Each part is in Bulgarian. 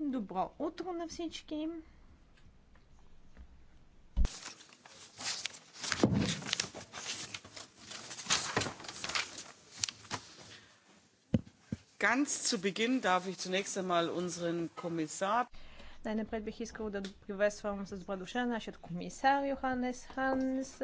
Добро утро на всички! Ganz zu Beginn darf ich zunächst einmal unseren Kommissar най-напред бих искал да приветствам с добра душа нашия комисар Йоханнес Ханс,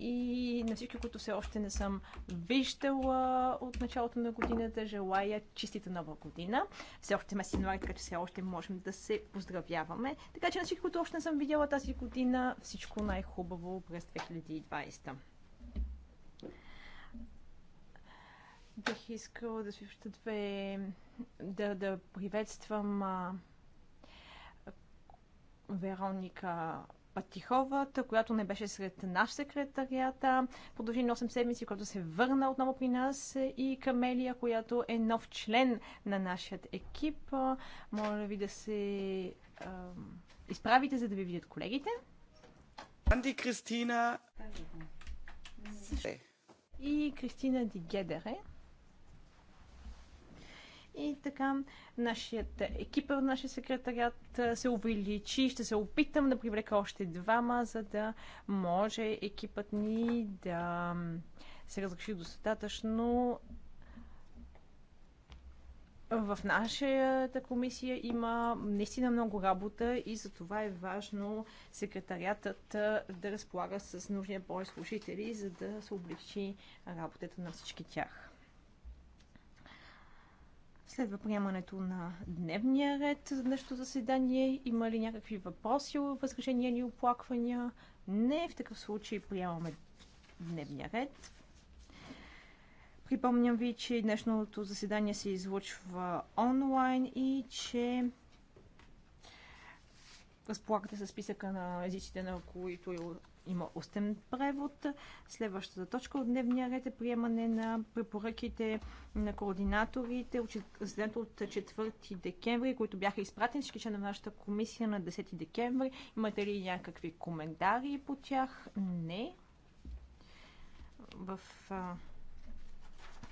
и на всички, които все още не съм виждала от началото на годината, желая чистита нова година. Все още месец януари, така че все още можем да се поздравяваме. Така че на всички, които още не съм видяла тази година, всичко най-хубаво през 2020. Бих искала да си две... да, да приветствам а, Вероника Патиховата, която не беше сред наш секретарията. Продължи на 8 седмици, която се върна отново при нас и Камелия, която е нов член на нашия екип. Моля ви да се а, изправите, за да ви видят колегите. Анди Кристина. И Кристина Дигедере. И така, нашият екип, нашия секретарят се увеличи. Ще се опитам да привлека още двама, за да може екипът ни да се разреши достатъчно. В нашата комисия има наистина много работа и за това е важно секретариатът да разполага с нужния брой служители, за да се облегчи работата на всички тях. Следва приемането на дневния ред за днешното заседание. Има ли някакви въпроси, възражения или оплаквания? Не, в такъв случай приемаме дневния ред. Припомням ви, че днешното заседание се излъчва онлайн и че разполагате с списъка на езиците, на които има устен превод. Следващата точка от дневния ред е приемане на препоръките на координаторите Заседанието от 4 декември, които бяха изпратени всички на нашата комисия на 10 декември. Имате ли някакви коментари по тях? Не. В а,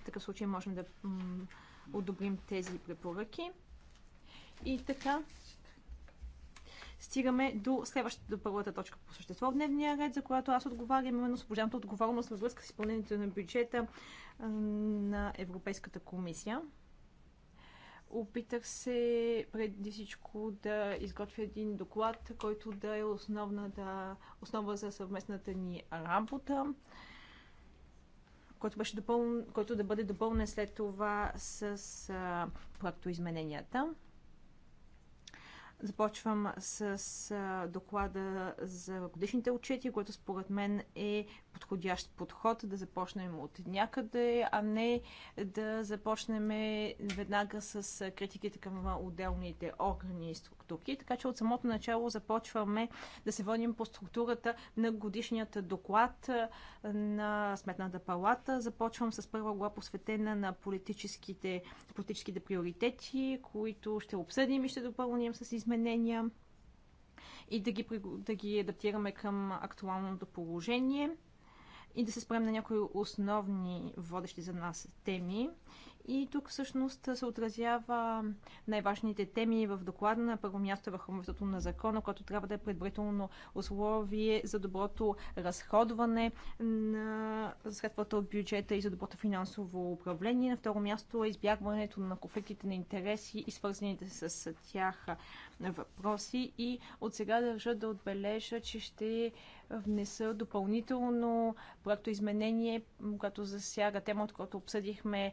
такъв случай можем да одобрим тези препоръки. И така, стигаме до следващата, до първата точка по същество в дневния ред, за която аз отговарям, именно служебната отговорност във връзка с изпълнението на бюджета на Европейската комисия. Опитах се преди всичко да изготвя един доклад, който да е да, основа за съвместната ни работа който, беше допълн, който да бъде допълнен след това с проектоизмененията. Започвам с доклада за годишните отчети, което според мен е подходящ подход да започнем от някъде, а не да започнем веднага с критиките към отделните органи и структури. Така че от самото начало започваме да се водим по структурата на годишният доклад на Сметната палата. Започвам с първа глава посветена на политическите, политическите приоритети, които ще обсъдим и ще допълним с изменения изменения и да ги, да ги адаптираме към актуалното положение и да се спрем на някои основни водещи за нас теми. И тук всъщност се отразява най-важните теми в доклада. На първо място е върховенството на закона, което трябва да е предварително условие за доброто разходване на средствата от бюджета и за доброто финансово управление. На второ място е избягването на конфликтите на интереси и свързаните с тях въпроси. И от сега държа да отбележа, че ще внеса допълнително проекто изменение, което засяга тема, от която обсъдихме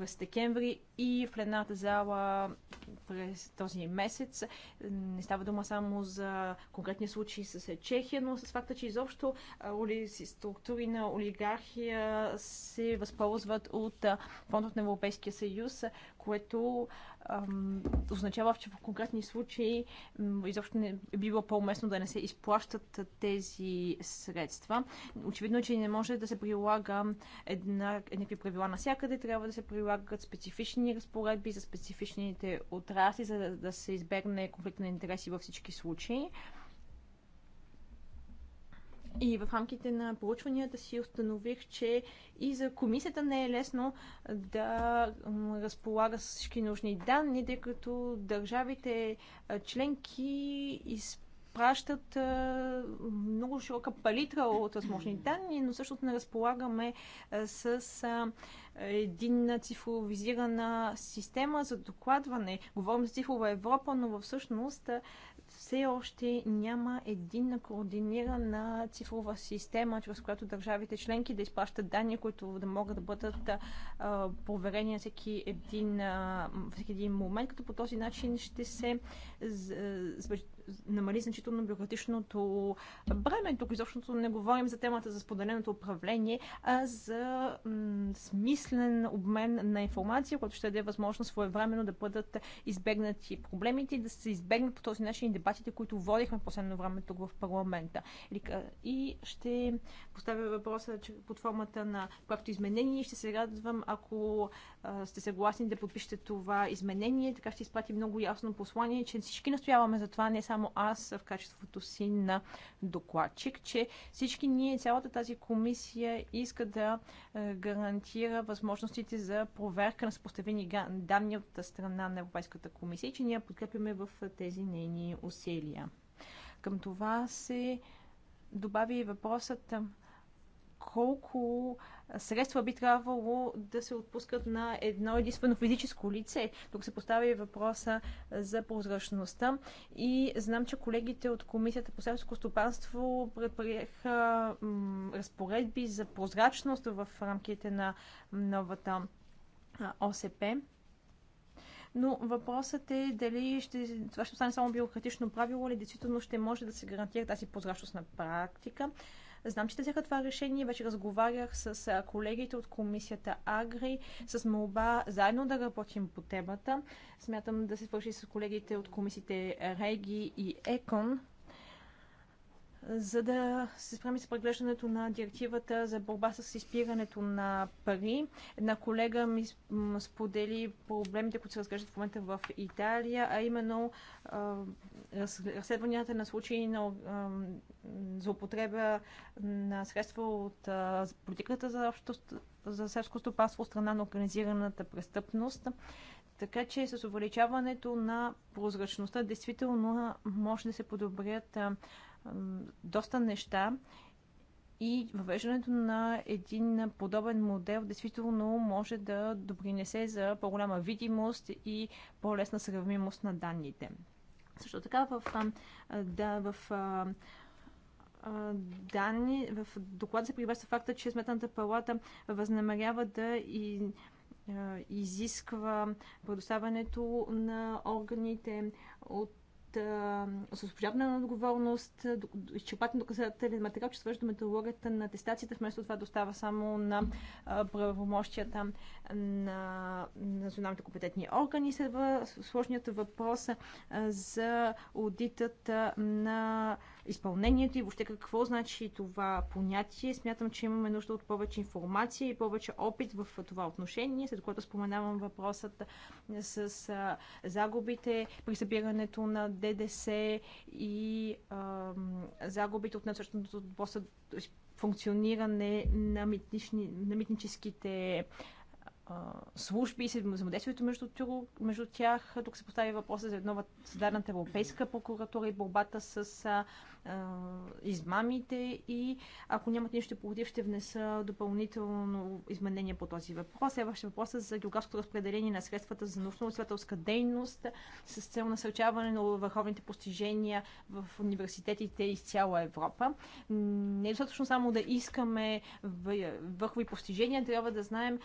през декември и в пленарната зала през този месец. Не става дума само за конкретни случаи с Чехия, но с факта, че изобщо структури на олигархия се възползват от фондът на Европейския съюз, което ам, означава, че в конкретни случаи изобщо не е било по-уместно да не се изплащат тези средства. Очевидно, е, че не може да се прилага една, еднакви правила навсякъде, трябва да се прилага прилагат специфични разпоредби за специфичните отрасли, за да, да се избегне конфликт на интереси във всички случаи. И в рамките на проучванията си установих, че и за комисията не е лесно да разполага с всички нужни данни, тъй като държавите членки изпълняват пращат много широка палитра от възможни данни, но също не разполагаме с единна цифровизирана система за докладване. Говорим за цифрова Европа, но всъщност все още няма единна координирана цифрова система, чрез която държавите членки да изплащат данни, които да могат да бъдат проверени на всеки един, всеки един момент, като по този начин ще се намали значително бюрократичното бреме. Тук изобщо не говорим за темата за споделеното управление, а за смислен обмен на информация, който ще даде възможност своевременно да бъдат избегнати проблемите и да се избегнат по този начин и дебатите, които водихме последно време тук в парламента. И ще поставя въпроса че под формата на проекто изменение и ще се радвам, ако сте съгласни да подпишете това изменение. Така ще изпрати много ясно послание, че всички настояваме за това, не само аз в качеството си на докладчик, че всички ние, цялата тази комисия иска да гарантира възможностите за проверка на съпоставени данни от страна на Европейската комисия и че ние подкрепяме в тези нейни усилия. Към това се добави и въпросът колко средства би трябвало да се отпускат на едно единствено физическо лице. Тук се поставя и въпроса за прозрачността. И знам, че колегите от Комисията по селско стопанство предприеха разпоредби за прозрачност в рамките на новата ОСП. Но въпросът е дали ще, това ще стане само бюрократично правило или действително ще може да се гарантира тази прозрачност на практика. Знам, че те взеха това решение. Вече разговарях с колегите от комисията Агри с молба заедно да работим по темата. Смятам да се свърши с колегите от комисиите Реги и Екон за да се справим с преглеждането на директивата за борба с изпирането на пари. Една колега ми сподели проблемите, които се разглеждат в момента в Италия, а именно разследванията на случаи на злоупотреба на средства от политиката за, общо, за селско стопанство страна на организираната престъпност. Така че с увеличаването на прозрачността, действително може да се подобрят доста неща и въвеждането на един подобен модел действително може да допринесе за по-голяма видимост и по-лесна сравнимост на данните. Също така в, да, в данни, в доклада се прибавя факта, че Сметната палата възнамерява да и изисква предоставянето на органите от с служебна отговорност, изчерпателен доказателен материал, че свържда методологията на атестацията, вместо това достава само на правомощията на националните компетентни органи. Следва сложният въпрос за аудитата на изпълнението и въобще какво значи това понятие. Смятам, че имаме нужда от повече информация и повече опит в това отношение, след което споменавам въпросът с а, загубите при събирането на ДДС и а, загубите от насъщност функциониране на, митнични, на митническите служби и взаимодействието между, между тях. Тук се постави въпроса за едно създадената Европейска прокуратура и борбата с измамите и ако нямат нищо против, ще внеса допълнително изменение по този въпрос. Следващия въпрос е за географското разпределение на средствата за научно-изследователска дейност с цел насърчаване на върховните постижения в университетите из цяла Европа. Не е достатъчно само да искаме върхови постижения, трябва да знаем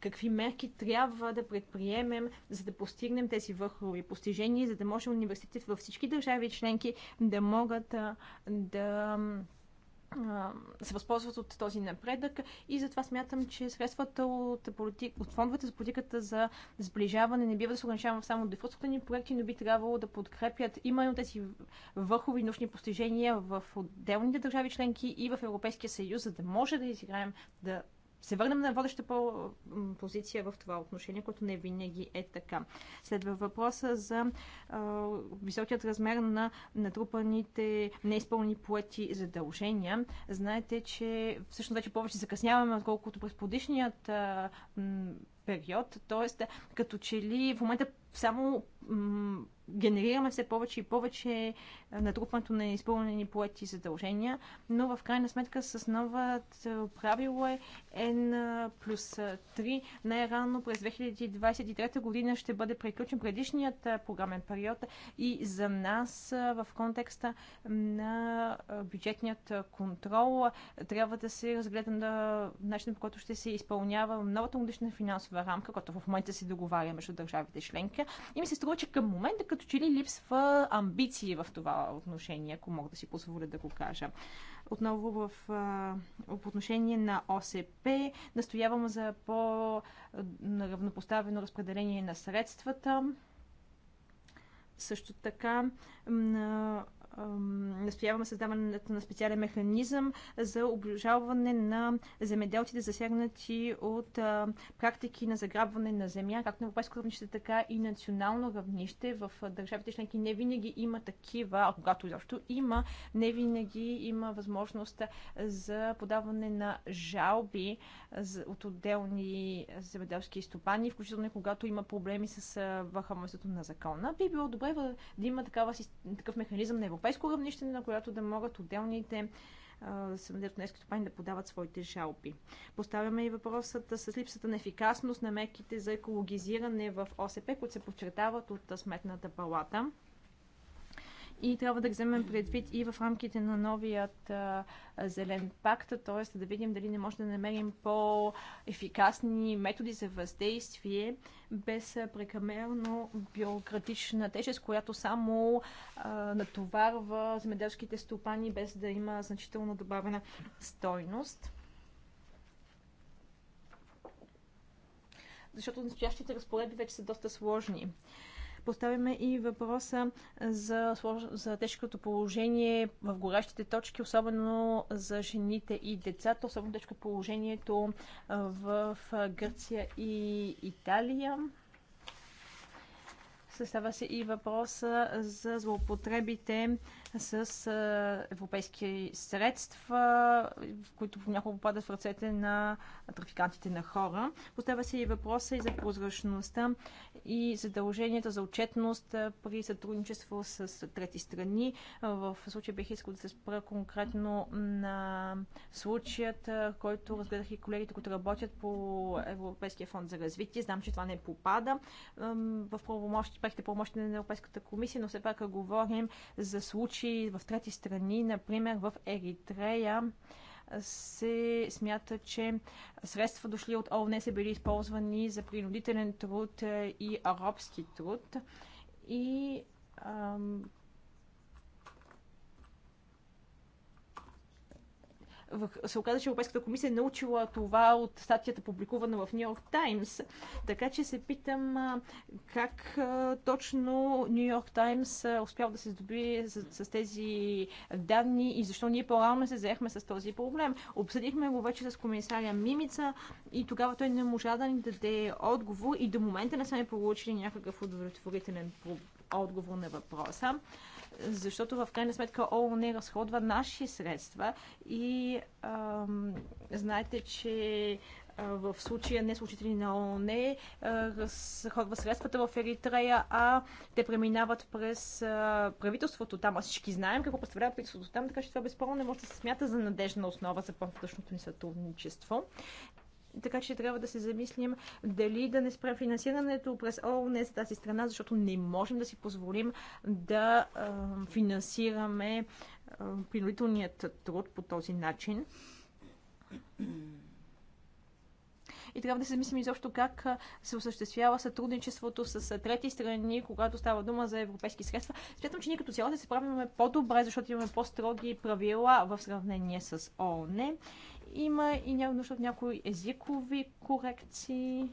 какви мерки трябва да предприемем, за да постигнем тези върхови постижения, за да може университетите във всички държави членки да могат могат да се възползват от този напредък и затова смятам, че средствата от, политик, от фондовете за политиката за сближаване не бива да се ограничават само до ни проекти, но би трябвало да подкрепят именно тези върхови научни постижения в отделните държави членки и в Европейския съюз, за да може да изиграем да се върнем на водеща по позиция в това отношение, което не винаги е така. Следва въпроса за а, високият размер на натрупаните неизпълнени поети задължения. Знаете, че всъщност вече повече закъсняваме, отколкото през предишният период. Тоест, като че ли в момента само генерираме все повече и повече натрупването на изпълнени поети задължения, но в крайна сметка с новата правило е N плюс 3. Най-рано през 2023 година ще бъде приключен предишният програмен период и за нас в контекста на бюджетният контрол трябва да се разгледа на начин, по който ще се изпълнява новата годишна финансова рамка, която в момента се договаря между държавите членки. И ми се струва, че към момента, като като че ли липсва амбиции в това отношение, ако мога да си позволя да го кажа. Отново в, в отношение на ОСП настоявам за по-равнопоставено разпределение на средствата също така настояваме създаването на специален механизъм за обжалване на земеделците, засегнати от практики на заграбване на земя, както на европейско равнище, така и национално равнище. В държавите членки не винаги има такива, а когато изобщо има, не винаги има възможност за подаване на жалби от отделни земеделски стопани, включително и когато има проблеми с върховенството на закона. Би било добре да има такава, такъв механизъм на европейско европейско равнище, на която да могат отделните земеделските стопани да подават своите жалби. Поставяме и въпросът с липсата на ефикасност на мерките за екологизиране в ОСП, които се подчертават от Сметната палата и трябва да вземем предвид и в рамките на новият а, зелен пакт, т.е. да видим дали не може да намерим по-ефикасни методи за въздействие без прекамерно бюрократична тежест, която само а, натоварва земеделските стопани без да има значително добавена стойност. Защото настоящите разпоредби вече са доста сложни. Поставяме и въпроса за, за тежкото положение в горящите точки, особено за жените и децата, особено тежко положението в Гърция и Италия. Състава се и въпроса за злоупотребите с европейски средства, които понякога попадат в ръцете на трафикантите на хора. Поставя се и въпроса и за прозрачността и задълженията за отчетност при сътрудничество с трети страни. В случая бих искал да се спра конкретно на случаят, който разгледах и колегите, които работят по Европейския фонд за развитие. Знам, че това не попада в правомощите, прехте правомощите на Европейската комисия, но все пак говорим за случаи случи в трети страни, например в Еритрея, се смята, че средства дошли от ООН са били използвани за принудителен труд и арабски труд. И се оказа, че Европейската комисия е научила това от статията, публикувана в Нью Йорк Таймс. Така че се питам как точно Нью Йорк Таймс успял да се здобие с, с тези данни и защо ние по-рано се заехме с този проблем. Обсъдихме го вече с комисаря Мимица и тогава той не можа да ни даде отговор и до момента не сме получили някакъв удовлетворителен отговор на въпроса защото в крайна сметка ООН разходва наши средства и ам, знаете, че в случая не служители на ООН разходва средствата в Еритрея, а те преминават през правителството там. Аз всички знаем какво представлява правителството там, така че това безспорно не може да се смята за надежна основа за по-нататъчното ни сътрудничество така че трябва да се замислим дали да не спрем финансирането през ООН за тази страна, защото не можем да си позволим да финансираме принудителният труд по този начин. И трябва да се мислим изобщо как се осъществява сътрудничеството с трети страни, когато става дума за европейски средства. Смятам, че ние като цяло да се правиме по-добре, защото имаме по-строги правила в сравнение с ООН. Има и няма нужда от някои езикови корекции.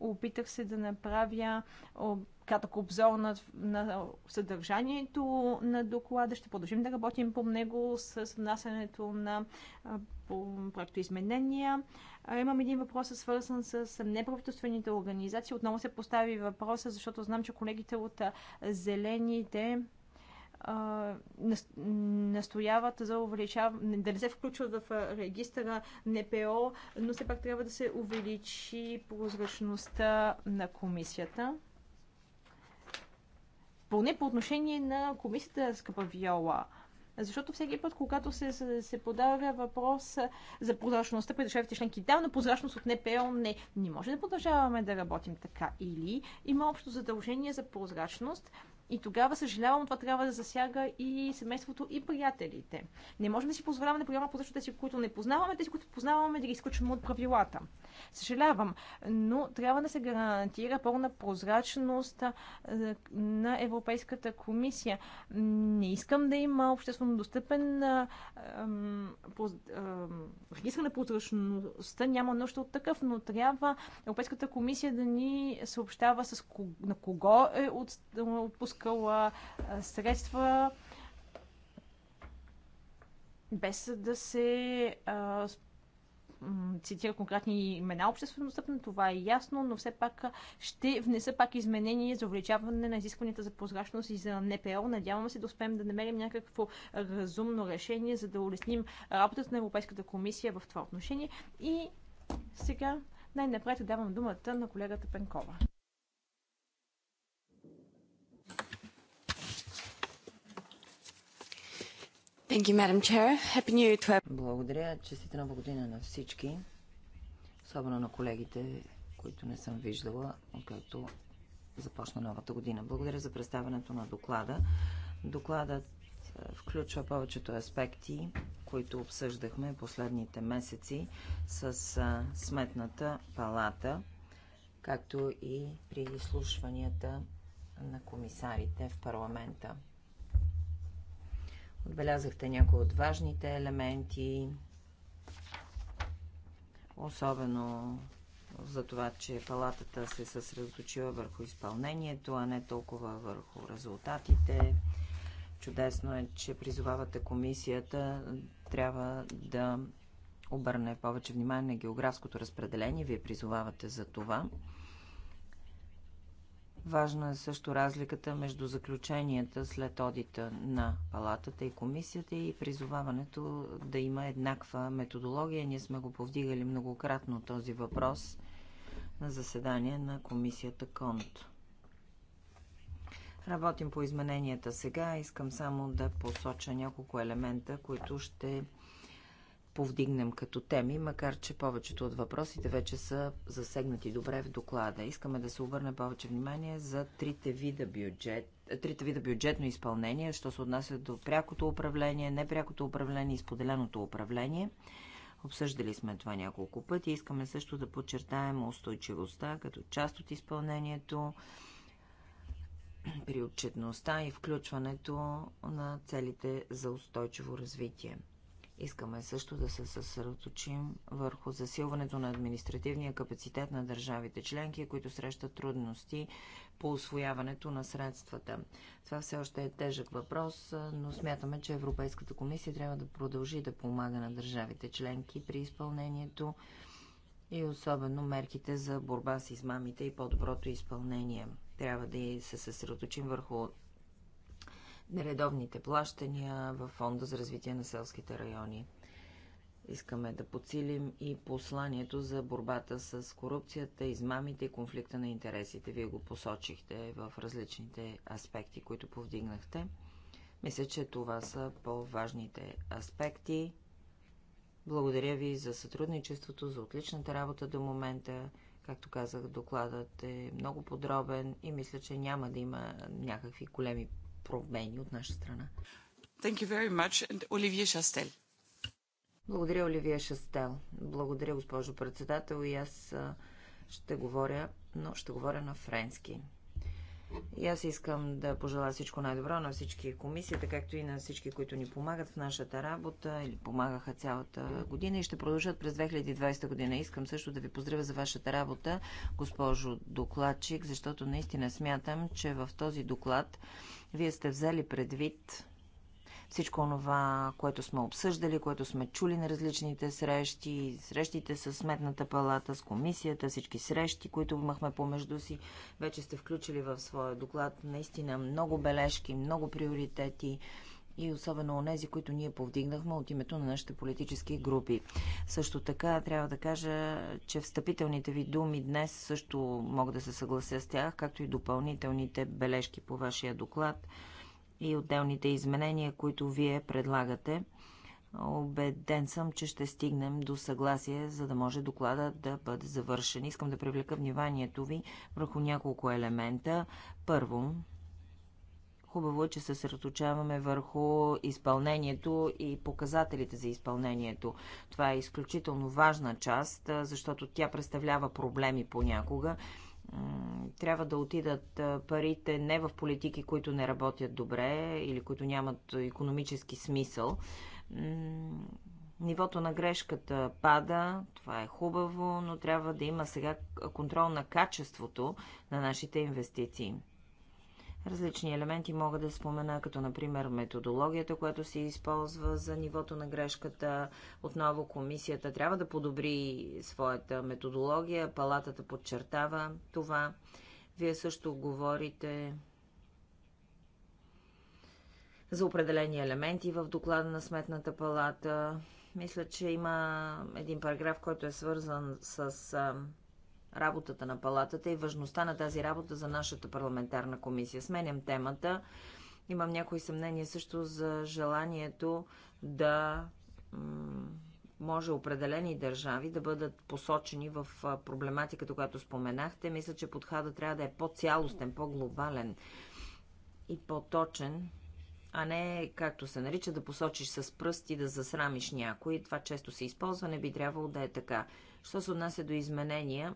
Опитах се да направя кратък обзор на, на съдържанието на доклада. Ще продължим да работим по него с внасянето на проекто изменения. Имам един въпрос, свързан с неправителствените организации. Отново се постави въпроса, защото знам, че колегите от Зелените настояват за увеличаване, да не се включват в регистъра НПО, но все пак трябва да се увеличи прозрачността на комисията. Поне по отношение на комисията Скъпа Виола. Защото всеки път, когато се, се, се подава въпрос за прозрачността при държавите членки, да, но прозрачност от НПО не. Не може да продължаваме да работим така. Или има общо задължение за прозрачност, и тогава съжалявам, това трябва да засяга и семейството, и приятелите. Не можем да си позволяваме да приемаме по тези, които не познаваме, тези, които познаваме, да ги изключваме от правилата. Съжалявам, но трябва да се гарантира пълна прозрачност на Европейската комисия. Не искам да има обществено достъпен регистр на прозрачността, няма нужда от такъв, но трябва Европейската комисия да ни съобщава с на кого е от, отпускала средства без да се цитира конкретни имена обществеността, но това е ясно, но все пак ще внеса пак изменения за увеличаване на изискванията за прозрачност и за НПО. Надявам се да успеем да намерим някакво разумно решение, за да улесним работата на Европейската комисия в това отношение. И сега най-напред давам думата на колегата Пенкова. You, Благодаря. Честита нова година на всички, особено на колегите, които не съм виждала, откакто започна новата година. Благодаря за представянето на доклада. Докладът включва повечето аспекти, които обсъждахме последните месеци с Сметната палата, както и при изслушванията на комисарите в парламента. Отбелязахте някои от важните елементи, особено за това, че палатата се съсредоточила върху изпълнението, а не толкова върху резултатите. Чудесно е, че призовавате комисията трябва да обърне повече внимание на географското разпределение. Вие призовавате за това. Важна е също разликата между заключенията след одита на палатата и комисията и призоваването да има еднаква методология. Ние сме го повдигали многократно този въпрос на заседание на комисията КОНТ. Работим по измененията сега. Искам само да посоча няколко елемента, които ще повдигнем като теми, макар че повечето от въпросите вече са засегнати добре в доклада. Искаме да се обърне повече внимание за трите вида бюджет, трите вида бюджетно изпълнение, що се отнася до прякото управление, непрякото управление и споделеното управление. Обсъждали сме това няколко пъти. Искаме също да подчертаем устойчивостта като част от изпълнението при отчетността и включването на целите за устойчиво развитие. Искаме също да се съсредоточим върху засилването на административния капацитет на държавите членки, които срещат трудности по освояването на средствата. Това все още е тежък въпрос, но смятаме, че Европейската комисия трябва да продължи да помага на държавите членки при изпълнението и особено мерките за борба с измамите и по-доброто изпълнение. Трябва да се съсредоточим върху редовните плащания в Фонда за развитие на селските райони. Искаме да подсилим и посланието за борбата с корупцията, измамите и конфликта на интересите. Вие го посочихте в различните аспекти, които повдигнахте. Мисля, че това са по-важните аспекти. Благодаря ви за сътрудничеството, за отличната работа до момента. Както казах, докладът е много подробен и мисля, че няма да има някакви големи промени от наша страна. Thank you very much. And Оливие Шастел. Благодаря, Оливия Шастел. Благодаря, госпожо председател. И аз ще говоря, но ще говоря на френски. И аз искам да пожелая всичко най-добро на всички комисията, както и на всички, които ни помагат в нашата работа или помагаха цялата година и ще продължат през 2020 година. Искам също да ви поздравя за вашата работа, госпожо докладчик, защото наистина смятам, че в този доклад вие сте взели предвид всичко това, което сме обсъждали, което сме чули на различните срещи, срещите с Сметната палата, с комисията, всички срещи, които имахме помежду си, вече сте включили в своя доклад. Наистина много бележки, много приоритети и особено онези, които ние повдигнахме от името на нашите политически групи. Също така трябва да кажа, че встъпителните ви думи днес също мога да се съглася с тях, както и допълнителните бележки по вашия доклад – и отделните изменения, които вие предлагате. Обеден съм, че ще стигнем до съгласие, за да може доклада да бъде завършен. Искам да привлека вниманието ви върху няколко елемента. Първо, хубаво е, че се съсредоточаваме върху изпълнението и показателите за изпълнението. Това е изключително важна част, защото тя представлява проблеми понякога трябва да отидат парите не в политики, които не работят добре или които нямат економически смисъл. Нивото на грешката пада, това е хубаво, но трябва да има сега контрол на качеството на нашите инвестиции. Различни елементи могат да спомена, като например методологията, която се използва за нивото на грешката. Отново комисията трябва да подобри своята методология, палатата подчертава това. Вие също говорите за определени елементи в доклада на Сметната палата. Мисля, че има един параграф, който е свързан с работата на палатата и важността на тази работа за нашата парламентарна комисия. Сменям темата. Имам някои съмнения също за желанието да може определени държави да бъдат посочени в проблематиката, която споменахте. Мисля, че подхода трябва да е по-цялостен, по-глобален и по-точен, а не, както се нарича, да посочиш с пръст и да засрамиш някой. Това често се използва, не би трябвало да е така. Що се отнася до изменения,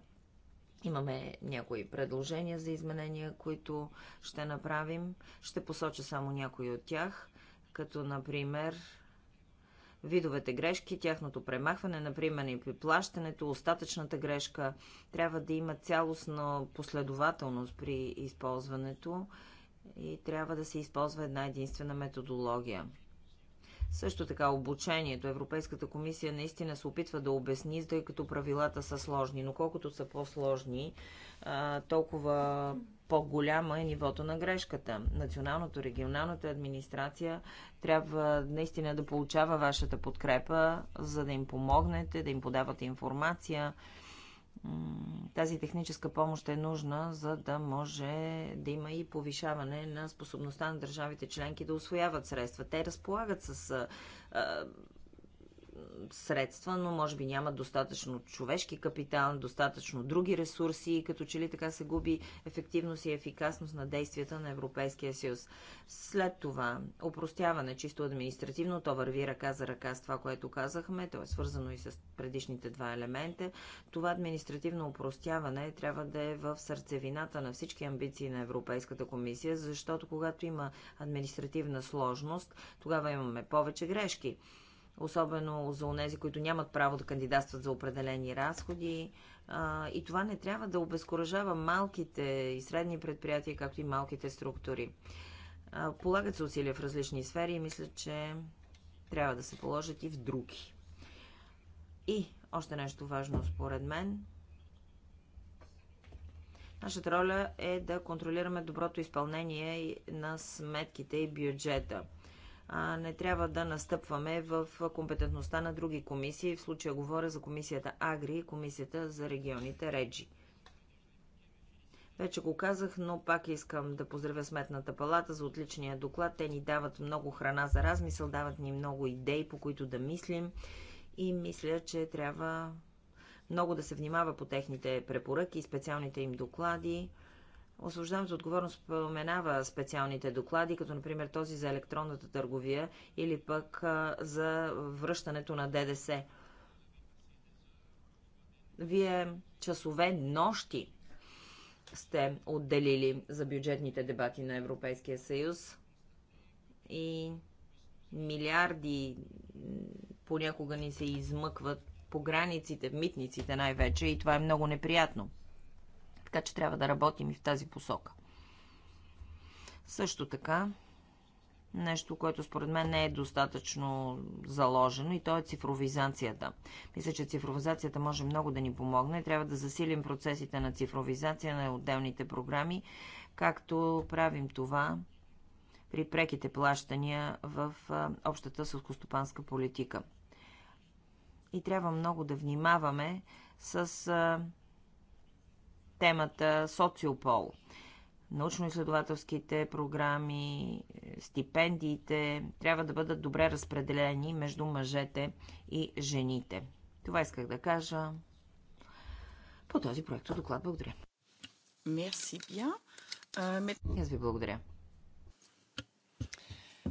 Имаме някои предложения за изменения, които ще направим. Ще посоча само някои от тях, като например видовете грешки, тяхното премахване, например и при плащането, остатъчната грешка. Трябва да има цялостна последователност при използването и трябва да се използва една единствена методология. Също така обучението. Европейската комисия наистина се опитва да обясни, тъй като правилата са сложни, но колкото са по-сложни, толкова по-голяма е нивото на грешката. Националното, регионалната администрация трябва наистина да получава вашата подкрепа, за да им помогнете, да им подавате информация, тази техническа помощ е нужна, за да може да има и повишаване на способността на държавите членки да освояват средства. Те разполагат с средства, но може би няма достатъчно човешки капитал, достатъчно други ресурси и като че ли така се губи ефективност и ефикасност на действията на Европейския съюз. След това, опростяване чисто административно, то върви ръка за ръка с това, което казахме, то е свързано и с предишните два елемента. Това административно опростяване трябва да е в сърцевината на всички амбиции на Европейската комисия, защото когато има административна сложност, тогава имаме повече грешки особено за онези, които нямат право да кандидатстват за определени разходи. И това не трябва да обезкуражава малките и средни предприятия, както и малките структури. Полагат се усилия в различни сфери и мисля, че трябва да се положат и в други. И още нещо важно според мен. Нашата роля е да контролираме доброто изпълнение на сметките и бюджета – а не трябва да настъпваме в компетентността на други комисии. В случая говоря за комисията Агри и комисията за регионите Реджи. Вече го казах, но пак искам да поздравя Сметната палата за отличния доклад. Те ни дават много храна за размисъл, дават ни много идеи, по които да мислим и мисля, че трябва много да се внимава по техните препоръки и специалните им доклади. Освобождаването отговорност споменава специалните доклади, като например този за електронната търговия или пък а, за връщането на ДДС. Вие часове, нощи сте отделили за бюджетните дебати на Европейския съюз и милиарди понякога ни се измъкват по границите, в митниците най-вече и това е много неприятно така че трябва да работим и в тази посока. Също така, нещо, което според мен не е достатъчно заложено и то е цифровизацията. Мисля, че цифровизацията може много да ни помогне. Трябва да засилим процесите на цифровизация на отделните програми, както правим това при преките плащания в общата сълскостопанска политика. И трябва много да внимаваме с темата социопол. Научно-изследователските програми, стипендиите трябва да бъдат добре разпределени между мъжете и жените. Това исках да кажа по този проект доклад. Благодаря. Мерси бя. Аз ви благодаря.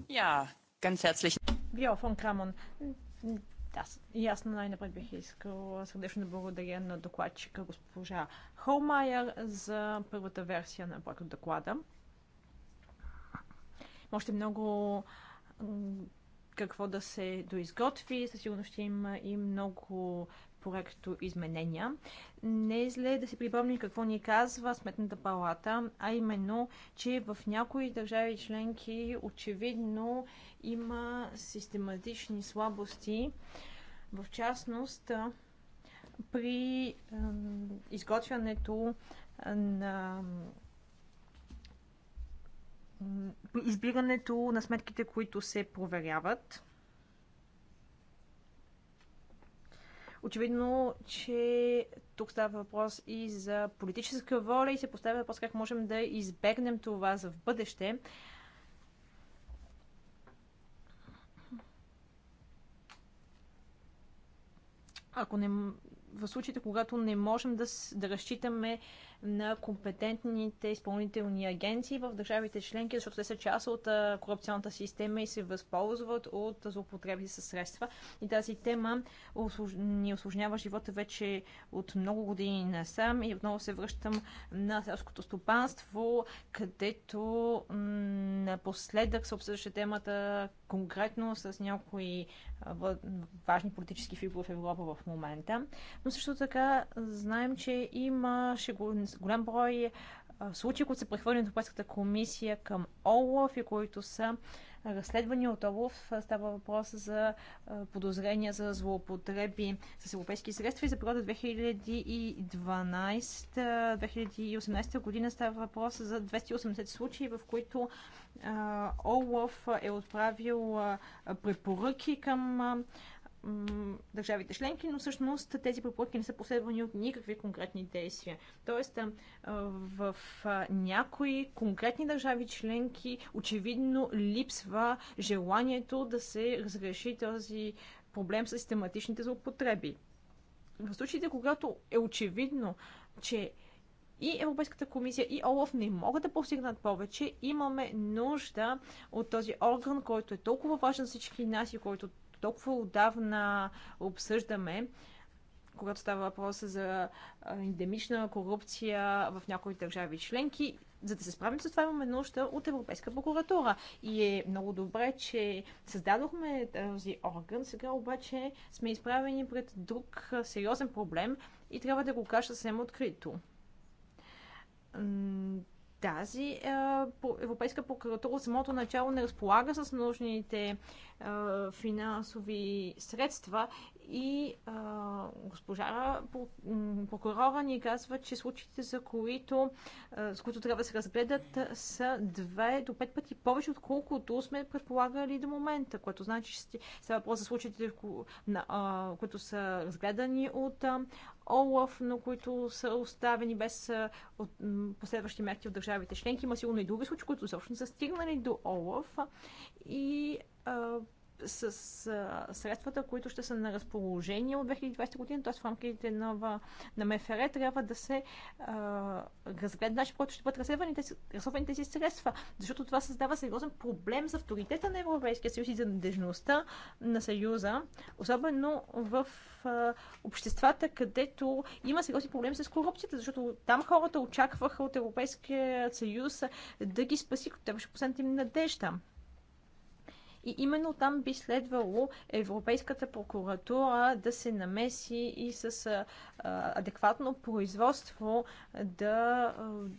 Я, yeah, ganz herzlich. фон Крамон, аз и аз най-напред бих искал сърдечно да благодаря на докладчика госпожа Холмайер за първата версия на проект доклада. Още много какво да се доизготви. Със сигурност ще има и много проекто изменения. Не е зле да си припомним какво ни казва Сметната палата, а именно, че в някои държави членки очевидно има систематични слабости. В частност, при изготвянето на избирането на сметките, които се проверяват. Очевидно, че тук става въпрос и за политическа воля и се поставя въпрос как можем да избегнем това за в бъдеще. Ако не, в случаите, когато не можем да, да разчитаме на компетентните изпълнителни агенции в държавите членки, защото те са част от корупционната система и се възползват от злоупотреби с средства. И тази тема ни осложнява живота вече от много години насам и отново се връщам на селското стопанство, където напоследък се обсъждаше темата конкретно с някои важни политически фигури в Европа в момента. Но също така знаем, че имаше голям брой случаи, които са прехвърлени от Европейската комисия към ОЛАФ и които са разследвани от ОЛАФ. Става въпрос за подозрения за злоупотреби с европейски средства и за периода 2012-2018 година става въпрос за 280 случаи, в които ОЛАФ е отправил препоръки към държавите членки, но всъщност тези препоръки не са последвани от никакви конкретни действия. Тоест, в някои конкретни държави членки очевидно липсва желанието да се разреши този проблем с систематичните злоупотреби. В случаите, когато е очевидно, че и Европейската комисия, и ОЛАФ не могат да постигнат повече. Имаме нужда от този орган, който е толкова важен за всички нас и който толкова отдавна обсъждаме, когато става въпрос за ендемична корупция в някои държави членки. За да се справим с това, имаме нужда от Европейска прокуратура. И е много добре, че създадохме този орган. Сега обаче сме изправени пред друг сериозен проблем и трябва да го кажа съвсем открито тази е, Европейска прокуратура от самото начало не разполага с нужните е, финансови средства и а, госпожа прокурора ни казва, че случаите, за които, а, с които трябва да се разгледат, са две до пет пъти повече, отколкото сме предполагали до момента, което значи, че става въпрос за случаите, на, а, които са разгледани от а, ОЛАФ, но които са оставени без а, от, последващи мерки в държавите членки. Има сигурно и други случаи, които също не са стигнали до ОЛАФ. И а, с а, средствата, които ще са на разположение от 2020 година, т.е. в рамките на, на МФР, трябва да се а, разгледа начин, който ще бъдат разходвани тези, средства, защото това създава сериозен проблем за авторитета на Европейския съюз и за надежността на съюза, особено в а, обществата, където има сериозни проблеми с корупцията, защото там хората очакваха от Европейския съюз да ги спаси, като беше последната им надежда. И именно там би следвало Европейската прокуратура да се намеси и с адекватно производство да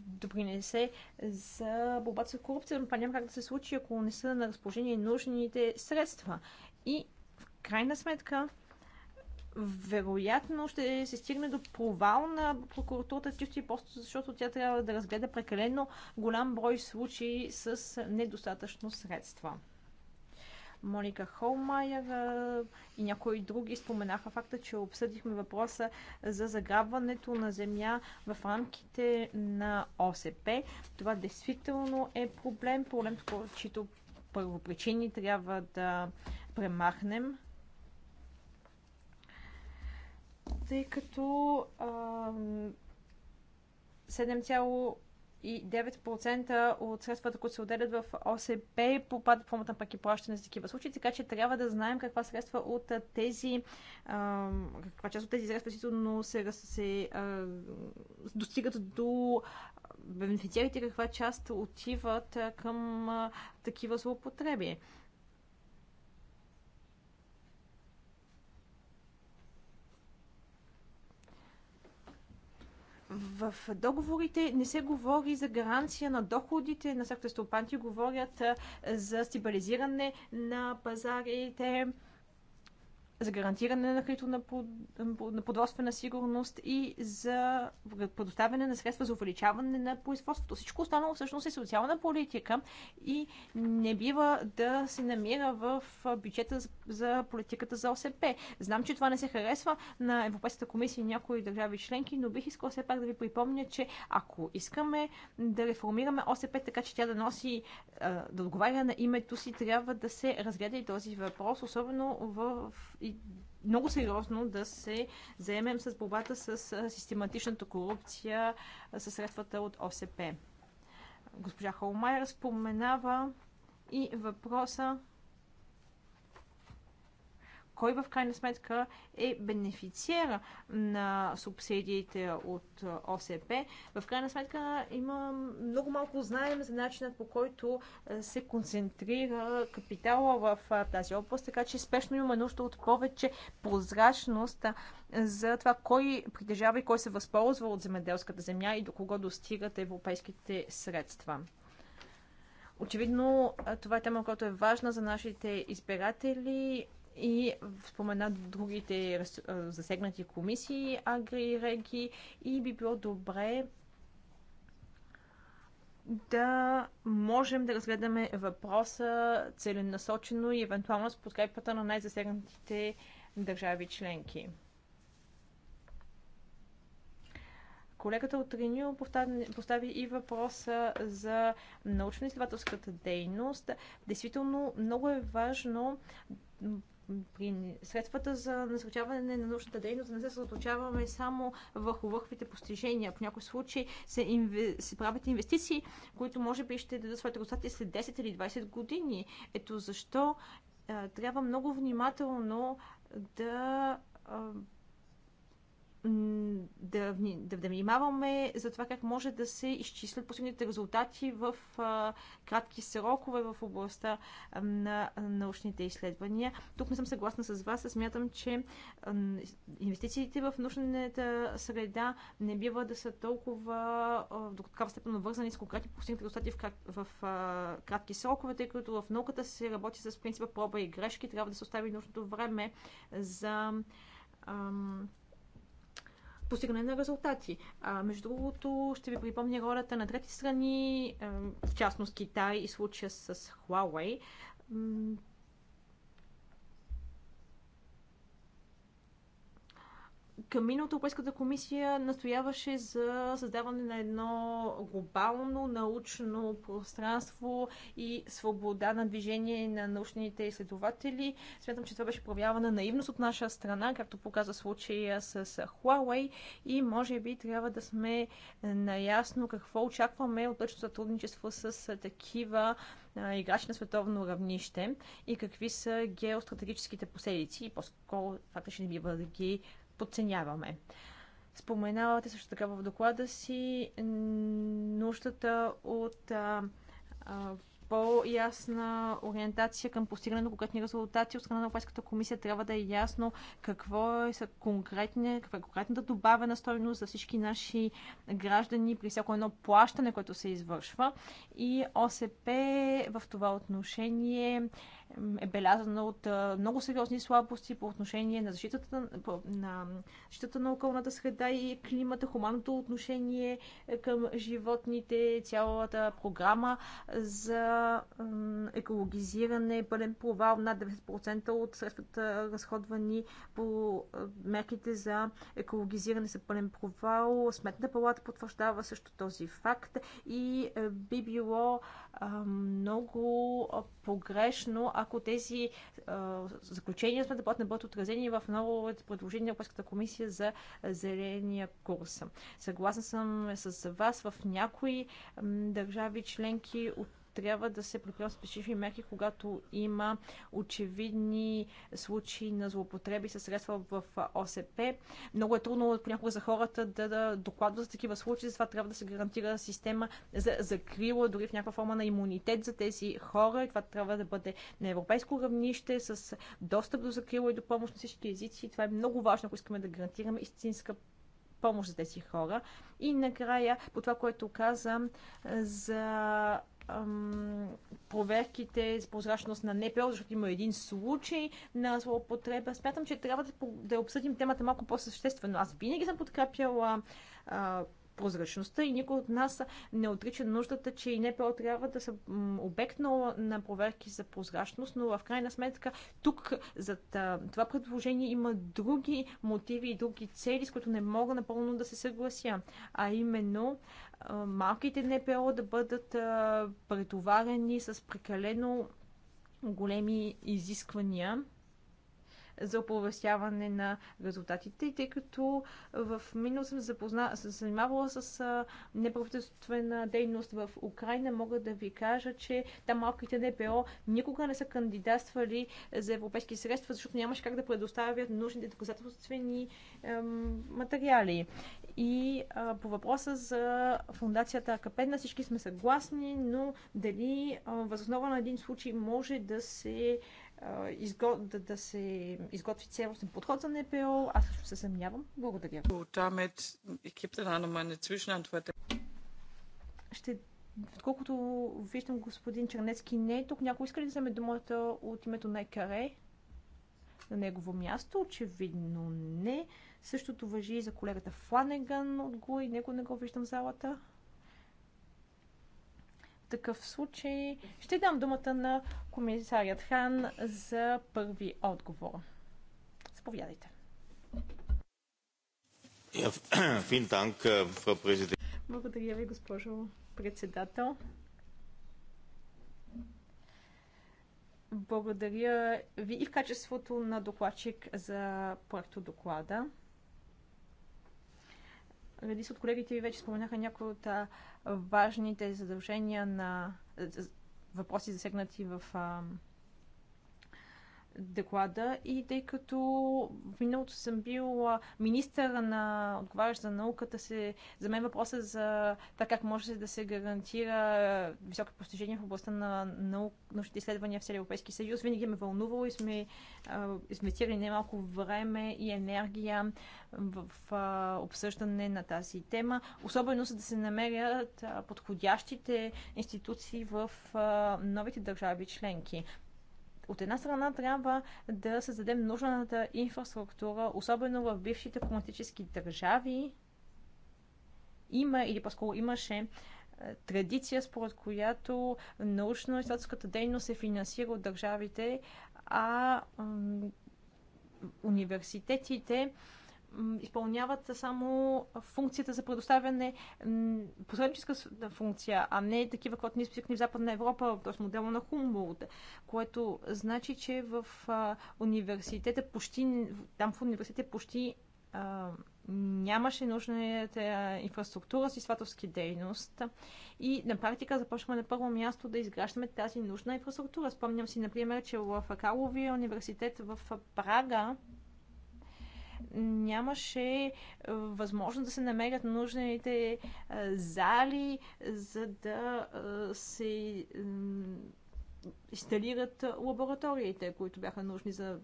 допринесе за борбата с корупция, но това няма как да се случи, ако не са на разположение нужните средства. И в крайна сметка, вероятно ще се стигне до провал на прокуратурата чисто и просто защото тя трябва да разгледа прекалено голям брой случаи с недостатъчно средства. Моника Холмайер и някои други споменаха факта, че обсъдихме въпроса за заграбването на земя в рамките на ОСП. Това действително е проблем, проблем, чието първопричини трябва да премахнем. Тъй като 7, и 9% от средствата, които се отделят в ОСП, попадат в формата пък и плащане за такива случаи, така че трябва да знаем каква средства от тези, каква част от тези средства действително се, се а, достигат до бенефициарите, каква част отиват към а, такива злоупотреби. В договорите не се говори за гаранция на доходите на сектор стопанти, говорят за стабилизиране на пазарите, за гарантиране на хранителна на подводствена сигурност и за предоставяне на средства за увеличаване на производството. Всичко останало всъщност е социална политика и не бива да се намира в бюджета за политиката за ОСП. Знам, че това не се харесва на Европейската комисия и някои държави членки, но бих искал все пак да ви припомня, че ако искаме да реформираме ОСП така, че тя да носи, да отговаря на името си, трябва да се разгледа и този въпрос, особено в и много сериозно да се заемем с борбата с систематичната корупция със средствата от ОСП. Госпожа Холмайер споменава и въпроса кой в крайна сметка е бенефициера на субсидиите от ОСП. В крайна сметка има много малко знаем за начинът по който се концентрира капитала в тази област, така че спешно има нужда от повече прозрачност за това кой притежава и кой се възползва от земеделската земя и до кого достигат европейските средства. Очевидно, това е тема, която е важна за нашите избиратели и спомена другите засегнати комисии, Агри и Реги, и би било добре да можем да разгледаме въпроса целенасочено и евентуално с подкрепата на най-засегнатите държави членки. Колегата от Риньо постави и въпроса за научно-изследователската дейност. Действително много е важно при средствата за насърчаване на научната дейност не се съсредоточаваме само върху върховите постижения. В някои случаи се, инве... се правят инвестиции, които може би ще дадат своите резултати след 10 или 20 години. Ето защо а, трябва много внимателно да а, да, да, да внимаваме за това как може да се изчислят последните резултати в а, кратки срокове в областта а, на научните изследвания. Тук не съм съгласна с вас. Смятам, че а, инвестициите в научната среда не бива да са толкова а, до такава степен вързани с конкретни постигнати резултати в, в а, кратки срокове, тъй като в науката се работи с принципа проба и грешки. Трябва да се остави нужното време за. Ам, постигане на резултати. А, между другото, ще ви припомня ролята на трети страни, в частност Китай и случая с Huawei към миналото Европейската комисия настояваше за създаване на едно глобално научно пространство и свобода на движение на научните изследователи. Смятам, че това беше проявява на наивност от наша страна, както показва случая с Huawei и може би трябва да сме наясно какво очакваме от точно сътрудничество с такива играчи на световно равнище и какви са геостратегическите последици и по-скоро факта ще не бива да ги подценяваме. Споменавате също така в доклада си нуждата от а, а, по-ясна ориентация към постигане на конкретни резултати от страна на Европейската комисия трябва да е ясно какво е, конкретни, каква е конкретната добавена стоеност за всички наши граждани при всяко едно плащане, което се извършва. И ОСП в това отношение е белязано от много сериозни слабости по отношение на защитата на, защитата на околната среда и климата, хуманното отношение е, към животните, цялата програма за екологизиране, пълен провал над 90% от средствата разходвани по мерките за екологизиране са пълен провал. Сметната палата потвърждава също този факт и би било много погрешно, ако тези а, заключения сме да бъдат, не бъдат отразени в ново предложение на Европейската комисия за зеления курс. Съгласна съм с вас, в някои държави членки от трябва да се предприемат специфични мерки, когато има очевидни случаи на злоупотреби със средства в ОСП. Много е трудно понякога за хората да, да докладват за такива случаи, затова трябва да се гарантира система за закрила, дори в някаква форма на имунитет за тези хора. И това трябва да бъде на европейско равнище, с достъп до закрила и до помощ на всички езици. Това е много важно, ако искаме да гарантираме истинска помощ за тези хора. И накрая, по това, което казвам за ам, проверките с прозрачност на НПО, защото има един случай на злоупотреба. Смятам, че трябва да, да обсъдим темата малко по-съществено. Аз винаги съм подкрепяла а, прозрачността и никой от нас не отрича нуждата, че и НПО трябва да са обект на, проверки за прозрачност, но в крайна сметка тук за това предложение има други мотиви и други цели, с които не мога напълно да се съглася. А именно малките НПО да бъдат претоварени с прекалено големи изисквания за оповестяване на резултатите. И тъй като в минало съм запозна... се занимавала с неправителствена дейност в Украина, мога да ви кажа, че там малките НПО никога не са кандидатствали за европейски средства, защото нямаше как да предоставят нужните доказателствени материали. И а, по въпроса за фундацията Капедна всички сме съгласни, но дали възоснова на един случай може да се изго... да, да се изготви цялостен подход за НПО. Аз също се съмнявам. Благодаря. Ще Отколкото виждам господин Чернецки не е тук. Някой иска ли да вземе думата от името на Екаре? На негово място? Очевидно не. Същото въжи и за колегата Фланеган от Гуа и него не го виждам в залата такъв случай ще дам думата на комисарият Хан за първи отговор. Заповядайте. Е, Благодаря ви, госпожо председател. Благодаря ви и в качеството на докладчик за проекто доклада. Редис от колегите ви вече споменаха някои от важните задължения на въпроси, засегнати в доклада и тъй като в миналото съм бил министър на отговарящ за науката, се, за мен въпроса за това как може да се гарантира високи постижения в областта на наук, научните изследвания в целия Европейски съюз винаги ме вълнувало и сме инвестирали немалко време и енергия в обсъждане на тази тема, особено за да се намерят подходящите институции в новите държави членки от една страна трябва да създадем нужната инфраструктура, особено в бившите комунистически държави. Има или по-скоро имаше е, традиция, според която научно-изследователската дейност се финансира от държавите, а университетите изпълняват само функцията за предоставяне посредническа функция, а не такива, които ние списъкни в Западна Европа, т.е. модела на Хумболт, което значи, че в университета почти, там в университета почти нямаше нужната инфраструктура с изследователски дейност. И на практика започваме на първо място да изграждаме тази нужна инфраструктура. Спомням си, например, че в Карловия университет в Прага нямаше е, възможност да се намерят нужните е, зали, за да е, се инсталират лабораториите, които бяха нужни за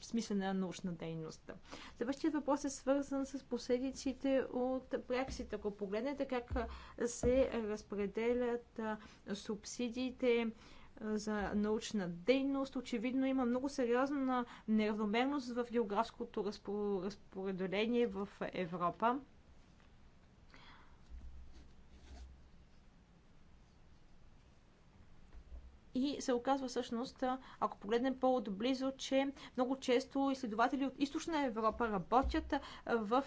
смислена научна дейност. Следващият въпрос е свързан с последиците от Brexit. Ако погледнете как се разпределят субсидиите за научна дейност. Очевидно има много сериозна неравномерност в географското разпоредоление в Европа. И се оказва всъщност, ако погледнем по-отблизо, че много често изследователи от източна Европа работят в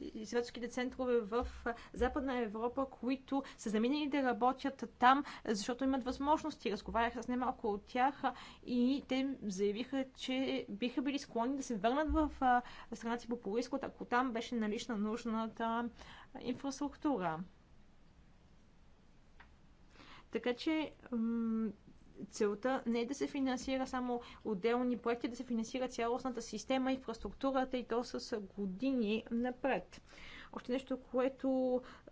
изследователските центрове в Западна Европа, които са заминали да работят там, защото имат възможности. Разговарях с немалко от тях и те заявиха, че биха били склонни да се върнат в страната си по происход, ако там беше налична нужната инфраструктура. Така че целта не е да се финансира само отделни проекти, да се финансира цялостната система, инфраструктурата и то с години напред. Още нещо, което,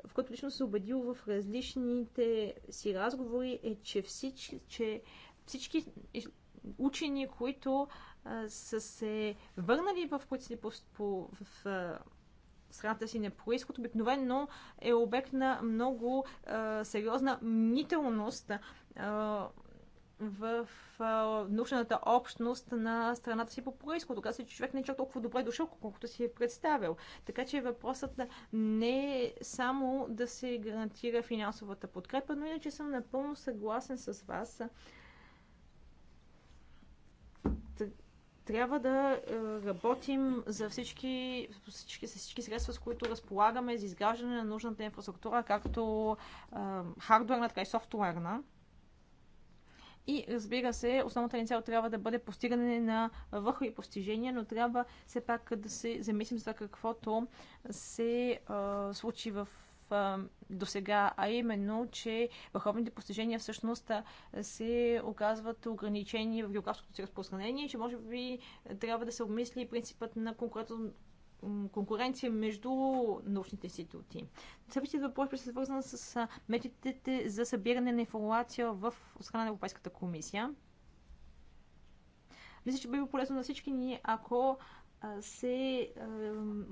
в което лично се убедил в различните си разговори е, че, всички, че всички учени, които а, са се върнали в, по, по, в в страната си на происход, обикновено е обект на много а, сериозна мнителност а, в научната общност на страната си по происход. Тогава се човек не е чак толкова добре дошъл, колкото си е представил. Така че въпросът не е само да се гарантира финансовата подкрепа, но иначе съм напълно съгласен с вас. Трябва да работим за всички, всички, с всички средства, с които разполагаме за изграждане на нужната инфраструктура, както хардуерна, така и софтуерна. И разбира се, основната ни цел трябва да бъде постигане на върхови постижения, но трябва все пак да се замислим за каквото се а, случи в до сега, а именно, че върховните постижения всъщност се оказват ограничени в географското си разпространение, че може би трябва да се обмисли принципът на конкурентно конкуренция между научните институти. Следващият въпрос е свързан с методите за събиране на информация в страна на Европейската комисия. Мисля, че би било полезно на всички ни, ако се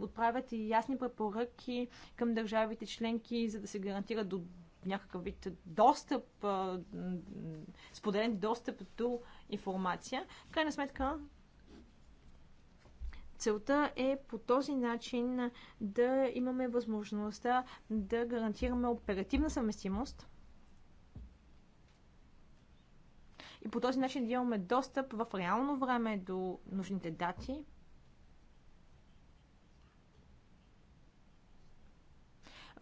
отправят и ясни препоръки към държавите членки, за да се гарантира до някакъв вид достъп, споделен достъп до информация. В крайна сметка, Целта е по този начин да имаме възможността да гарантираме оперативна съвместимост и по този начин да имаме достъп в реално време до нужните дати.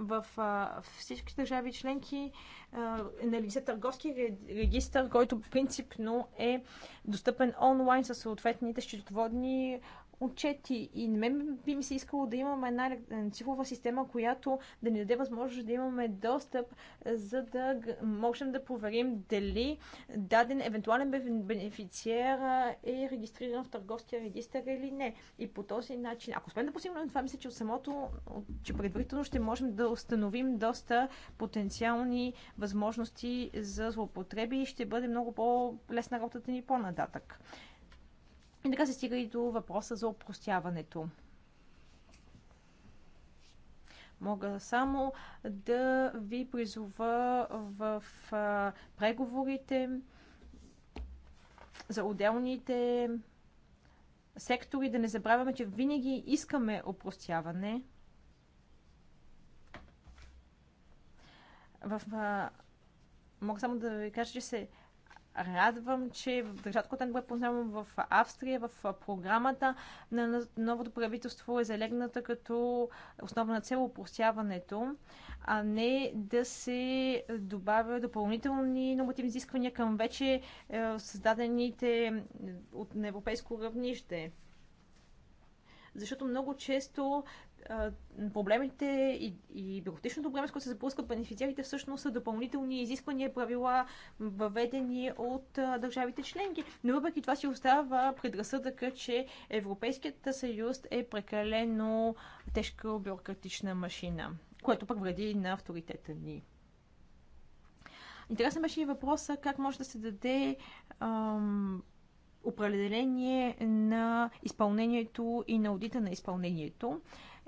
в а, всички държави членки а, е налице търговски регистр, който принципно е достъпен онлайн със съответните счетоводни отчети. И на мен би ми се искало да имаме една цифрова система, която да ни даде възможност да имаме достъп, за да можем да проверим дали даден евентуален бенефициер е регистриран в търговския регистр или не. И по този начин, ако сме да постигнем това, мисля, че от самото, че предварително ще можем да установим доста потенциални възможности за злоупотреби и ще бъде много по-лесна работата ни по-нататък. И така се стига и до въпроса за опростяването. Мога само да ви призова в преговорите за отделните сектори да не забравяме, че винаги искаме опростяване. В, мога само да ви кажа, че се радвам, че държавата, която е познавам в Австрия, в програмата на новото правителство е залегната като основна цел опростяването, а не да се добавя допълнителни нормативни изисквания към вече е, създадените е, от на европейско равнище защото много често проблемите и, и бюрократичното време, с което се запускат бенефициарите, всъщност са допълнителни изисквания правила, въведени от а, държавите членки. Но въпреки това си остава предразсъдъка, че Европейският съюз е прекалено тежка бюрократична машина, което пък вреди на авторитета ни. Интересен беше и въпроса как може да се даде ам, определение на изпълнението и на аудита на изпълнението.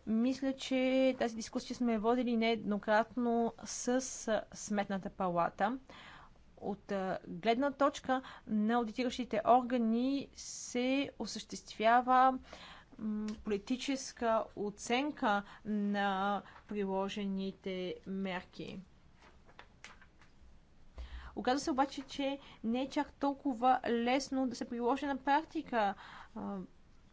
Мисля, че тази дискусия сме водили нееднократно с Сметната палата. От гледна точка на аудитиращите органи се осъществява политическа оценка на приложените мерки. Оказва се обаче, че не е чак толкова лесно да се приложи на практика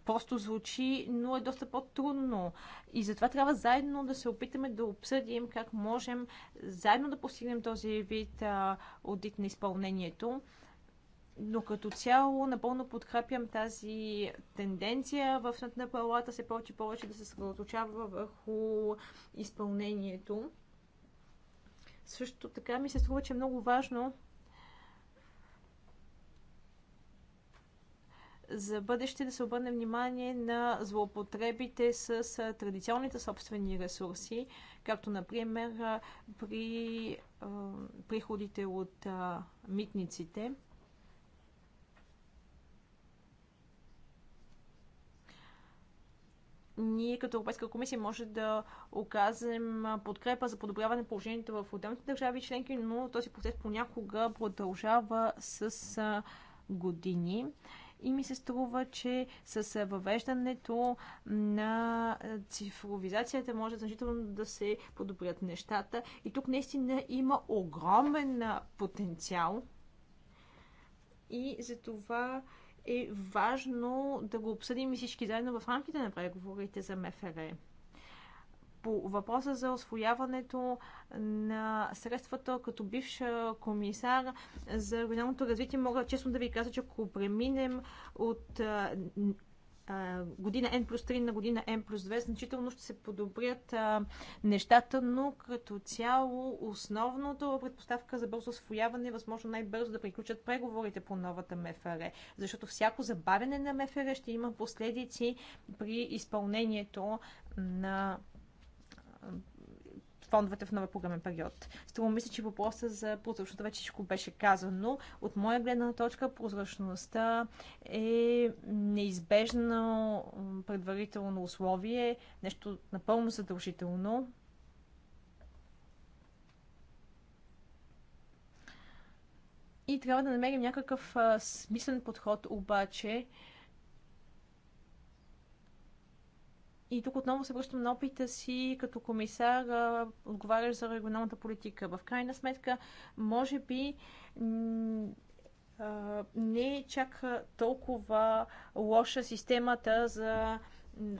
просто звучи, но е доста по-трудно. И затова трябва заедно да се опитаме да обсъдим как можем заедно да постигнем този вид а, аудит на изпълнението. Но като цяло напълно подкрепям тази тенденция в на палата се повече и повече да се съсредоточава върху изпълнението. Също така ми се струва, че е много важно за бъдеще да се обърне внимание на злоупотребите с традиционните собствени ресурси, както например при приходите от митниците. ние като Европейска комисия може да окажем подкрепа за подобряване на положението в отделните държави членки, но този процес понякога продължава с години и ми се струва, че с въвеждането на цифровизацията може значително да се подобрят нещата. И тук наистина има огромен потенциал и за това е важно да го обсъдим и всички заедно в рамките на преговорите за МФР по въпроса за освояването на средствата като бивш комисар за регионалното развитие, мога честно да ви кажа, че ако преминем от година N плюс 3 на година N плюс 2, значително ще се подобрят нещата, но като цяло основното предпоставка за бързо освояване е възможно най-бързо да приключат преговорите по новата МФР, защото всяко забавяне на МФР ще има последици при изпълнението на фондовете в нова програмен период. Струва мисля, че въпроса за прозрачността вече всичко беше казано. От моя гледна точка прозрачността е неизбежно предварително условие, нещо напълно задължително. И трябва да намерим някакъв а, смислен подход обаче, а, И тук отново се връщам на опита си като комисар, отговарящ за регионалната политика. В крайна сметка, може би не е чак толкова лоша системата за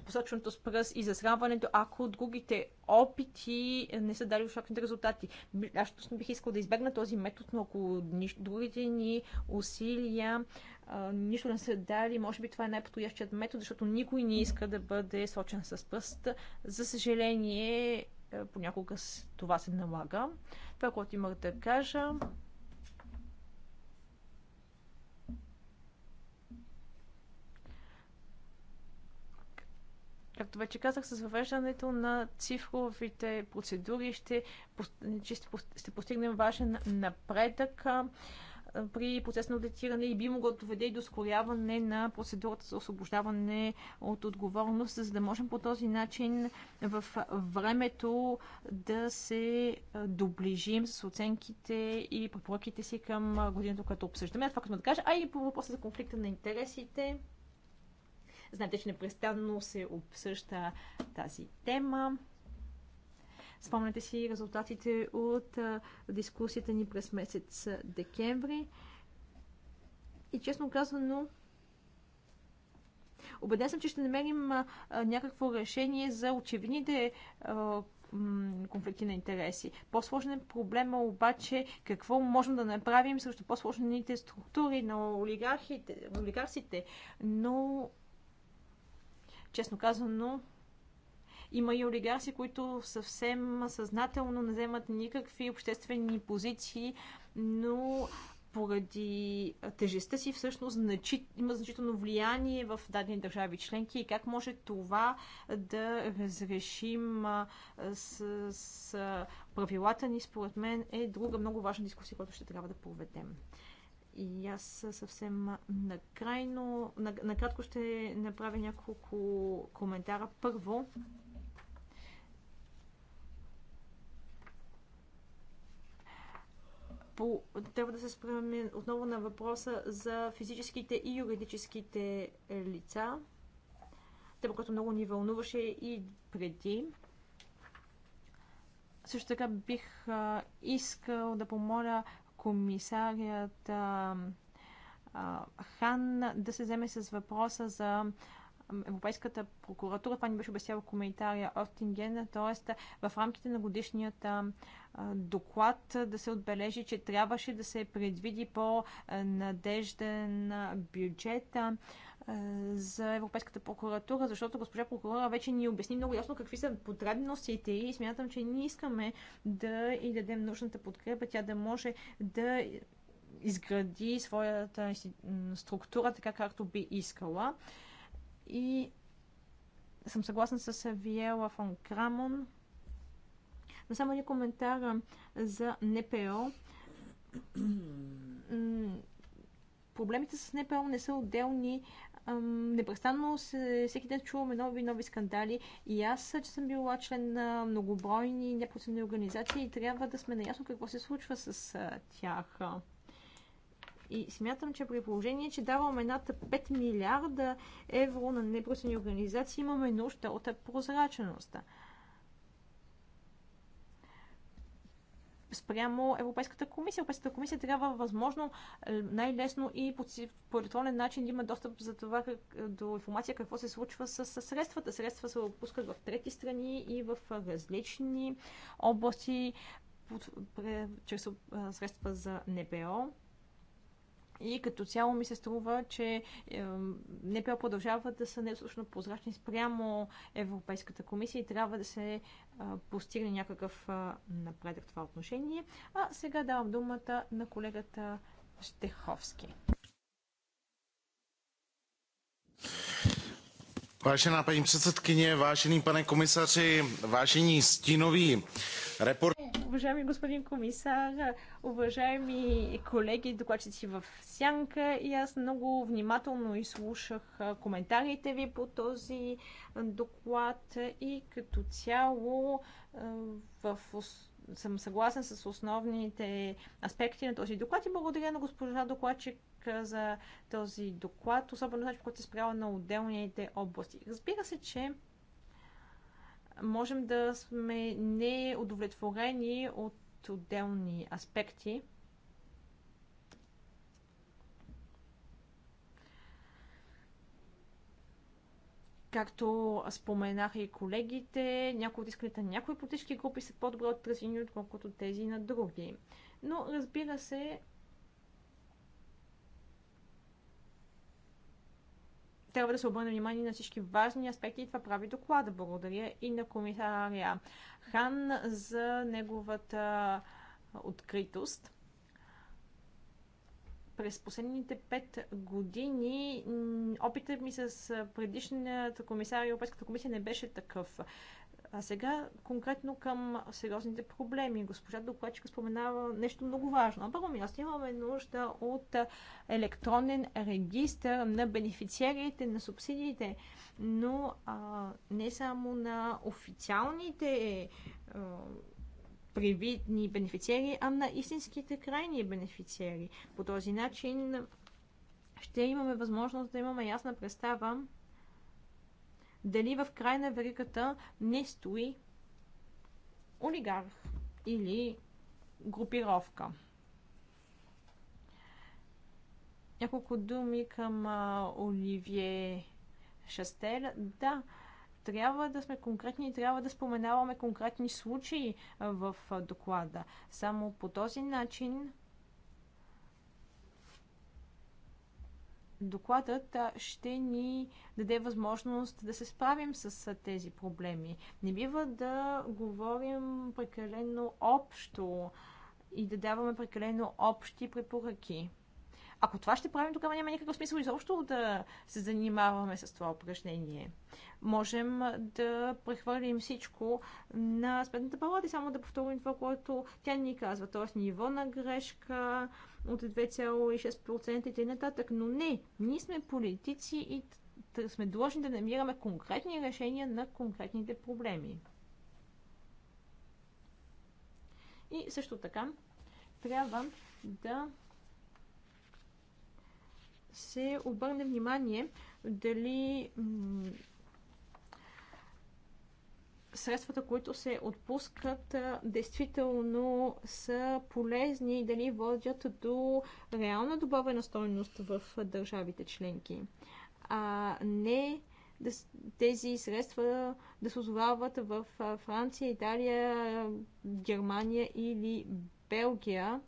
посоченото с пръст и засрамването, ако другите опити не са дали очакваните резултати. Аз точно бих искал да избегна този метод, но ако другите ни усилия нищо не са дали. Може би това е най-подходящият метод, защото никой не иска да бъде сочен с пръст. За съжаление, понякога това се налага. Това, което имах да кажа. Както вече казах, с въвеждането на цифровите процедури ще, ще, ще постигнем важен напредък при процес на аудитиране и би могло да доведе и до скоряване на процедурата за освобождаване от отговорност, за да можем по този начин в времето да се доближим с оценките и препоръките си към годината, която обсъждаме. Това като да кажа, а и по въпроса за конфликта на интересите. Знаете, че непрестанно се обсъжда тази тема. Спомняте си резултатите от дискусията ни през месец декември. И честно казано, убеден съм, че ще намерим някакво решение за очевидните конфликти на интереси. По-сложен е проблема обаче какво можем да направим срещу по-сложените структури на олигархите, олигарсите, но честно казано, има и олигарси, които съвсем съзнателно не вземат никакви обществени позиции, но поради тежестта си всъщност значит, има значително влияние в дадени държави членки и как може това да разрешим с, с правилата ни, според мен е друга много важна дискусия, която ще трябва да проведем. И аз съвсем накрайно, накратко ще направя няколко коментара. Първо, по, трябва да се спрем отново на въпроса за физическите и юридическите лица. Тема, която много ни вълнуваше и преди. Също така бих а, искал да помоля комисарият а, а, Хан да се вземе с въпроса за Европейската прокуратура. Това ни беше обяснява коментария Остинген, т.е. в рамките на годишнията. а, доклад да се отбележи, че трябваше да се предвиди по-надежден бюджет за Европейската прокуратура, защото госпожа прокурора вече ни обясни много ясно какви са потребностите и смятам, че ние искаме да и дадем нужната подкрепа, тя да може да изгради своята структура така, както би искала. И съм съгласна с Виела фон Крамон, но само един коментар за НПО. Проблемите с НПО не са отделни непрестанно всеки ден чуваме нови нови скандали и аз, че съм била член на многобройни непроцентни организации и трябва да сме наясно какво се случва с тях. И смятам, че при положение, че даваме над 5 милиарда евро на непросени организации, имаме нужда от прозрачността. спрямо Европейската комисия. Европейската комисия трябва възможно е, най-лесно и по електронен начин да има достъп за това, до информация какво се случва с, с средствата. Средства се отпускат в трети страни и в различни области чрез е, средства за НПО. И като цяло ми се струва, че НПО продължават да са недостатъчно прозрачни спрямо Европейската комисия и трябва да се е, постигне някакъв е, напредък в това отношение. А сега давам думата на колегата Штеховски. Vážená paní předsedkyně, vážený pane komisaři, vážení stínoví report... Уважаеми господин комисар, уважаеми колеги, докладчици в Сянка и аз много внимателно изслушах коментарите ви по този доклад и като цяло в съм съгласен с основните аспекти на този доклад и благодаря на госпожа докладчик за този доклад, особено значи, когато се справя на отделните области. Разбира се, че можем да сме неудовлетворени от отделни аспекти. Както споменаха и колегите, някои от исканите на някои политически групи са по-добре отразени, отколкото тези на други. Но, разбира се, трябва да се обърне внимание на всички важни аспекти и това прави доклада. Благодаря и на комисаря Хан за неговата откритост. През последните пет години опитът ми с предишната комисар и Европейската комисия не беше такъв. А сега конкретно към сериозните проблеми. Госпожа докладчика споменава нещо много важно. На първо място имаме нужда от електронен регистр на бенефициарите на субсидиите, но а, не само на официалните е, а, привидни бенефициери, а на истинските крайни бенефициери. По този начин ще имаме възможност да имаме ясна представа дали в край на веригата не стои олигарх или групировка. Няколко думи към а, Оливие Шастел. Да, трябва да сме конкретни и трябва да споменаваме конкретни случаи в доклада. Само по този начин докладът ще ни даде възможност да се справим с тези проблеми. Не бива да говорим прекалено общо и да даваме прекалено общи препоръки. Ако това ще правим, тогава няма никакъв смисъл изобщо да се занимаваме с това упражнение. Можем да прехвърлим всичко на сметната палата и само да повторим това, което тя ни казва. Тоест ниво на грешка от 2,6% и т.н. Но не, ние сме политици и сме длъжни да намираме конкретни решения на конкретните проблеми. И също така трябва да се обърне внимание дали средствата, които се отпускат, действително са полезни и дали водят до реална добавена стойност в държавите членки. А не да, тези средства да се озовават в Франция, Италия, Германия или Белгия,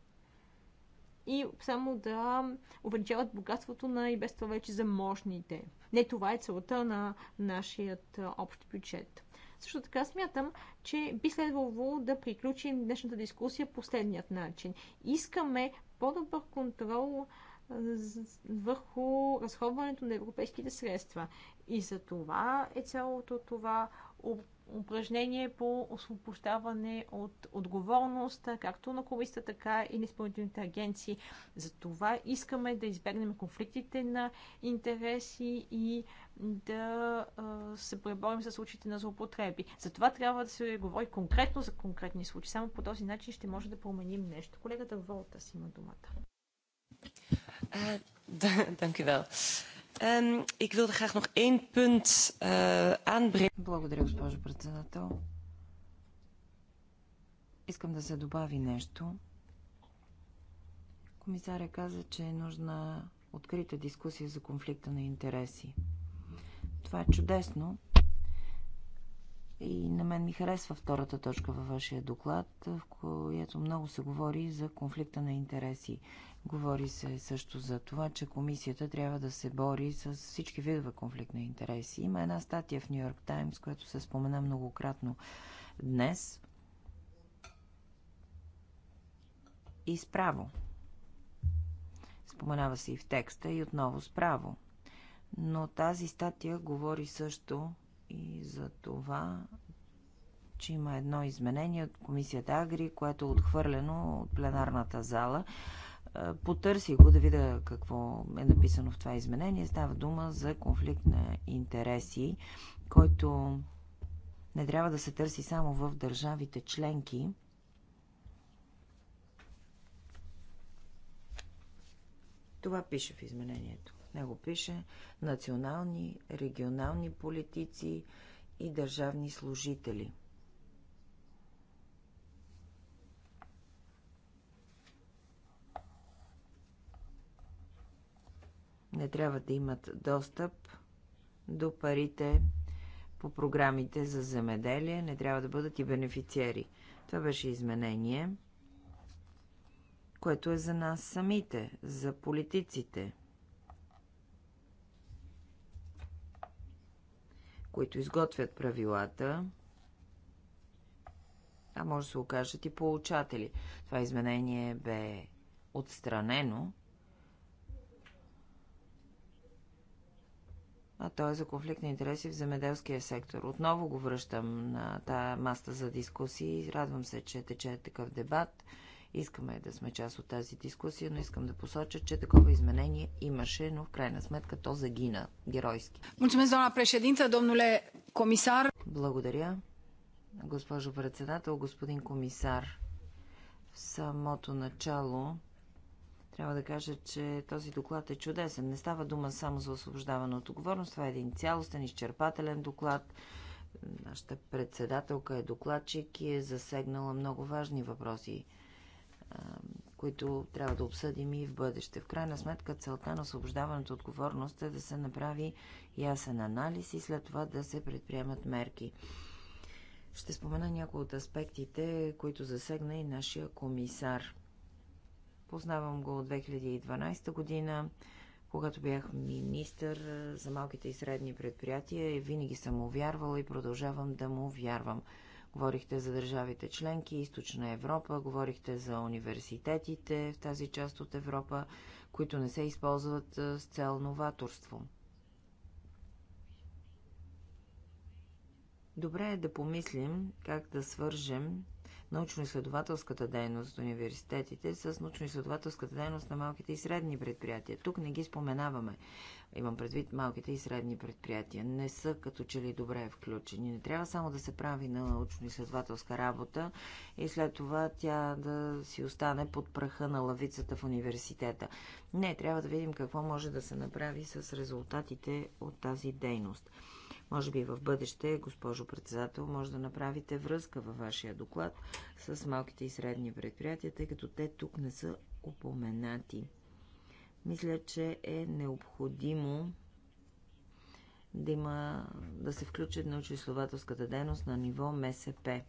и само да увеличават богатството на и без това вече заможните. Не това е целта на нашият общ бюджет. Също така смятам, че би следвало да приключим днешната дискусия последният начин. Искаме по-добър контрол върху разходването на европейските средства. И за това е цялото това упражнение по освобождаване от отговорност, както на комисията, така и на изпълнителните агенции. Затова искаме да избегнем конфликтите на интереси и да се преборим с случаите на злоупотреби. Затова трябва да се говори конкретно за конкретни случаи. Само по този начин ще може да променим нещо. Колегата Волта си има думата. Uh, Ehm, ik wilde graag nog één punt eh, aanbrengen. Благодаря, госпожо председател. Искам да се добави нещо. Комисаря каза, че е нужна открита дискусия за конфликта на интереси. Това е чудесно. И на мен ми харесва втората точка във вашия доклад, в която много се говори за конфликта на интереси. Говори се също за това, че комисията трябва да се бори с всички видове конфликт на интереси. Има една статия в Нью Йорк Таймс, която се спомена многократно днес. И справо. Споменава се и в текста, и отново справо. Но тази статия говори също и за това, че има едно изменение от комисията Агри, което е отхвърлено от пленарната зала Потърсих го да видя какво е написано в това изменение. Става дума за конфликт на интереси, който не трябва да се търси само в държавите членки. Това пише в изменението. Него пише национални, регионални политици и държавни служители – не трябва да имат достъп до парите по програмите за земеделие, не трябва да бъдат и бенефициери. Това беше изменение, което е за нас самите, за политиците, които изготвят правилата, а може да се окажат и получатели. Това изменение бе отстранено – а то е за конфликт на интереси в земеделския сектор. Отново го връщам на тая маста за дискусии. Радвам се, че тече такъв дебат. Искаме да сме част от тази дискусия, но искам да посоча, че такова изменение имаше, но в крайна сметка то загина геройски. Благодаря. Госпожо председател, господин комисар, в самото начало трябва да кажа, че този доклад е чудесен. Не става дума само за освобождаване от отговорност. Това е един цялостен, изчерпателен доклад. Нашата председателка е докладчик и е засегнала много важни въпроси, които трябва да обсъдим и в бъдеще. В крайна сметка целта на освобождаването от отговорност е да се направи ясен анализ и след това да се предприемат мерки. Ще спомена някои от аспектите, които засегна и нашия комисар. Познавам го от 2012 година, когато бях министър за малките и средни предприятия и винаги съм му вярвала и продължавам да му вярвам. Говорихте за държавите членки, източна Европа, говорихте за университетите в тази част от Европа, които не се използват с цел новаторство. Добре е да помислим как да свържем научно-изследователската дейност в университетите с научно-изследователската дейност на малките и средни предприятия. Тук не ги споменаваме. Имам предвид малките и средни предприятия. Не са като че ли добре включени. Не трябва само да се прави на научно-изследователска работа и след това тя да си остане под праха на лавицата в университета. Не, трябва да видим какво може да се направи с резултатите от тази дейност. Може би в бъдеще, госпожо председател, може да направите връзка във вашия доклад с малките и средни предприятия, тъй като те тук не са упоменати. Мисля, че е необходимо да, има, да се включат на числователската дейност на ниво МСП.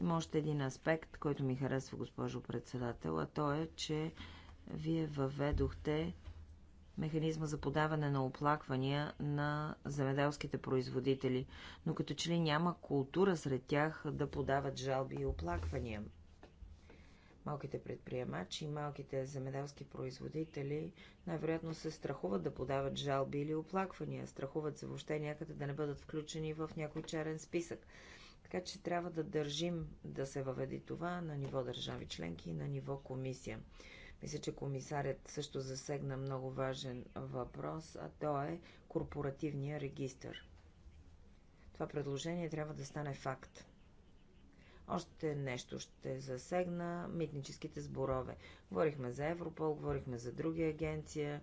Има още един аспект, който ми харесва, госпожо председател, а то е, че вие въведохте механизма за подаване на оплаквания на земеделските производители, но като че ли няма култура сред тях да подават жалби и оплаквания. Малките предприемачи и малките земеделски производители най-вероятно се страхуват да подават жалби или оплаквания, страхуват се въобще някъде да не бъдат включени в някой черен списък. Така че трябва да държим да се въведи това на ниво държави членки и на ниво комисия. Мисля, че комисарят също засегна много важен въпрос, а то е корпоративния регистр. Това предложение трябва да стане факт. Още нещо ще засегна митническите сборове. Говорихме за Европол, говорихме за други агенция.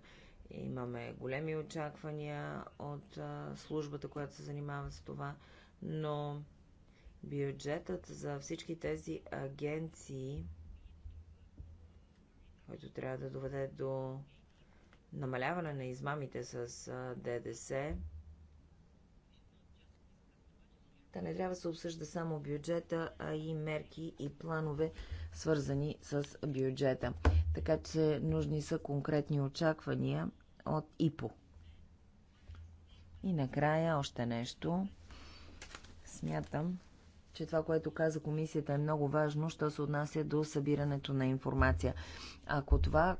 Имаме големи очаквания от службата, която се занимава с това, но бюджетът за всички тези агенции който трябва да доведе до намаляване на измамите с ДДС. Та не трябва да се обсъжда само бюджета, а и мерки и планове, свързани с бюджета. Така че нужни са конкретни очаквания от ИПО. И накрая още нещо. Смятам, че това, което каза комисията е много важно, що се отнася до събирането на информация. Ако това,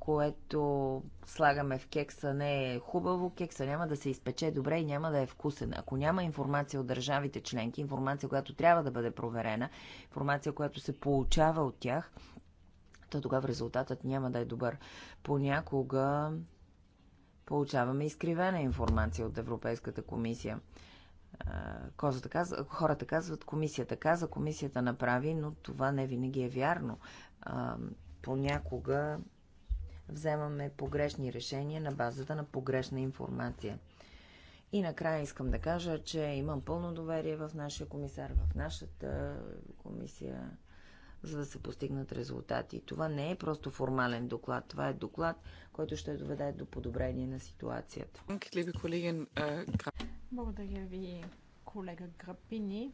което слагаме в кекса не е хубаво, кекса няма да се изпече добре и няма да е вкусен. Ако няма информация от държавите членки, информация, която трябва да бъде проверена, информация, която се получава от тях, то тогава резултатът няма да е добър. Понякога получаваме изкривена информация от Европейската комисия. Козата казва, хората казват, комисията каза, комисията направи, но това не винаги е вярно. Понякога вземаме погрешни решения на базата на погрешна информация. И накрая искам да кажа, че имам пълно доверие в нашия комисар, в нашата комисия, за да се постигнат резултати. Това не е просто формален доклад, това е доклад, който ще доведе до подобрение на ситуацията. Благодаря ви, колега Грапини.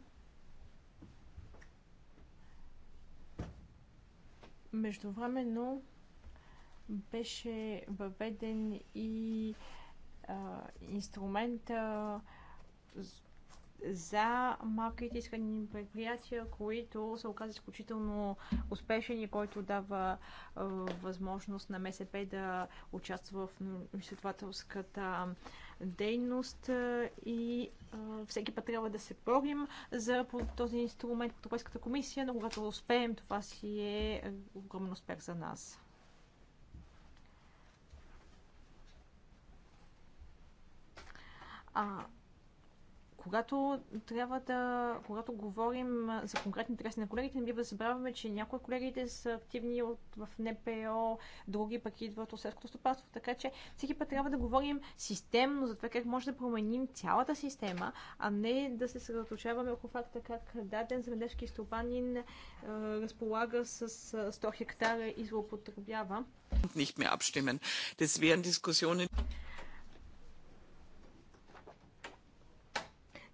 Междувременно беше въведен и а, инструмента за малките искани предприятия, които се оказа изключително успешен и който дава а, възможност на МСП да участва в изследователската дейност и а, всеки път трябва да се борим за този инструмент от Европейската комисия, но когато успеем, това си е огромен успех за нас. А, когато трябва да, когато говорим за конкретни интереси на колегите, не бива да забравяме, че някои от колегите са активни от, в НПО, други пък идват от селското стопанство, така че всеки път трябва да говорим системно за това как може да променим цялата система, а не да се съсредоточаваме около факта как даден земеделски стопанин е, разполага с 100 е, хектара и злоупотребява. Nicht mehr abstimmen. Das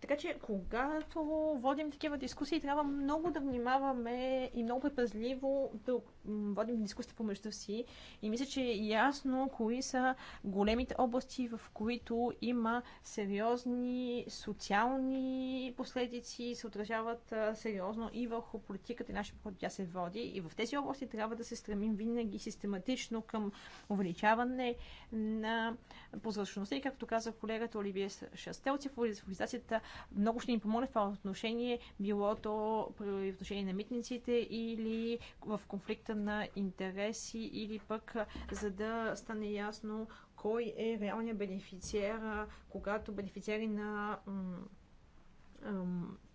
Така че, когато водим такива дискусии, трябва много да внимаваме и много пазливо да водим дискусия помежду си и мисля, че е ясно кои са големите области, в които има сериозни социални последици, се отражават сериозно и върху политиката и нашия по тя се води. И в тези области трябва да се стремим винаги систематично към увеличаване на прозрачността. И както каза колегата Оливия Шастелци, цифровизацията много ще ни помогне в това отношение, било то при отношение на митниците или в конфликта конфликта на интереси или пък за да стане ясно кой е реалният бенефициер, когато бенефициери на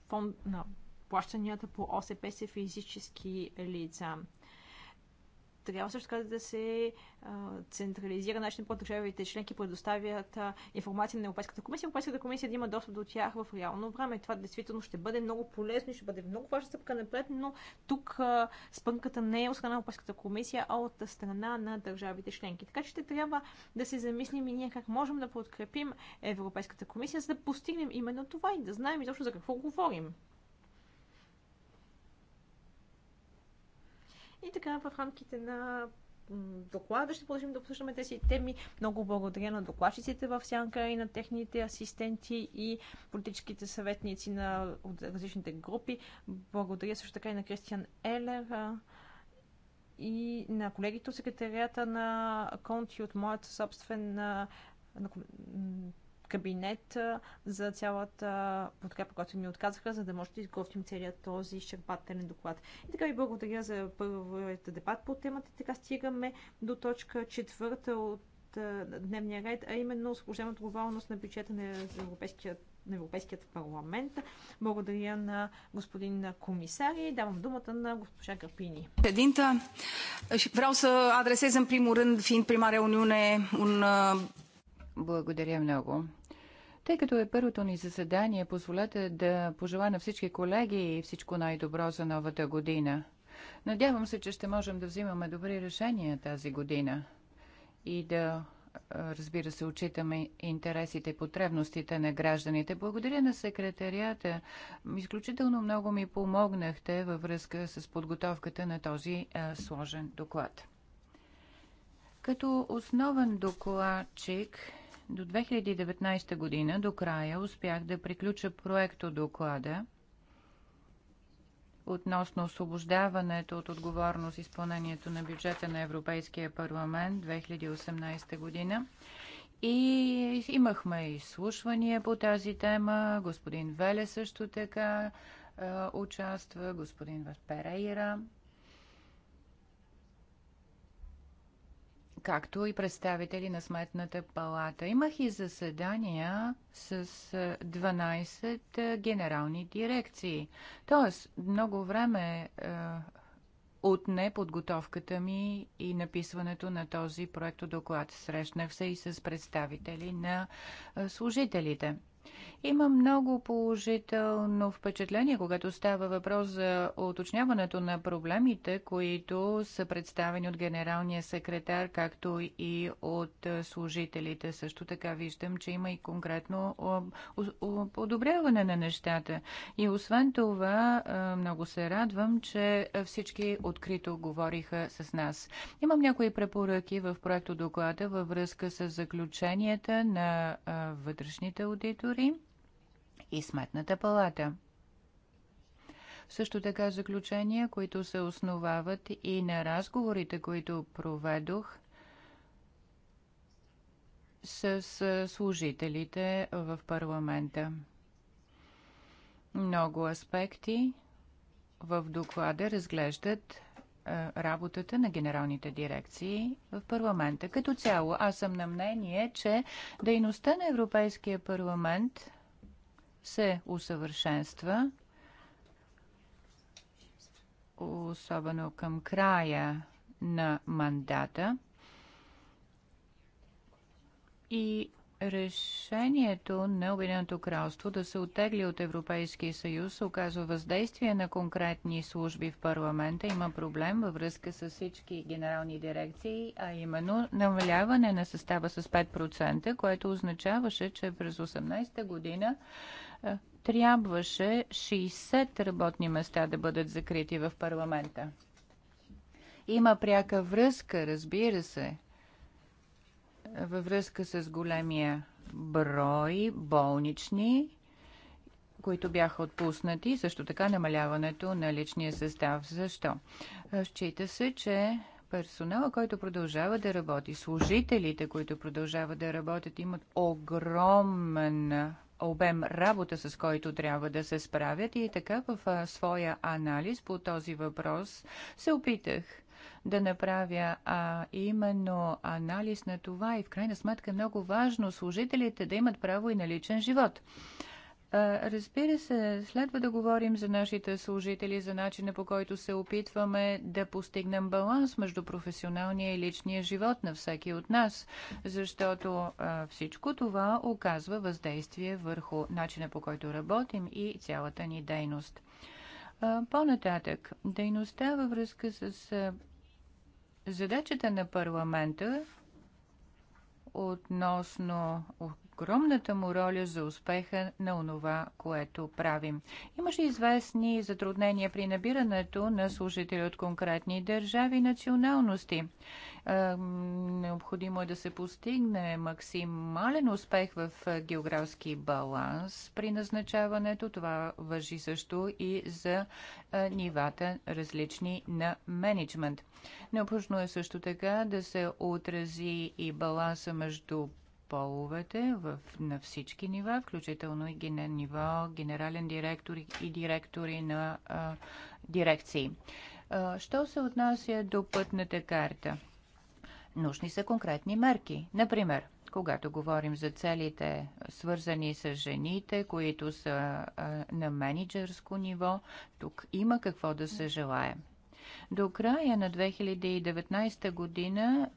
фонд на плащанията по ОСП са физически лица. Трябва също така да се централизира начин, по държавите членки предоставят информация на Европейската комисия. Европейската комисия да има достъп до тях в реално време. Това действително ще бъде много полезно и ще бъде много важна стъпка напред, но тук спънката не е от страна на Европейската комисия, а от страна на държавите членки. Така че ще трябва да се замислим и ние как можем да подкрепим Европейската комисия, за да постигнем именно това и да знаем изобщо за какво говорим. И така в рамките на доклада ще продължим да обсъждаме тези теми. Много благодаря на докладчиците в Сянка и на техните асистенти и политическите съветници на от различните групи. Благодаря също така и на Кристиан Елер и на колегите от секретарията на Конти от моята собствена на кабинет за цялата подкрепа, която ми отказаха, за да може да изготвим целият този изчерпателен доклад. И така ви благодаря за първият дебат по темата. Така стигаме до точка четвърта от дневния ред, а именно служебна отговорност на бюджета на Европейския на Европейският парламент. Благодаря на господин комисар и давам думата на госпожа Гърпини. Прединта, vreau să adresez în primul rând, fiind un... Благодаря много. Тъй като е първото ни заседание, позволете да пожела на всички колеги и всичко най-добро за новата година. Надявам се, че ще можем да взимаме добри решения тази година и да разбира се, отчитаме интересите и потребностите на гражданите. Благодаря на секретарията. Изключително много ми помогнахте във връзка с подготовката на този е, сложен доклад. Като основен докладчик до 2019 година, до края, успях да приключа проекто доклада относно освобождаването от отговорност изпълнението на бюджета на Европейския парламент 2018 година. И имахме изслушвания по тази тема. Господин Веле също така е, участва, господин Перейра. както и представители на Сметната палата. Имах и заседания с 12 генерални дирекции. Тоест, много време е, отне подготовката ми и написването на този проект доклад. Срещнах се и с представители на служителите. Има много положително впечатление, когато става въпрос за уточняването на проблемите, които са представени от генералния секретар, както и от служителите. Също така виждам, че има и конкретно подобряване на нещата. И освен това, много се радвам, че всички открито говориха с нас. Имам някои препоръки в проекто доклада във връзка с заключенията на вътрешните аудитори и Сметната палата. Също така заключения, които се основават и на разговорите, които проведох с служителите в парламента. Много аспекти в доклада разглеждат е, работата на генералните дирекции в парламента. Като цяло аз съм на мнение, че дейността на Европейския парламент се усъвършенства, особено към края на мандата. И решението на Обединеното кралство да се отегли от Европейския съюз оказва въздействие на конкретни служби в парламента. Има проблем във връзка с всички генерални дирекции, а именно намаляване на състава с 5%, което означаваше, че през 18-та година е, трябваше 60 работни места да бъдат закрити в парламента. Има пряка връзка, разбира се, във връзка с големия брой болнични, които бяха отпуснати, също така намаляването на личния състав. Защо? Е, счита се, че персонала, който продължава да работи, служителите, които продължават да работят, имат огромен обем работа, с който трябва да се справят и така в своя анализ по този въпрос се опитах да направя а, именно анализ на това и в крайна сметка е много важно служителите да имат право и на личен живот. Разбира се, следва да говорим за нашите служители, за начина по който се опитваме да постигнем баланс между професионалния и личния живот на всеки от нас, защото всичко това оказва въздействие върху начина по който работим и цялата ни дейност. По-нататък, дейността във връзка с задачата на парламента относно огромната му роля за успеха на онова, което правим. Имаше известни затруднения при набирането на служители от конкретни държави и националности. Е, необходимо е да се постигне максимален успех в географски баланс при назначаването. Това въжи също и за е, нивата различни на менеджмент. Необходимо е също така да се отрази и баланса между половете в, на всички нива, включително и на ниво генерален директор и директори на а, дирекции. А, що се отнася до пътната карта? Нужни са конкретни мерки. Например, когато говорим за целите, свързани с жените, които са а, на менеджерско ниво, тук има какво да се желая. До края на 2019 година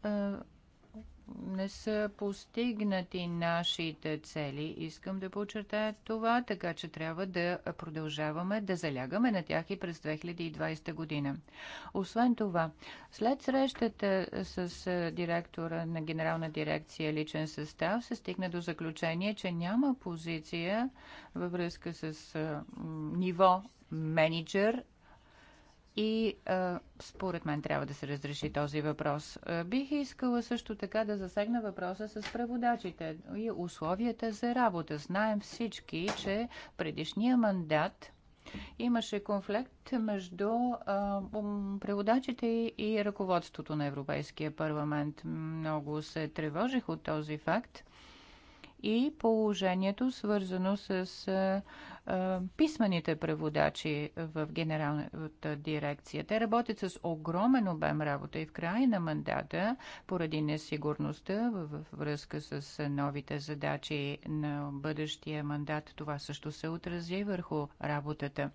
не са постигнати нашите цели. Искам да подчертая това, така че трябва да продължаваме да залягаме на тях и през 2020 година. Освен това, след срещата с директора на Генерална дирекция личен състав, се стигна до заключение, че няма позиция във връзка с ниво менеджер и а, според мен трябва да се разреши този въпрос. А, бих искала също така да засегна въпроса с преводачите и условията за работа. Знаем всички, че предишния мандат имаше конфликт между а, преводачите и ръководството на Европейския парламент. Много се тревожих от този факт и положението, свързано с писмените преводачи в генералната дирекция. Те работят с огромен обем работа и в края на мандата, поради несигурността във връзка с новите задачи на бъдещия мандат, това също се отрази върху работата.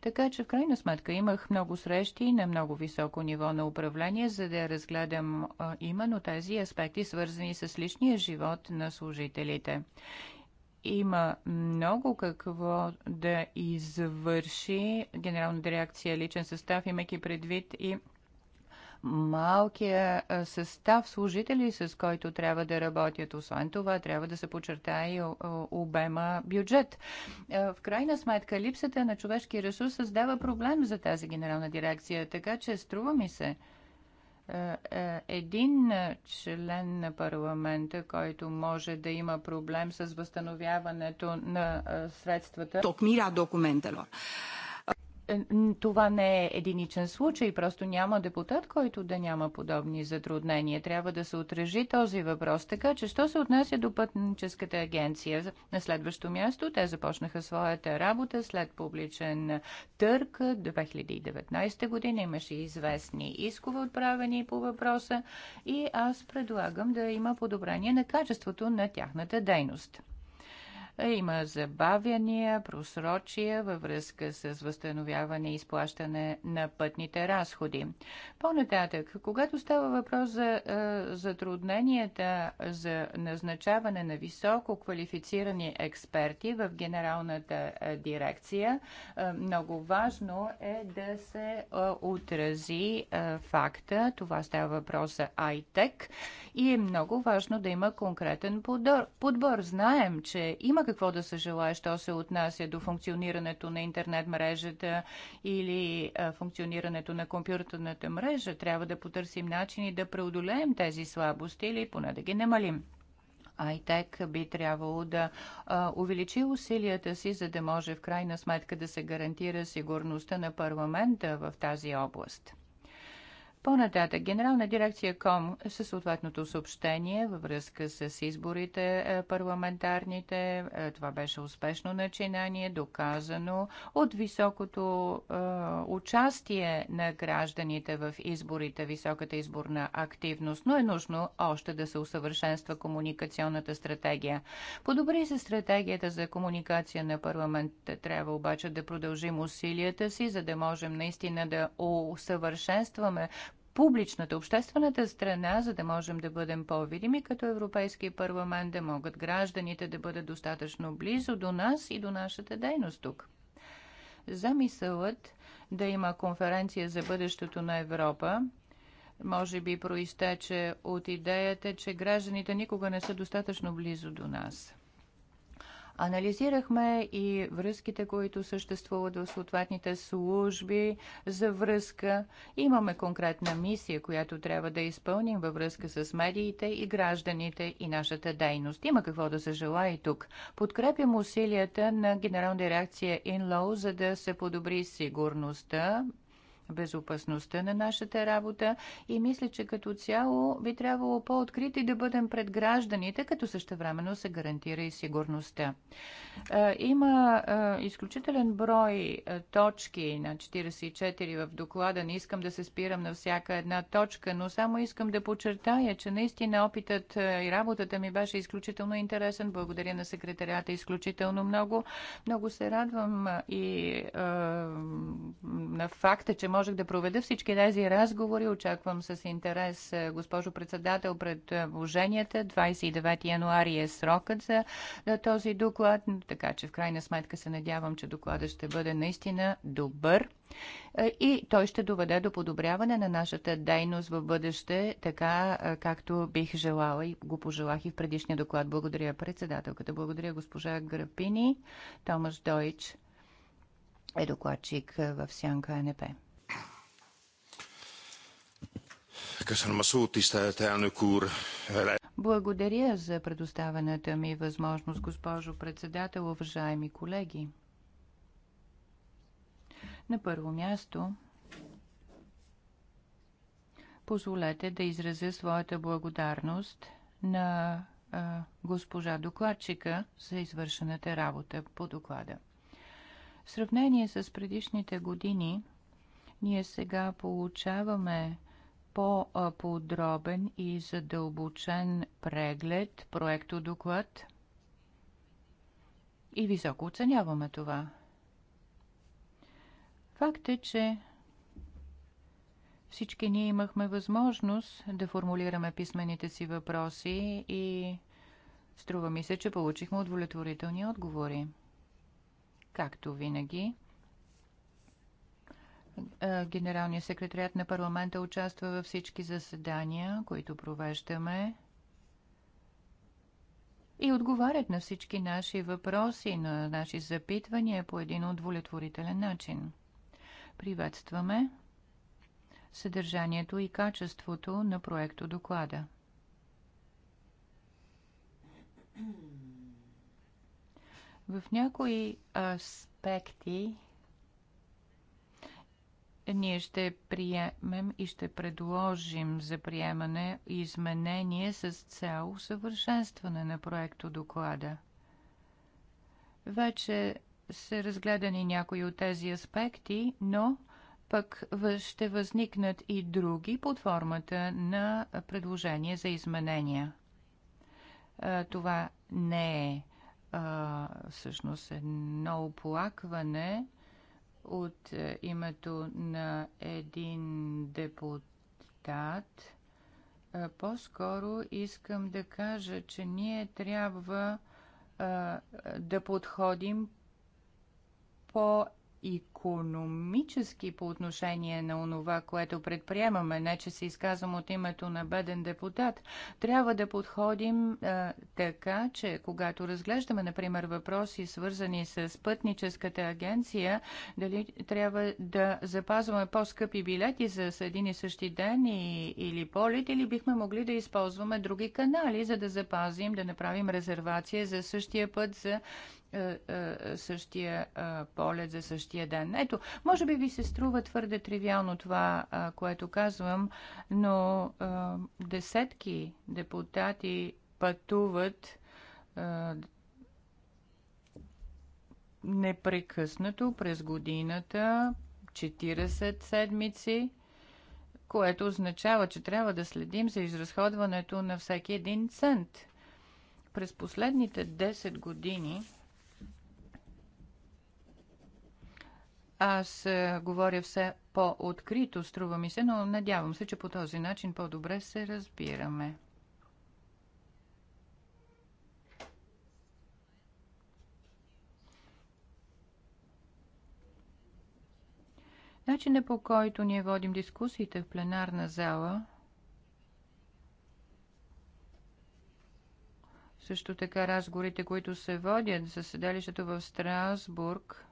Така че в крайна сметка имах много срещи на много високо ниво на управление, за да разгледам именно тези аспекти, свързани с личния живот на служителите има много какво да извърши Генерална дирекция личен състав, имайки предвид и малкия състав служители, с който трябва да работят. Освен това, трябва да се почертае и обема бюджет. В крайна сметка, липсата на човешки ресурс създава проблем за тази генерална дирекция, така че струва ми се, е, е, един член на парламента, който може да има проблем с възстановяването на е, средствата. Токмира документelor това не е единичен случай, просто няма депутат, който да няма подобни затруднения. Трябва да се отрежи този въпрос. Така че, що се отнася до пътническата агенция? На следващо място те започнаха своята работа след публичен търк до 2019 година. Имаше известни искове отправени по въпроса и аз предлагам да има подобрение на качеството на тяхната дейност. Е, има забавяния, просрочия във връзка с възстановяване и изплащане на пътните разходи. По-нататък, когато става въпрос за е, затрудненията за назначаване на високо квалифицирани експерти в генералната е, дирекция, е, много важно е да се е, отрази е, факта, това става въпрос за ITEC и е много важно да има конкретен подбор. подбор. Знаем, че има какво да се желая, що се отнася до функционирането на интернет мрежата или функционирането на компютърната мрежа. Трябва да потърсим начини да преодолеем тези слабости или поне да ги намалим. Айтек би трябвало да а, увеличи усилията си, за да може в крайна сметка да се гарантира сигурността на парламента в тази област. По-нататък, Генерална дирекция КОМ със съответното съобщение във връзка с изборите е, парламентарните. Е, това беше успешно начинание, доказано от високото е, участие на гражданите в изборите, високата изборна активност, но е нужно още да се усъвършенства комуникационната стратегия. Подобри се стратегията за комуникация на парламент. Трябва обаче да продължим усилията си, за да можем наистина да усъвършенстваме публичната, обществената страна, за да можем да бъдем по-видими като Европейски парламент, да могат гражданите да бъдат достатъчно близо до нас и до нашата дейност тук. Замисълът да има конференция за бъдещето на Европа, може би проистече от идеята, че гражданите никога не са достатъчно близо до нас. Анализирахме и връзките, които съществуват в съответните служби за връзка. Имаме конкретна мисия, която трябва да изпълним във връзка с медиите и гражданите и нашата дейност. Има какво да се желая и тук. Подкрепим усилията на Генерална дирекция Инлоу, за да се подобри сигурността безопасността на нашата работа и мисля, че като цяло би трябвало по-открити да бъдем пред гражданите, като същевременно се гарантира и сигурността. Има изключителен брой точки на 44 в доклада. Не искам да се спирам на всяка една точка, но само искам да подчертая, че наистина опитът и работата ми беше изключително интересен. Благодаря на секретарията изключително много. Много се радвам и на факта, че може можех да проведа всички тези разговори. Очаквам с интерес, е, госпожо председател, предложенията. 29 януари е срокът за е, този доклад, така че в крайна сметка се надявам, че докладът ще бъде наистина добър е, и той ще доведе до подобряване на нашата дейност в бъдеще, така както бих желала и го пожелах и в предишния доклад. Благодаря председателката, благодаря госпожа Грапини, Томаш Дойч е докладчик в Сянка НП. Köszönöm a szót, tisztelt elnök Благодаря за предоставената ми възможност, госпожо председател, уважаеми колеги. На първо място, позволете да изразя своята благодарност на госпожа докладчика за извършената работа по доклада. В сравнение с предишните години, ние сега получаваме по-подробен и задълбочен преглед, проекто доклад и високо оценяваме това. Факт е, че всички ние имахме възможност да формулираме писмените си въпроси и струва ми се, че получихме удовлетворителни отговори. Както винаги, е, генералният секретарят на парламента участва във всички заседания, които провеждаме и отговарят на всички наши въпроси, на наши запитвания по един удовлетворителен начин. Приветстваме съдържанието и качеството на проекто доклада. В някои аспекти ние ще приемем и ще предложим за приемане изменение с цел усъвършенстване на проекто доклада. Вече са разгледани някои от тези аспекти, но пък ще възникнат и други под формата на предложение за изменения. Това не е всъщност едно оплакване, от е, името на един депутат. Е, по-скоро искам да кажа, че ние трябва е, да подходим по економически по отношение на онова, което предприемаме, не че се изказвам от името на беден депутат, трябва да подходим а, така, че когато разглеждаме, например, въпроси свързани с пътническата агенция, дали трябва да запазваме по-скъпи билети за един и същи ден и, или полет, или бихме могли да използваме други канали, за да запазим, да направим резервация за същия път за е, е, същия е, полет за същия ден. Ето, може би ви се струва твърде тривиално това, което казвам, но десетки депутати пътуват непрекъснато през годината, 40 седмици, което означава, че трябва да следим за изразходването на всеки един цент. През последните 10 години Аз е, говоря все по-открито, струва ми се, но надявам се, че по този начин по-добре се разбираме. Начинът по който ние водим дискусиите в пленарна зала също така разговорите, които се водят за седалището в Страсбург,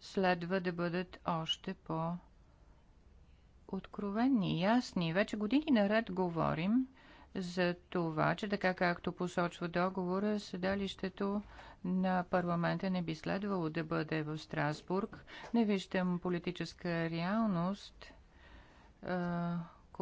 следва да бъдат още по- откровенни, ясни. Вече години наред говорим за това, че така както посочва договора, седалището на парламента не би следвало да бъде в Страсбург. Не виждам политическа реалност,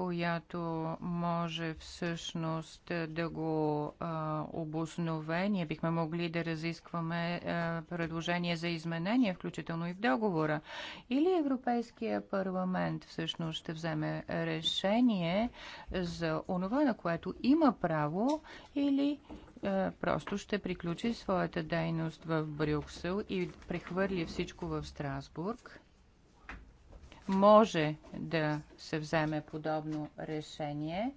която може всъщност да го а, обоснове. Ние бихме могли да разискваме а, предложение за изменение, включително и в договора. Или Европейския парламент всъщност ще вземе решение за онова, на което има право, или а, просто ще приключи своята дейност в Брюксел и прехвърли всичко в Страсбург може да се вземе подобно решение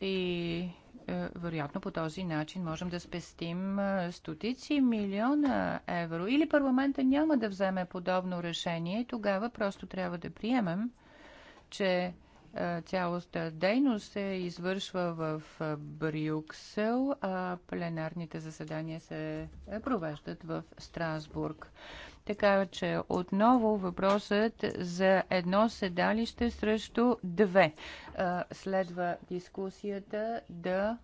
и е, вероятно по този начин можем да спестим е, стотици милиона евро. Или парламента няма да вземе подобно решение и тогава просто трябва да приемем, че е, цялостта дейност се извършва в Брюксел, а пленарните заседания се провеждат в Страсбург. Така че отново въпросът за едно седалище срещу две. Следва дискусията да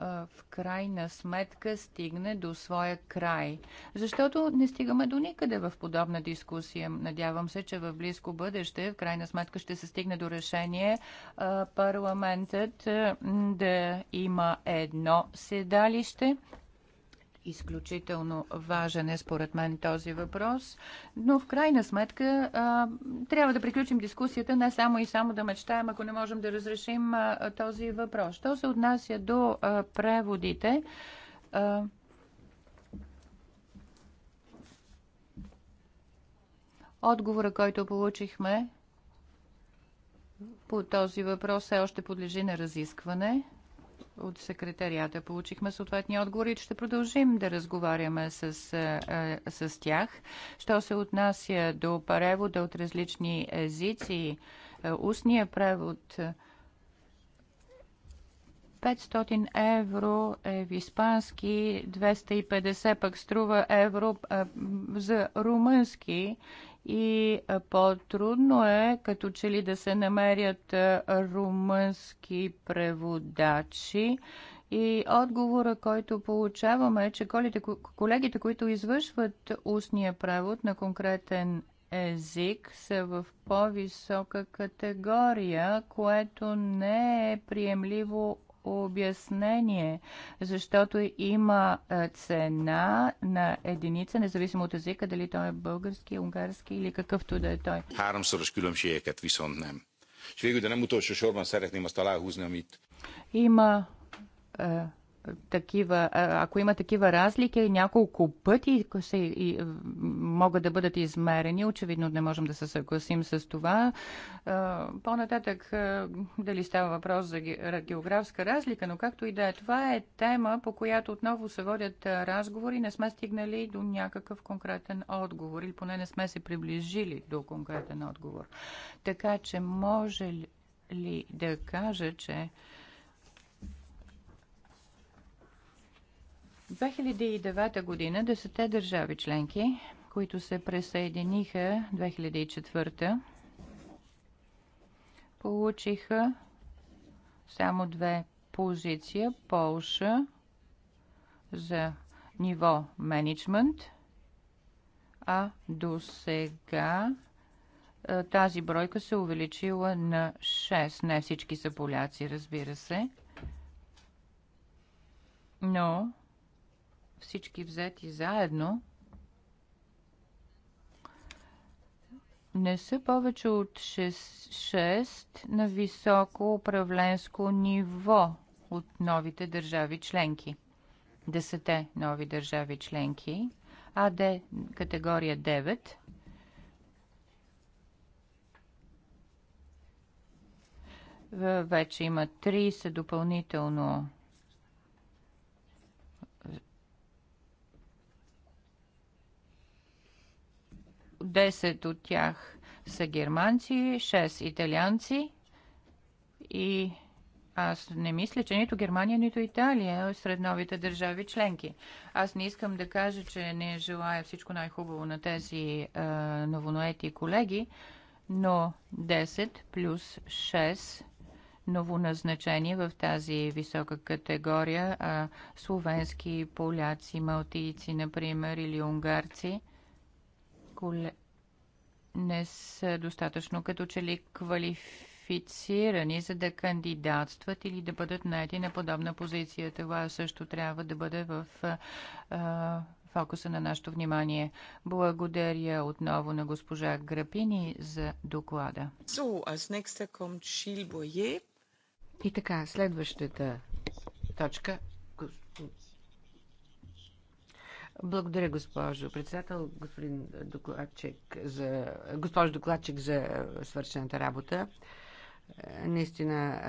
в крайна сметка стигне до своя край. Защото не стигаме до никъде в подобна дискусия. Надявам се, че в близко бъдеще, в крайна сметка, ще се стигне до решение парламентът да има едно седалище изключително важен е според мен този въпрос, но в крайна сметка трябва да приключим дискусията не само и само да мечтаем, ако не можем да разрешим този въпрос. Що се отнася до преводите, отговора, който получихме по този въпрос, е още подлежи на разискване от секретарията получихме съответния отговор и ще продължим да разговаряме с, е, е, с тях. Що се отнася до превода от различни езици, е, устния превод 500 евро е в испански, 250 пък струва евро за румънски и по-трудно е като че ли да се намерят румънски преводачи. И отговора, който получаваме е, че колегите, които извършват устния превод на конкретен език са в по-висока категория, което не е приемливо обяснение, защото има е, цена на единица, независимо от езика, дали той е български, унгарски или какъвто да е той. Háromszoros különbségeket viszont nem. És végül, de nem utolsó sorban szeretném azt aláhúzni, amit... Има е, такива, ако има такива разлики, няколко пъти се, и, могат да бъдат измерени. Очевидно не можем да се съгласим с това. По-нататък, дали става въпрос за географска разлика, но както и да е, това е тема, по която отново се водят разговори. Не сме стигнали до някакъв конкретен отговор или поне не сме се приближили до конкретен отговор. Така че може ли да кажа, че 2009 година десете държави членки, които се присъединиха 2004, получиха само две позиция. Полша за ниво менеджмент, а до сега е, тази бройка се е увеличила на 6. Не всички са поляци, разбира се. Но всички взети заедно, не са повече от 6, 6 на високо управленско ниво от новите държави членки. Десете нови държави членки, а Д категория 9 вече има 30 допълнително 10 от тях са германци, 6 италианци и аз не мисля, че нито Германия, нито Италия е сред новите държави членки. Аз не искам да кажа, че не желая всичко най-хубаво на тези е, новоноети колеги, но 10 плюс 6 новоназначени в тази висока категория, а словенски, поляци, малтийци, например, или унгарци – Коле... не са достатъчно като че ли квалифицирани, за да кандидатстват или да бъдат наети на подобна позиция. Това също трябва да бъде в а, фокуса на нашето внимание. Благодаря отново на госпожа Грапини за доклада. So, И така, следващата точка благодаря, госпожо председател, господин докладчик за, госпожо докладчик за свършената работа. Наистина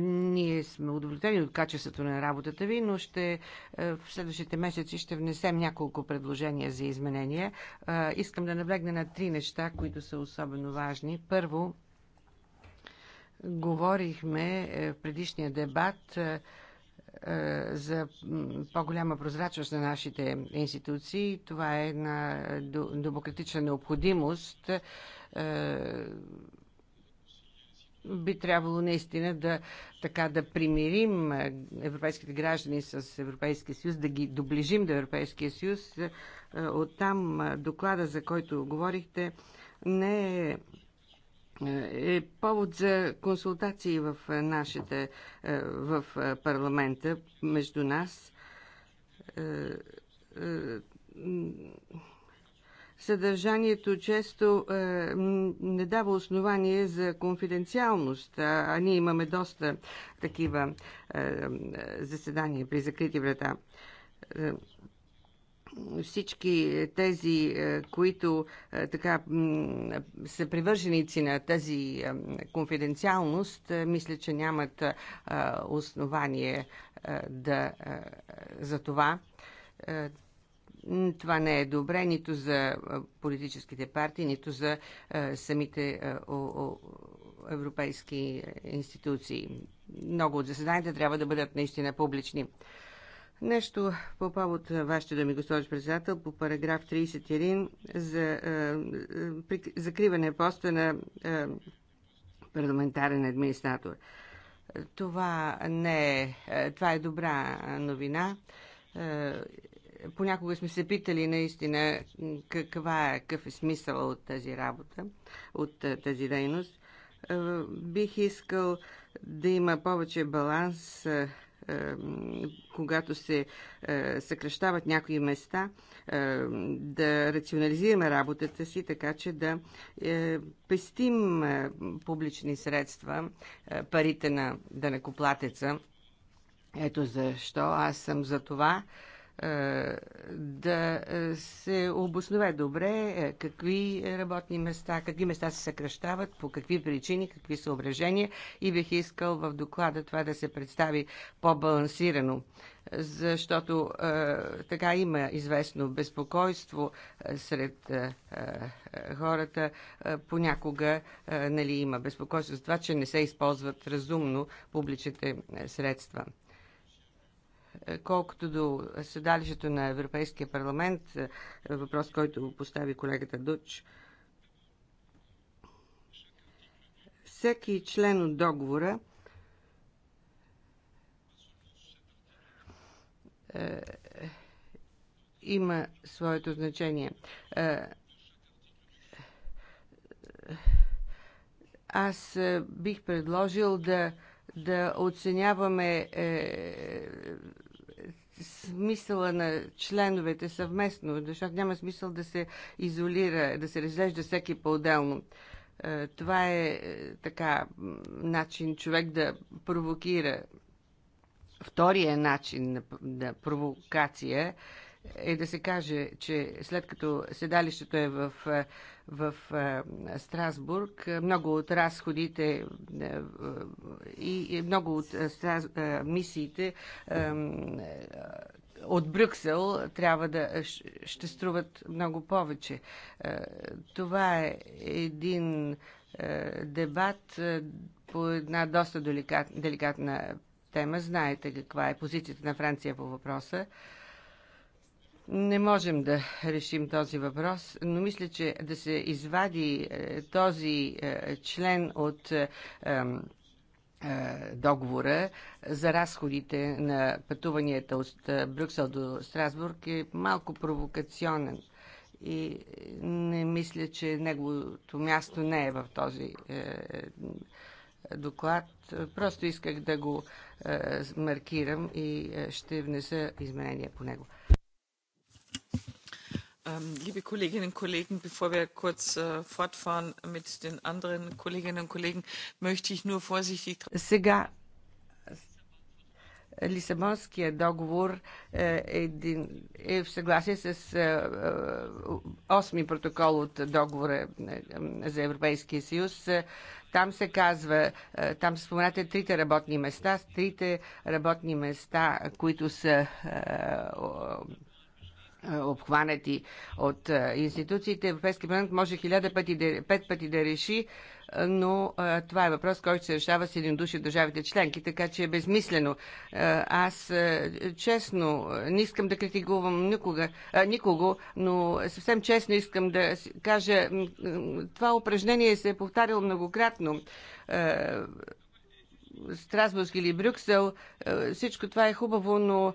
ние сме удовлетворени от качеството на работата ви, но ще в следващите месеци ще внесем няколко предложения за изменения. Искам да наблегна на три неща, които са особено важни. Първо, говорихме в предишния дебат е, за по-голяма прозрачност на нашите институции. Това е една демократична необходимост. Е, би трябвало наистина да, така, да примирим европейските граждани с Европейския съюз, да ги доближим до Европейския съюз. Е, оттам доклада, за който говорихте, не е е повод за консултации в е, нашата, е, в е, парламента между нас съдържанието често е, не дава основание за конфиденциалност, а, а ние имаме доста такива е, заседания при закрити врата. Е, всички тези, е, които е, така са привърженици на тази е, конфиденциалност, мисля, че нямат основание да, за това. Това не е добре нито за политическите партии, нито за самите европейски институции. Много от заседанията трябва да бъдат наистина публични. Нещо по повод вашето да ми госпожи председател, по параграф 31 за е, е, закриване поста на е, парламентарен администратор. Това не е, това е добра новина. Е, понякога сме се питали наистина каква е, какъв е смисъл от тази работа, от тази дейност. Е, бих искал да има повече баланс е, е, когато се е, съкръщават някои места, е, да рационализираме работата си, така че да пестим публични средства, парите на данекоплатеца. Ето защо аз съм за това е, да е, се обоснове добре е, какви работни места, какви места се съкръщават, по какви причини, какви съображения и бих искал в доклада това да се представи по-балансирано защото така има известно безпокойство сред хората. понякога нали, има безпокойство за това, че не се използват разумно публичните средства. Колкото до седалището на Европейския парламент, е, въпрос, който постави колегата Дуч, всеки член от договора е, има своето значение. Е, аз е, бих предложил да, да оценяваме е, смисъла на членовете съвместно, защото няма смисъл да се изолира, да се разглежда всеки по-отделно. Е, това е, е така начин човек да провокира. Втория начин на, на провокация е да се каже, че след като седалището е в е, в е, Страсбург. Много от разходите е, и много от е, мисиите от Брюксел трябва да ще струват много повече. Това е един дебат по една доста деликатна тема. Знаете каква е позицията на Франция по въпроса. Не можем да решим този въпрос, но мисля, че да се извади е, този е, член от е, договора за разходите на пътуванията от Брюксел до Страсбург е малко провокационен и не мисля, че неговото място не е в този доклад. Просто исках да го маркирам и ще внеса изменения по него. Ähm, liebe Kolleginnen und Kollegen, bevor wir kurz äh, fortfahren mit den anderen Kolleginnen und Kollegen, möchte ich nur vorsichtig. Сега Лисабонския договор е, един, е в съгласие с е, е, осми протокол от договора е, за Европейския съюз. Там се казва, там се споменате трите работни места, трите работни места, които са е, обхванати от е, институциите. Европейски парламент може хиляда пъти пет пъти да реши, е, но това е въпрос, който се решава с един души в държавите членки, така че е безмислено. Аз честно не искам да критикувам никога, никого, но съвсем честно искам да кажа, това упражнение се е повтаряло многократно. Страсбург или Брюксел, всичко това е хубаво, но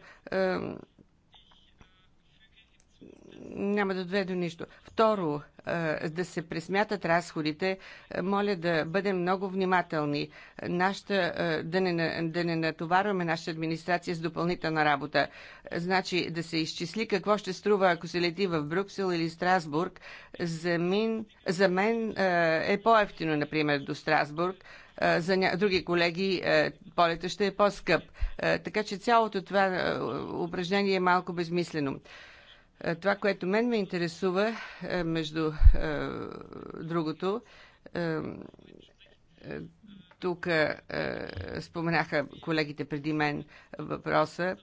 няма да доведе до нищо. Второ, е, да се пресмятат разходите, е, моля да бъдем много внимателни, нашата, е, да, не, да не натоварваме нашата администрация с допълнителна работа. Значи да се изчисли какво ще струва, ако се лети в Брюксел или Страсбург. За, мин, за мен е по-ефтино, например, до Страсбург, за ня... други колеги полета ще е по-скъп. Така че цялото това упражнение е малко безмислено. Е, това, което мен ме интересува, е, между е, другото, тук споменаха колегите преди мен въпроса,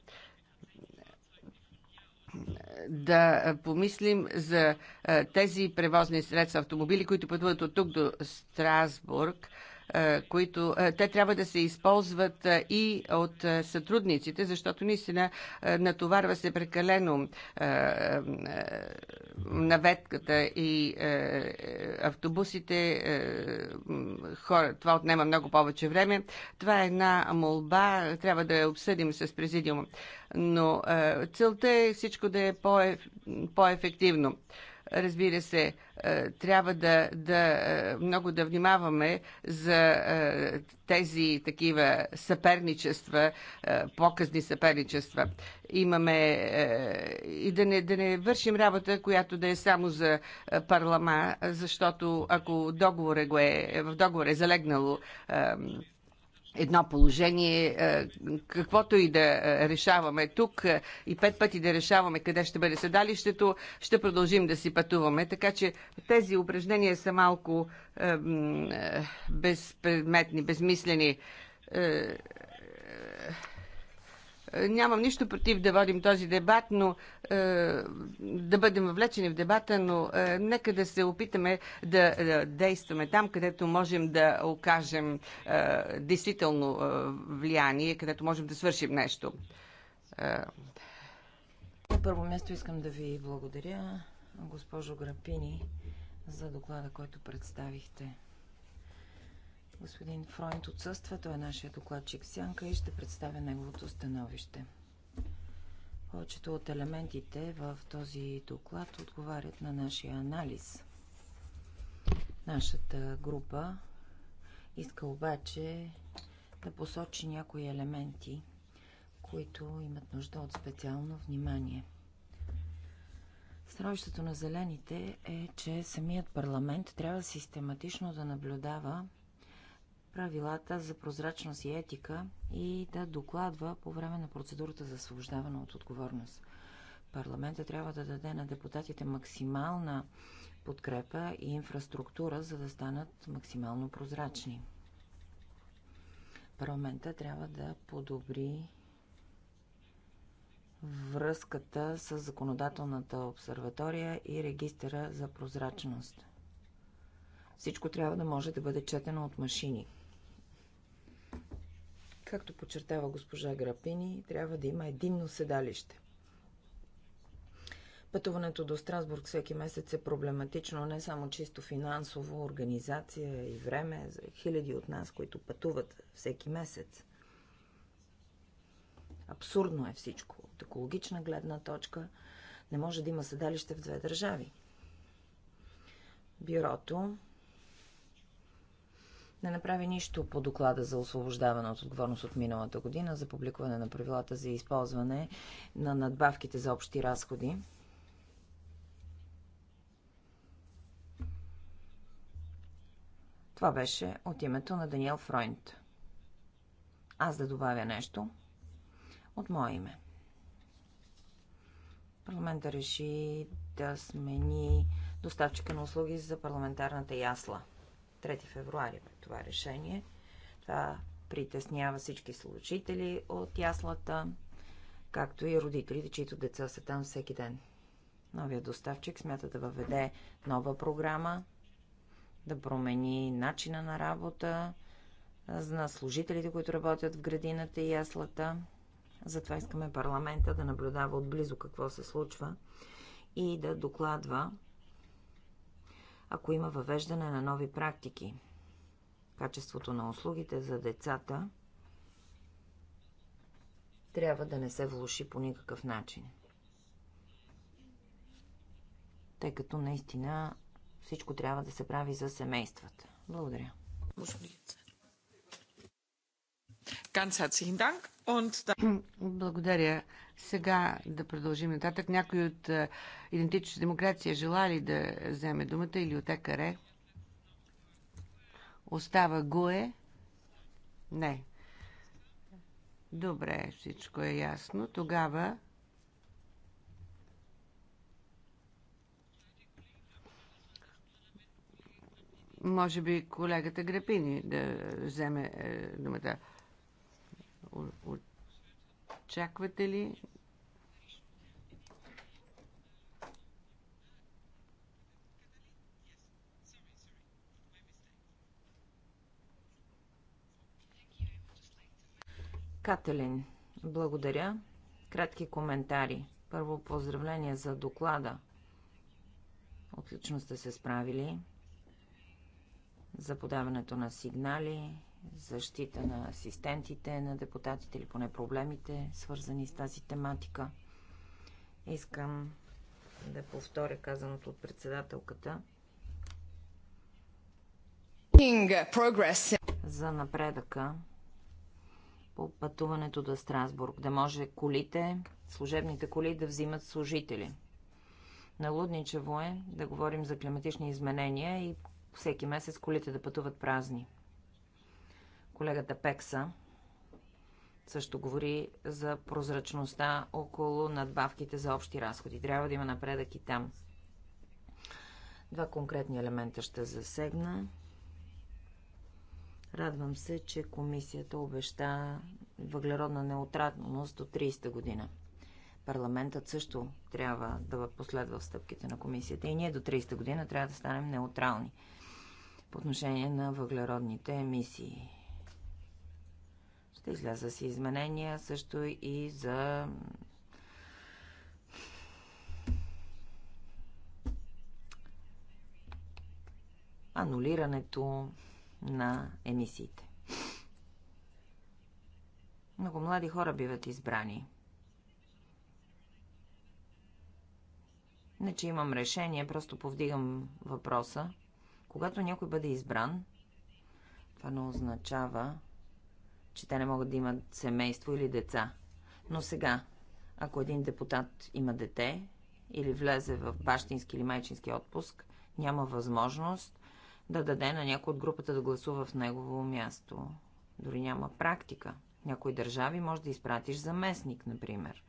да помислим за тези превозни средства, автомобили, които пътуват от тук до Страсбург, които те трябва да се използват и от сътрудниците, защото наистина натоварва се прекалено наветката и автобусите. Хора, това отнема много повече време. Това е една молба, трябва да я обсъдим с президиума. Но целта е всичко да е по-ефективно. Разбира се, е, трябва да, да е, много да внимаваме за е, тези такива съперничества, показни съперничества. Имаме и да не, да не вършим работа, която да е само за парлама, защото ако договора е, в договора е залегнало едно положение, е, каквото и да е, решаваме тук е, и пет пъти да решаваме къде ще бъде седалището, ще продължим да си пътуваме. Така че тези упражнения са малко безпредметни, безмислени. Нямам нищо против да водим този дебат, но е, да бъдем влечени в дебата, но е, нека да се опитаме да действаме там, където можем да окажем е, действително влияние, където можем да свършим нещо. На първо място искам да ви благодаря, госпожо Грапини, за доклада, който представихте. Господин Фройнт отсъства, той е нашия докладчик Сянка и ще представя неговото становище. Повечето от елементите в този доклад отговарят на нашия анализ. Нашата група иска обаче да посочи някои елементи, които имат нужда от специално внимание. Строището на зелените е, че самият парламент трябва систематично да наблюдава правилата за прозрачност и етика и да докладва по време на процедурата за освобождаване от отговорност. Парламента трябва да даде на депутатите максимална подкрепа и инфраструктура, за да станат максимално прозрачни. Парламента трябва да подобри връзката с законодателната обсерватория и регистъра за прозрачност. Всичко трябва да може да бъде четено от машини – Както подчертава госпожа Грапини, трябва да има единно седалище. Пътуването до Страсбург всеки месец е проблематично не само чисто финансово, организация и време за хиляди от нас, които пътуват всеки месец. Абсурдно е всичко. От екологична гледна точка не може да има седалище в две държави. Бюрото не направи нищо по доклада за освобождаване от отговорност от миналата година за публикуване на правилата за използване на надбавките за общи разходи. Това беше от името на Даниел Фройнт. Аз да добавя нещо от мое име. Парламента реши да смени доставчика на услуги за парламентарната ясла. 3 февруари това решение. Това притеснява всички служители от яслата, както и родителите, чието деца са там всеки ден. Новия доставчик смята да въведе нова програма, да промени начина на работа на служителите, които работят в градината и яслата. Затова искаме парламента да наблюдава отблизо какво се случва и да докладва, ако има въвеждане на нови практики качеството на услугите за децата трябва да не се влуши по никакъв начин. Тъй като наистина всичко трябва да се прави за семействата. Благодаря. Благодаря. Сега да продължим нататък. Някой от е, идентична демокрация желали да вземе думата или от ЕКАРЕ? Остава Гуе? Не. Добре, всичко е ясно. Тогава може би колегата Грепини да вземе е, думата. Очаквате ли Кателин, благодаря. Кратки коментари. Първо поздравление за доклада. Отлично сте се справили за подаването на сигнали, защита на асистентите на депутатите или поне проблемите, свързани с тази тематика. Искам да повторя казаното от председателката. За напредъка по пътуването до Страсбург, да може колите, служебните коли да взимат служители. Налудничево е да говорим за климатични изменения и всеки месец колите да пътуват празни. Колегата Пекса също говори за прозрачността около надбавките за общи разходи. Трябва да има напредък и там. Два конкретни елемента ще засегна. Радвам се, че комисията обеща въглеродна неутралност до 30 година. Парламентът също трябва да последва в стъпките на комисията и ние до 30 година трябва да станем неутрални по отношение на въглеродните емисии. Ще изляза си изменения също и за анулирането на емисиите. Много млади хора биват избрани. Не, че имам решение, просто повдигам въпроса. Когато някой бъде избран, това не означава, че те не могат да имат семейство или деца. Но сега, ако един депутат има дете или влезе в бащински или майчински отпуск, няма възможност да даде на някой от групата да гласува в негово място. Дори няма практика. Някои държави може да изпратиш заместник, например,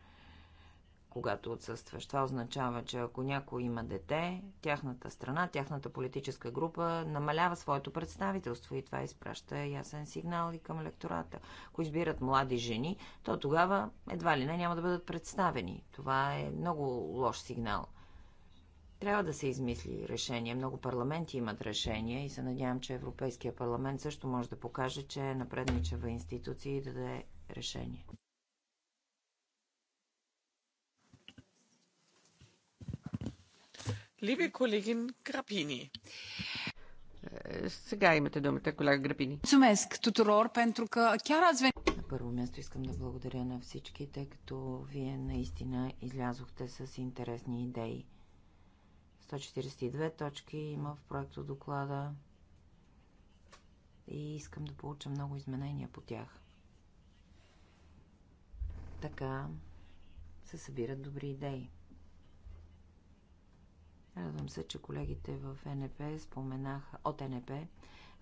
когато отсъстваш. Това означава, че ако някой има дете, тяхната страна, тяхната политическа група намалява своето представителство и това изпраща ясен сигнал и към електората. Ако избират млади жени, то тогава едва ли не няма да бъдат представени. Това е много лош сигнал – трябва да се измисли решение. Много парламенти имат решение и се надявам, че Европейския парламент също може да покаже, че е напредничава институция и да даде решение. Либе колегин Грапини. Е, сега имате думата, колега Грапини. Сумеск, тутурор, пентру că chiar На първо място искам да благодаря на всички, тъй като вие наистина излязохте с интересни идеи. 142 точки има в проекто доклада и искам да получа много изменения по тях. Така се събират добри идеи. Радвам се, че колегите в НП споменаха, от НП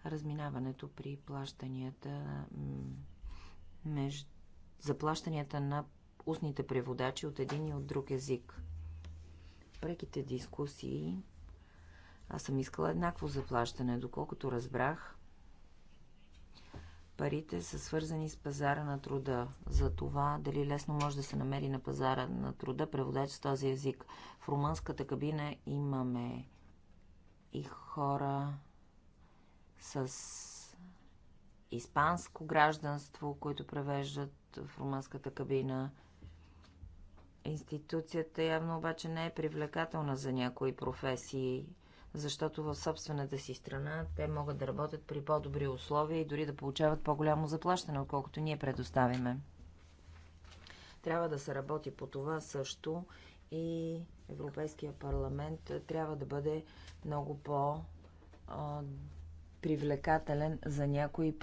разминаването при плащанията между заплащанията на устните преводачи от един и от друг език преките дискусии аз съм искала еднакво заплащане, доколкото разбрах. Парите са свързани с пазара на труда. За това дали лесно може да се намери на пазара на труда преводач с този език. В румънската кабина имаме и хора с испанско гражданство, които превеждат в румънската кабина – Институцията явно обаче не е привлекателна за някои професии, защото в собствената си страна те могат да работят при по-добри условия и дори да получават по-голямо заплащане, отколкото ние предоставяме. Трябва да се работи по това също и Европейския парламент трябва да бъде много по- привлекателен за някои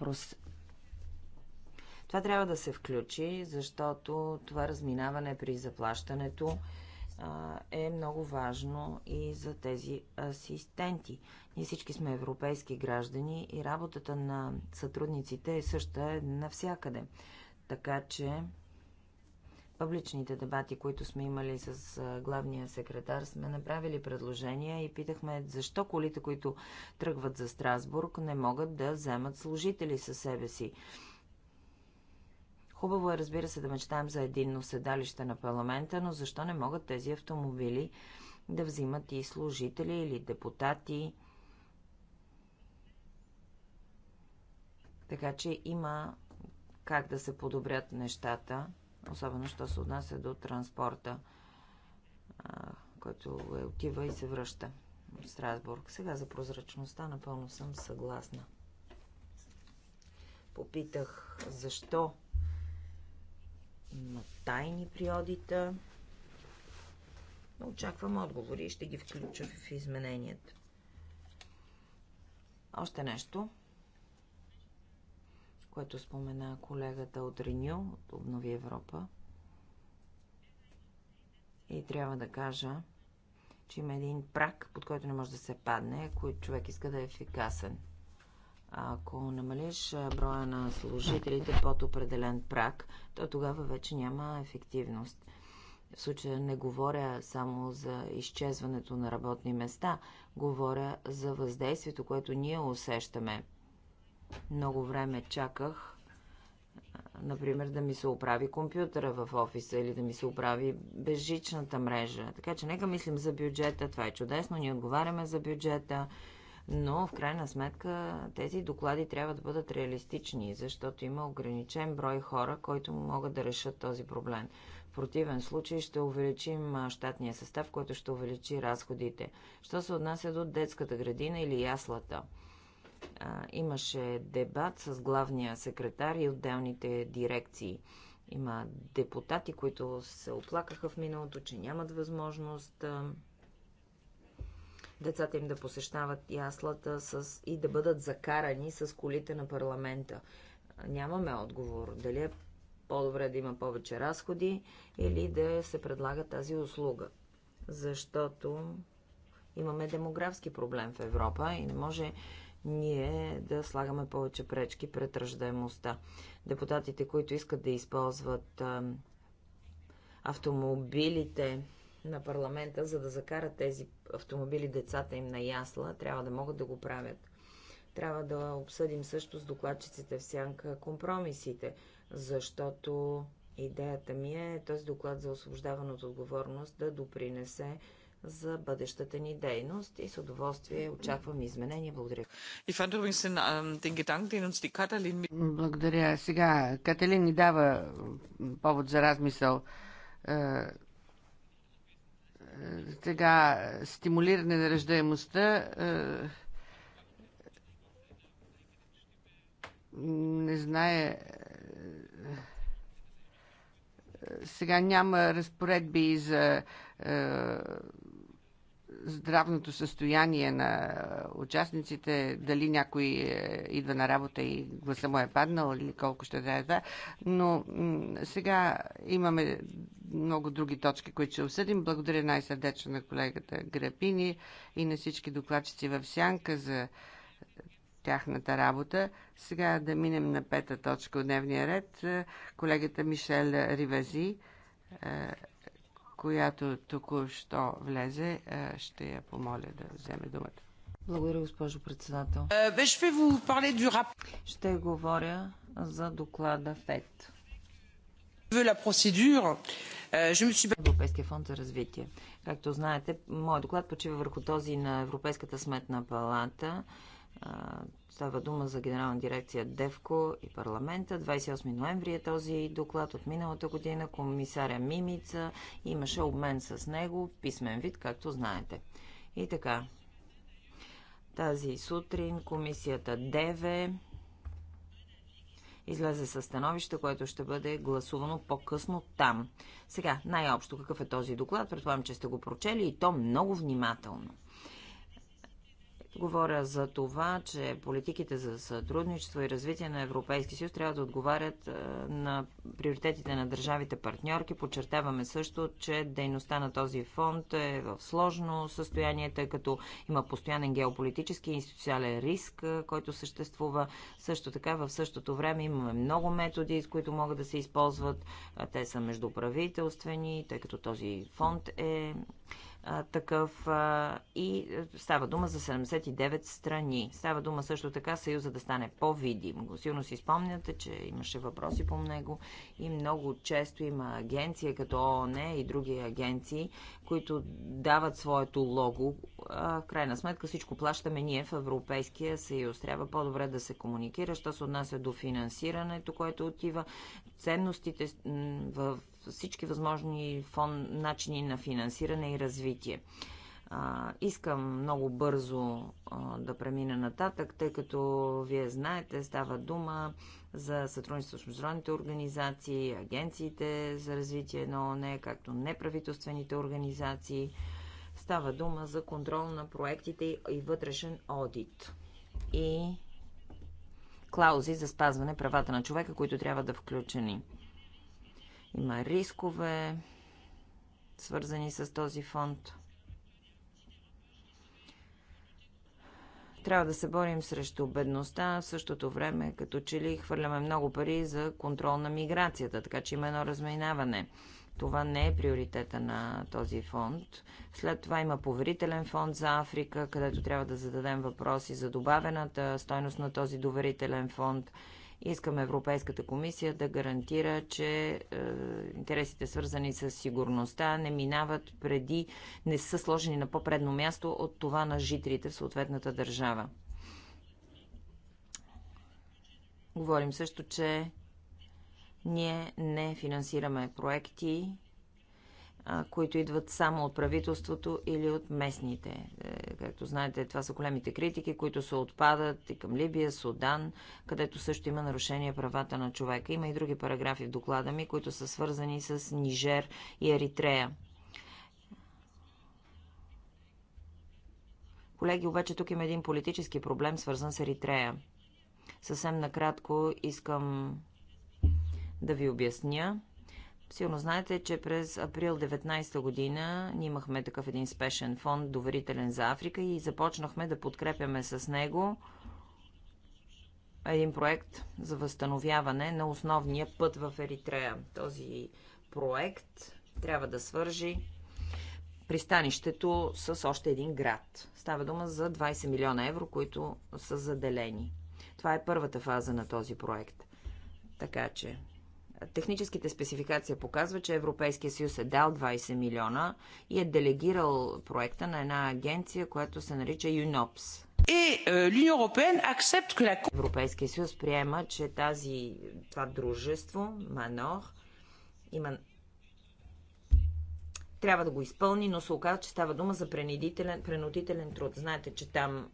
това трябва да се включи, защото това разминаване при заплащането е много важно и за тези асистенти. Ние всички сме европейски граждани и работата на сътрудниците е съща е навсякъде. Така че публичните дебати, които сме имали с главния секретар, сме направили предложения и питахме защо колите, които тръгват за Страсбург, не могат да вземат служители със себе си. Хубаво е, разбира се, да мечтаем за единно седалище на парламента, но защо не могат тези автомобили да взимат и служители или депутати? Така че има как да се подобрят нещата, особено що се отнася до транспорта, който е отива и се връща в Страсбург. Сега за прозрачността напълно съм съгласна. Попитах защо има тайни при одита. Очаквам отговори и ще ги включа в измененията. Още нещо, което спомена колегата от Реню, от Обнови Европа. И трябва да кажа, че има един прак, под който не може да се падне, ако човек иска да е ефикасен – ако намалиш броя на служителите под определен прак, то тогава вече няма ефективност. В случая не говоря само за изчезването на работни места, говоря за въздействието, което ние усещаме. Много време чаках, например, да ми се оправи компютъра в офиса или да ми се оправи безжичната мрежа. Така че нека мислим за бюджета, това е чудесно, ние отговаряме за бюджета, но в крайна сметка тези доклади трябва да бъдат реалистични, защото има ограничен брой хора, които могат да решат този проблем. В противен случай ще увеличим щатния състав, който ще увеличи разходите. Що се отнася до детската градина или яслата? имаше дебат с главния секретар и отделните дирекции. Има депутати, които се оплакаха в миналото, че нямат възможност децата им да посещават яслата с... и да бъдат закарани с колите на парламента. Нямаме отговор дали е по-добре да има повече разходи или да се предлага тази услуга. Защото имаме демографски проблем в Европа и не може ние да слагаме повече пречки пред ръждаемостта. Депутатите, които искат да използват автомобилите на парламента, за да закарат тези автомобили децата им на ясла, трябва да могат да го правят. Трябва да обсъдим също с докладчиците в сянка компромисите, защото идеята ми е този доклад за освобождаване от отговорност да допринесе за бъдещата ни дейност и с удоволствие очаквам изменения. Благодаря. Ähm, Благодаря. Сега Каталин ни дава повод за размисъл е, сега стимулиране на ръждаемостта е, не знае е, сега няма разпоредби за е, здравното състояние на участниците, дали някой е, идва на работа и гласа му е паднал или колко ще трябва да. Е, но сега имаме много други точки, които ще обсъдим. Благодаря най-сърдечно на колегата Грапини и на всички докладчици в Сянка за тяхната работа. Сега да минем на пета точка от дневния ред. Колегата Мишел Ривази е, която току-що влезе, ще я помоля да вземе думата. Благодаря, госпожо председател. Е, ще говоря за доклада ФЕД. Е, Европейския фонд за развитие. Както знаете, моят доклад почива върху този на Европейската сметна палата Става дума за генерална дирекция ДЕВКО и парламента. 28 ноември е този доклад от миналата година. Комисаря Мимица имаше обмен с него, писмен вид, както знаете. И така, тази сутрин комисията ДЕВЕ излезе със становище, което ще бъде гласувано по-късно там. Сега, най-общо, какъв е този доклад? Предполагам, че сте го прочели и то много внимателно. Говоря за това, че политиките за сътрудничество и развитие на Европейски съюз трябва да отговарят е, на приоритетите на държавите партньорки. Подчертаваме също, че дейността на този фонд е в сложно състояние, тъй като има постоянен геополитически и институционален риск, е, който съществува. Също така в същото време имаме много методи, с които могат да се използват. Е, те са междуправителствени, тъй като този фонд е такъв и става дума за 79 страни. Става дума също така Съюза да стане по-видим. Сигурно си спомняте, че имаше въпроси по него и много често има агенция като ООН и други агенции, които дават своето лого. А, в крайна сметка всичко плащаме ние в Европейския съюз. Трябва по-добре да се комуникира, що се отнася до финансирането, което отива, ценностите в всички възможни фон, начини на финансиране и развитие. А, искам много бързо а, да премина нататък, тъй като вие знаете, става дума за сътрудничество с международните организации, агенциите за развитие на ООН, както неправителствените организации. Става дума за контрол на проектите и вътрешен одит. И клаузи за спазване правата на човека, които трябва да включени. Има рискове, свързани с този фонд. Трябва да се борим срещу бедността, в същото време, като че ли хвърляме много пари за контрол на миграцията, така че има едно разминаване. Това не е приоритета на този фонд. След това има поверителен фонд за Африка, където трябва да зададем въпроси за добавената стойност на този доверителен фонд – Искаме Европейската комисия да гарантира, че е, интересите свързани с сигурността не минават преди, не са сложени на по-предно място от това на жителите в съответната държава. Говорим също, че ние не финансираме проекти, които идват само от правителството или от местните. Е, както знаете, това са големите критики, които се отпадат и към Либия, Судан, където също има нарушение правата на човека. Има и други параграфи в доклада ми, които са свързани с Нижер и Еритрея. Колеги, обаче тук има един политически проблем, свързан с Еритрея. Съвсем накратко искам да ви обясня Сигурно знаете, че през април 19 година ние имахме такъв един спешен фонд, доверителен за Африка и започнахме да подкрепяме с него един проект за възстановяване на основния път в Еритрея. Този проект трябва да свържи пристанището с още един град. Става дума за 20 милиона евро, които са заделени. Това е първата фаза на този проект. Така че Техническите спецификации показват, че Европейския съюз е дал 20 милиона и е делегирал проекта на една агенция, която се нарича е, UNOPS. Европейския съюз приема, че тази, това дружество, Манор, има трябва да го изпълни, но се оказа, че става дума за пренудителен труд. Знаете, че там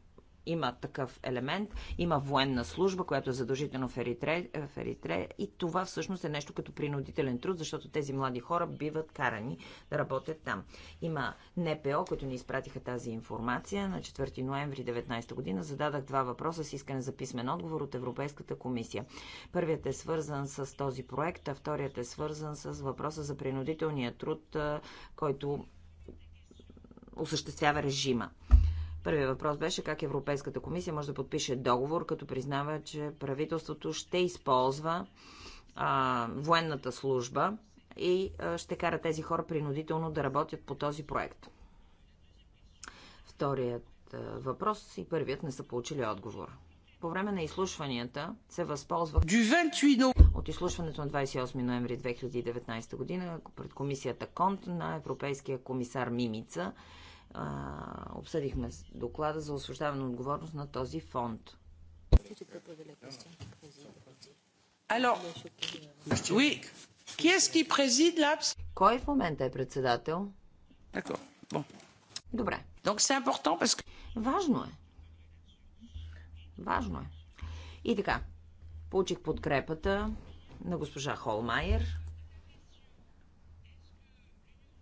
има такъв елемент, има военна служба, която е задължително в Еритре, в Еритре и това всъщност е нещо като принудителен труд, защото тези млади хора биват карани да работят там. Има НПО, които ни изпратиха тази информация на 4 ноември 2019 година. Зададах два въпроса с искане за писмен отговор от Европейската комисия. Първият е свързан с този проект, а вторият е свързан с въпроса за принудителния труд, който осъществява режима. Първият въпрос беше как Европейската комисия може да подпише договор, като признава, че правителството ще използва а, военната служба и а, ще кара тези хора принудително да работят по този проект. Вторият а, въпрос и първият не са получили отговор. По време на изслушванията се възползвах от изслушването на 28 ноември 2019 година пред комисията КОНТ на Европейския комисар Мимица – а, обсъдихме доклада за освобождаване отговорност на този фонд. Кой в момента е председател? Добре. Важно е. Важно е. И така, получих подкрепата на госпожа Холмайер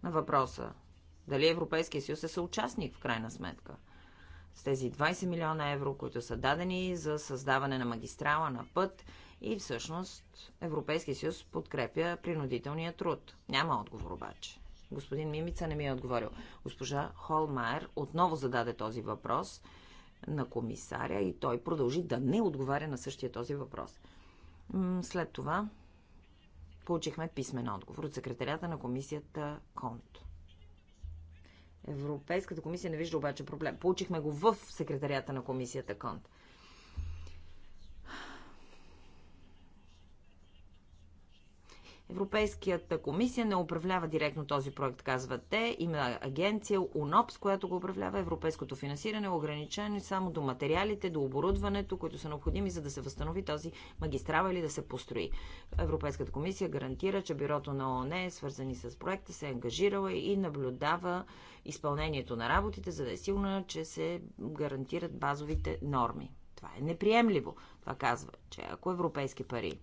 на въпроса дали Европейския съюз е съучастник в крайна сметка? С тези 20 милиона евро, които са дадени за създаване на магистрала на път и всъщност Европейския съюз подкрепя принудителния труд. Няма отговор обаче. Господин Мимица не ми е отговорил. Госпожа Холмайер отново зададе този въпрос на комисаря и той продължи да не отговаря на същия този въпрос. След това получихме писмен отговор от секретарята на комисията Конт. Европейската комисия не вижда обаче проблем. Получихме го в секретарията на комисията Конт. Европейската комисия не управлява директно този проект, казват те. Има агенция УНОПС, която го управлява. Европейското финансиране е ограничено само до материалите, до оборудването, които са необходими, за да се възстанови този магистрал или да се построи. Европейската комисия гарантира, че бюрото на ООН е свързани с проекта, се е ангажирала и наблюдава изпълнението на работите, за да е сигурна, че се гарантират базовите норми. Това е неприемливо. Това казва, че ако европейски пари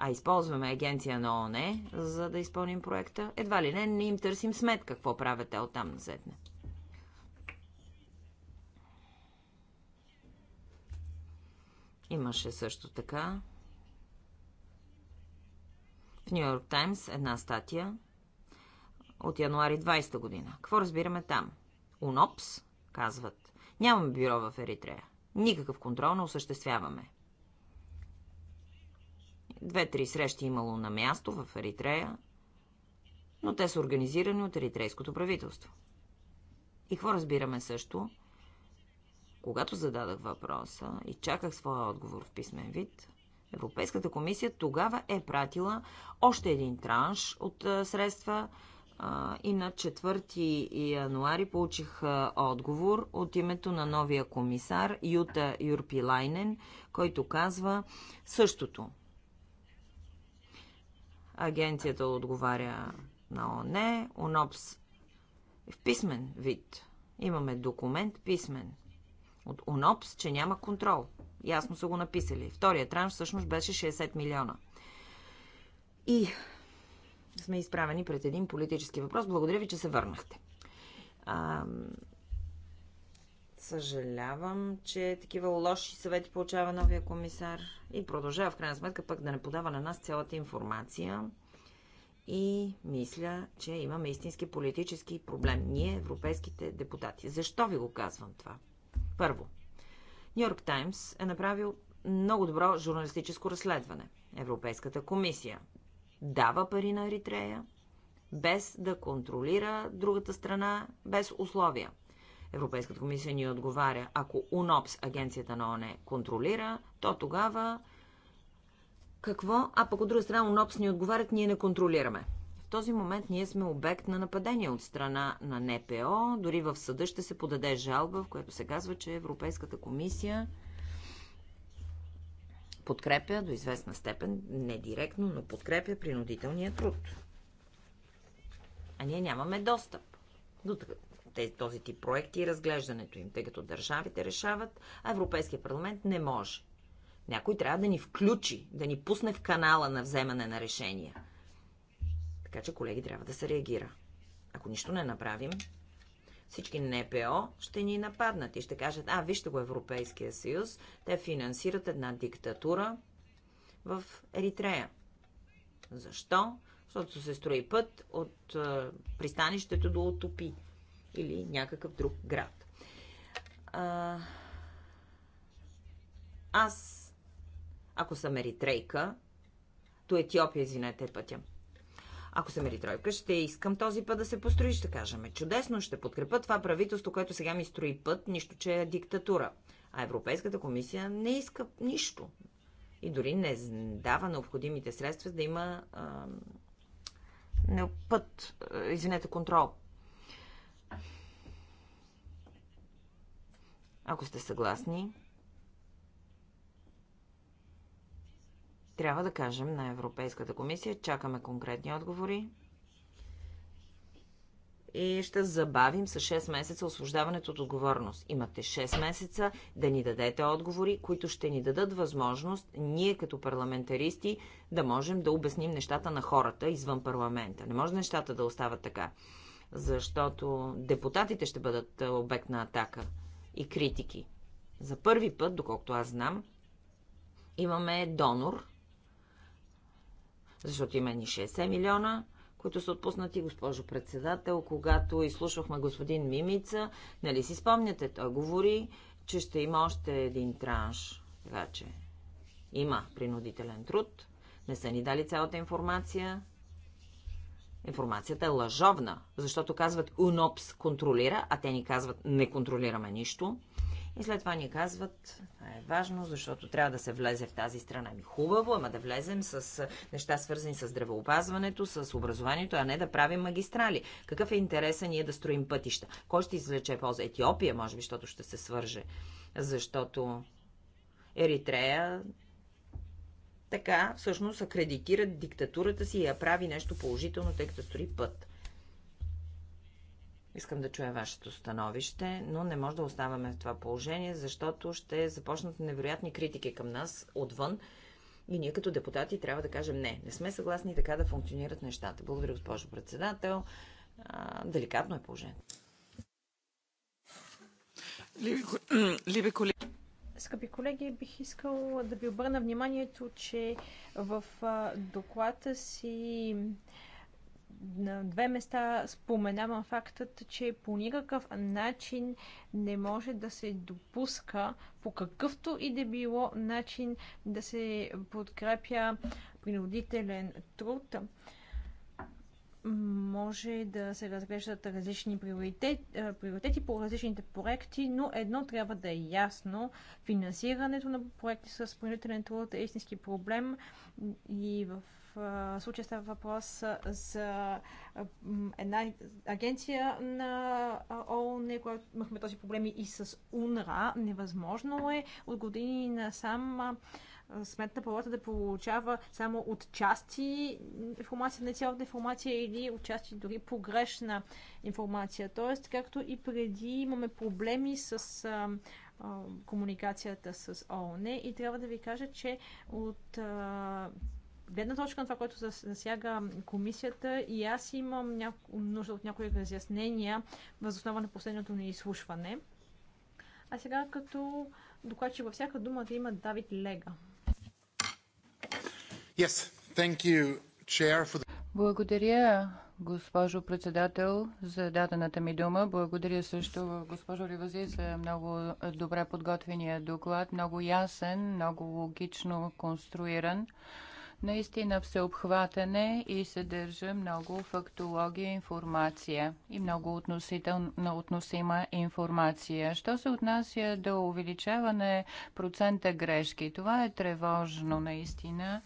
а използваме агенция на ООН, за да изпълним проекта, едва ли не, не им търсим смет какво правят те оттам насетне. Имаше също така в Нью Йорк Таймс една статия от януари 20 година. Какво разбираме там? УНОПС, казват. Нямаме бюро в Еритрея. Никакъв контрол не осъществяваме. Две-три срещи е имало на място в Еритрея, но те са организирани от еритрейското правителство. И какво разбираме също? Когато зададах въпроса и чаках своя отговор в писмен вид, Европейската комисия тогава е пратила още един транш от средства и на 4 януари получих отговор от името на новия комисар Юта Юрпилайнен, който казва същото. Агенцията отговаря на ОНЕ, ОНОПС е в писмен вид. Имаме документ писмен от ОНОПС, че няма контрол. Ясно са го написали. Втория транш всъщност беше 60 милиона. И сме изправени пред един политически въпрос. Благодаря ви, че се върнахте. А, Съжалявам, че такива лоши съвети получава новия комисар и продължава в крайна сметка пък да не подава на нас цялата информация. И мисля, че имаме истински политически проблем. Ние, европейските депутати. Защо ви го казвам това? Първо, Нью Йорк Таймс е направил много добро журналистическо разследване. Европейската комисия дава пари на Еритрея, без да контролира другата страна, без условия. Европейската комисия ни отговаря, ако УНОПС, агенцията на ОНЕ, контролира, то тогава какво? А пък от друга страна УНОПС ни отговарят, ние не контролираме. В този момент ние сме обект на нападение от страна на НПО. Дори в съда ще се подаде жалба, в която се казва, че Европейската комисия подкрепя до известна степен, не директно, но подкрепя принудителния труд. А ние нямаме достъп до този тип проекти и разглеждането им, тъй като държавите решават, а Европейския парламент не може. Някой трябва да ни включи, да ни пусне в канала на вземане на решения. Така че, колеги, трябва да се реагира. Ако нищо не направим, всички НПО ще ни нападнат и ще кажат, а, вижте го Европейския съюз, те финансират една диктатура в Еритрея. Защо? Защото се строи път от е, пристанището до Отопи или някакъв друг град. А, аз, ако съм еритрейка, то Етиопия, извинете, е пътя. Ако съм еритройка, ще искам този път да се построи, ще кажем. Е чудесно, ще подкрепа това правителство, което сега ми строи път, нищо, че е диктатура. А Европейската комисия не иска нищо. И дори не дава необходимите средства, за да има а, не, път, е, извинете, контрол Ако сте съгласни, трябва да кажем на Европейската комисия, чакаме конкретни отговори и ще забавим с 6 месеца освобождаването от отговорност. Имате 6 месеца да ни дадете отговори, които ще ни дадат възможност ние като парламентаристи да можем да обясним нещата на хората извън парламента. Не може нещата да остават така, защото депутатите ще бъдат обект на атака и критики. За първи път, доколкото аз знам, имаме донор, защото има ни 60 милиона, които са отпуснати, госпожо председател, когато изслушвахме господин Мимица. Нали си спомняте, той говори, че ще има още един транш. Така че има принудителен труд. Не са ни дали цялата информация. Информацията е лъжовна, защото казват УНОПС контролира, а те ни казват не контролираме нищо. И след това ни казват, това е важно, защото трябва да се влезе в тази страна. Ми хубаво, ама да влезем с неща свързани с здравеопазването, с образованието, а не да правим магистрали. Какъв е интереса ние да строим пътища? Кой ще извлече полза? Етиопия, може би, защото ще се свърже. Защото Еритрея така всъщност акредитира диктатурата си и я прави нещо положително, тъй като стори път. Искам да чуя вашето становище, но не може да оставаме в това положение, защото ще започнат невероятни критики към нас отвън и ние като депутати трябва да кажем не, не сме съгласни така да функционират нещата. Благодаря, госпожо председател. А, деликатно е положението. Либи колеги, Скъпи колеги, бих искал да ви обърна вниманието, че в доклада си на две места споменавам фактът, че по никакъв начин не може да се допуска по какъвто и да било начин да се подкрепя принудителен труд може да се разглеждат различни приоритет, приоритети по различните проекти, но едно трябва да е ясно. Финансирането на проекти с принудителен труд е истински проблем и в случая става въпрос за една агенция на ООН, която имахме този проблем и с УНРА. Невъзможно е от години насам сметна палата да получава само от части информация, не цялата информация или от части дори погрешна информация. Тоест, както и преди, имаме проблеми с а, а, комуникацията с ООН и трябва да ви кажа, че от а, гледна точка на това, което засяга комисията, и аз имам няко... нужда от някои разяснения въз основа на последното ни изслушване. А сега като докладчик във всяка дума да има Давид Лега. Благодаря, госпожо председател, за дадената ми дума. Благодаря също, госпожо Ривази, за много добре подготвения доклад, много ясен, много логично конструиран. Наистина всеобхватен е и съдържа много фактология, информация и много относителна относима информация. Що се отнася до увеличаване процента грешки, това е тревожно наистина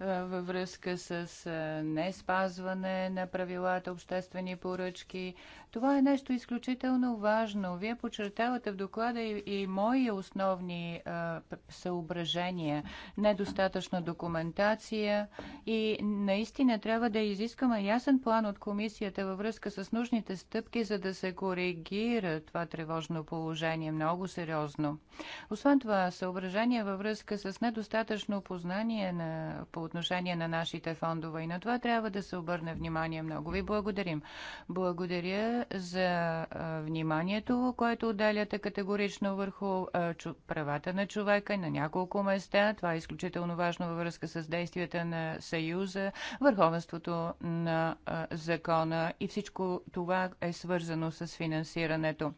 във връзка с не спазване на правилата, обществени поръчки. Това е нещо изключително важно. Вие подчертавате в доклада и, и мои основни а, съображения. Недостатъчна документация и наистина трябва да изискаме ясен план от комисията във връзка с нужните стъпки, за да се коригира това тревожно положение много сериозно. Освен това, съображения във връзка с недостатъчно познание на по отношение на нашите фондове. И на това трябва да се обърне внимание. Много ви благодарим. Благодаря за вниманието, което отделяте категорично върху правата на човека и на няколко места. Това е изключително важно във връзка с действията на Съюза, върховенството на закона и всичко това е свързано с финансирането.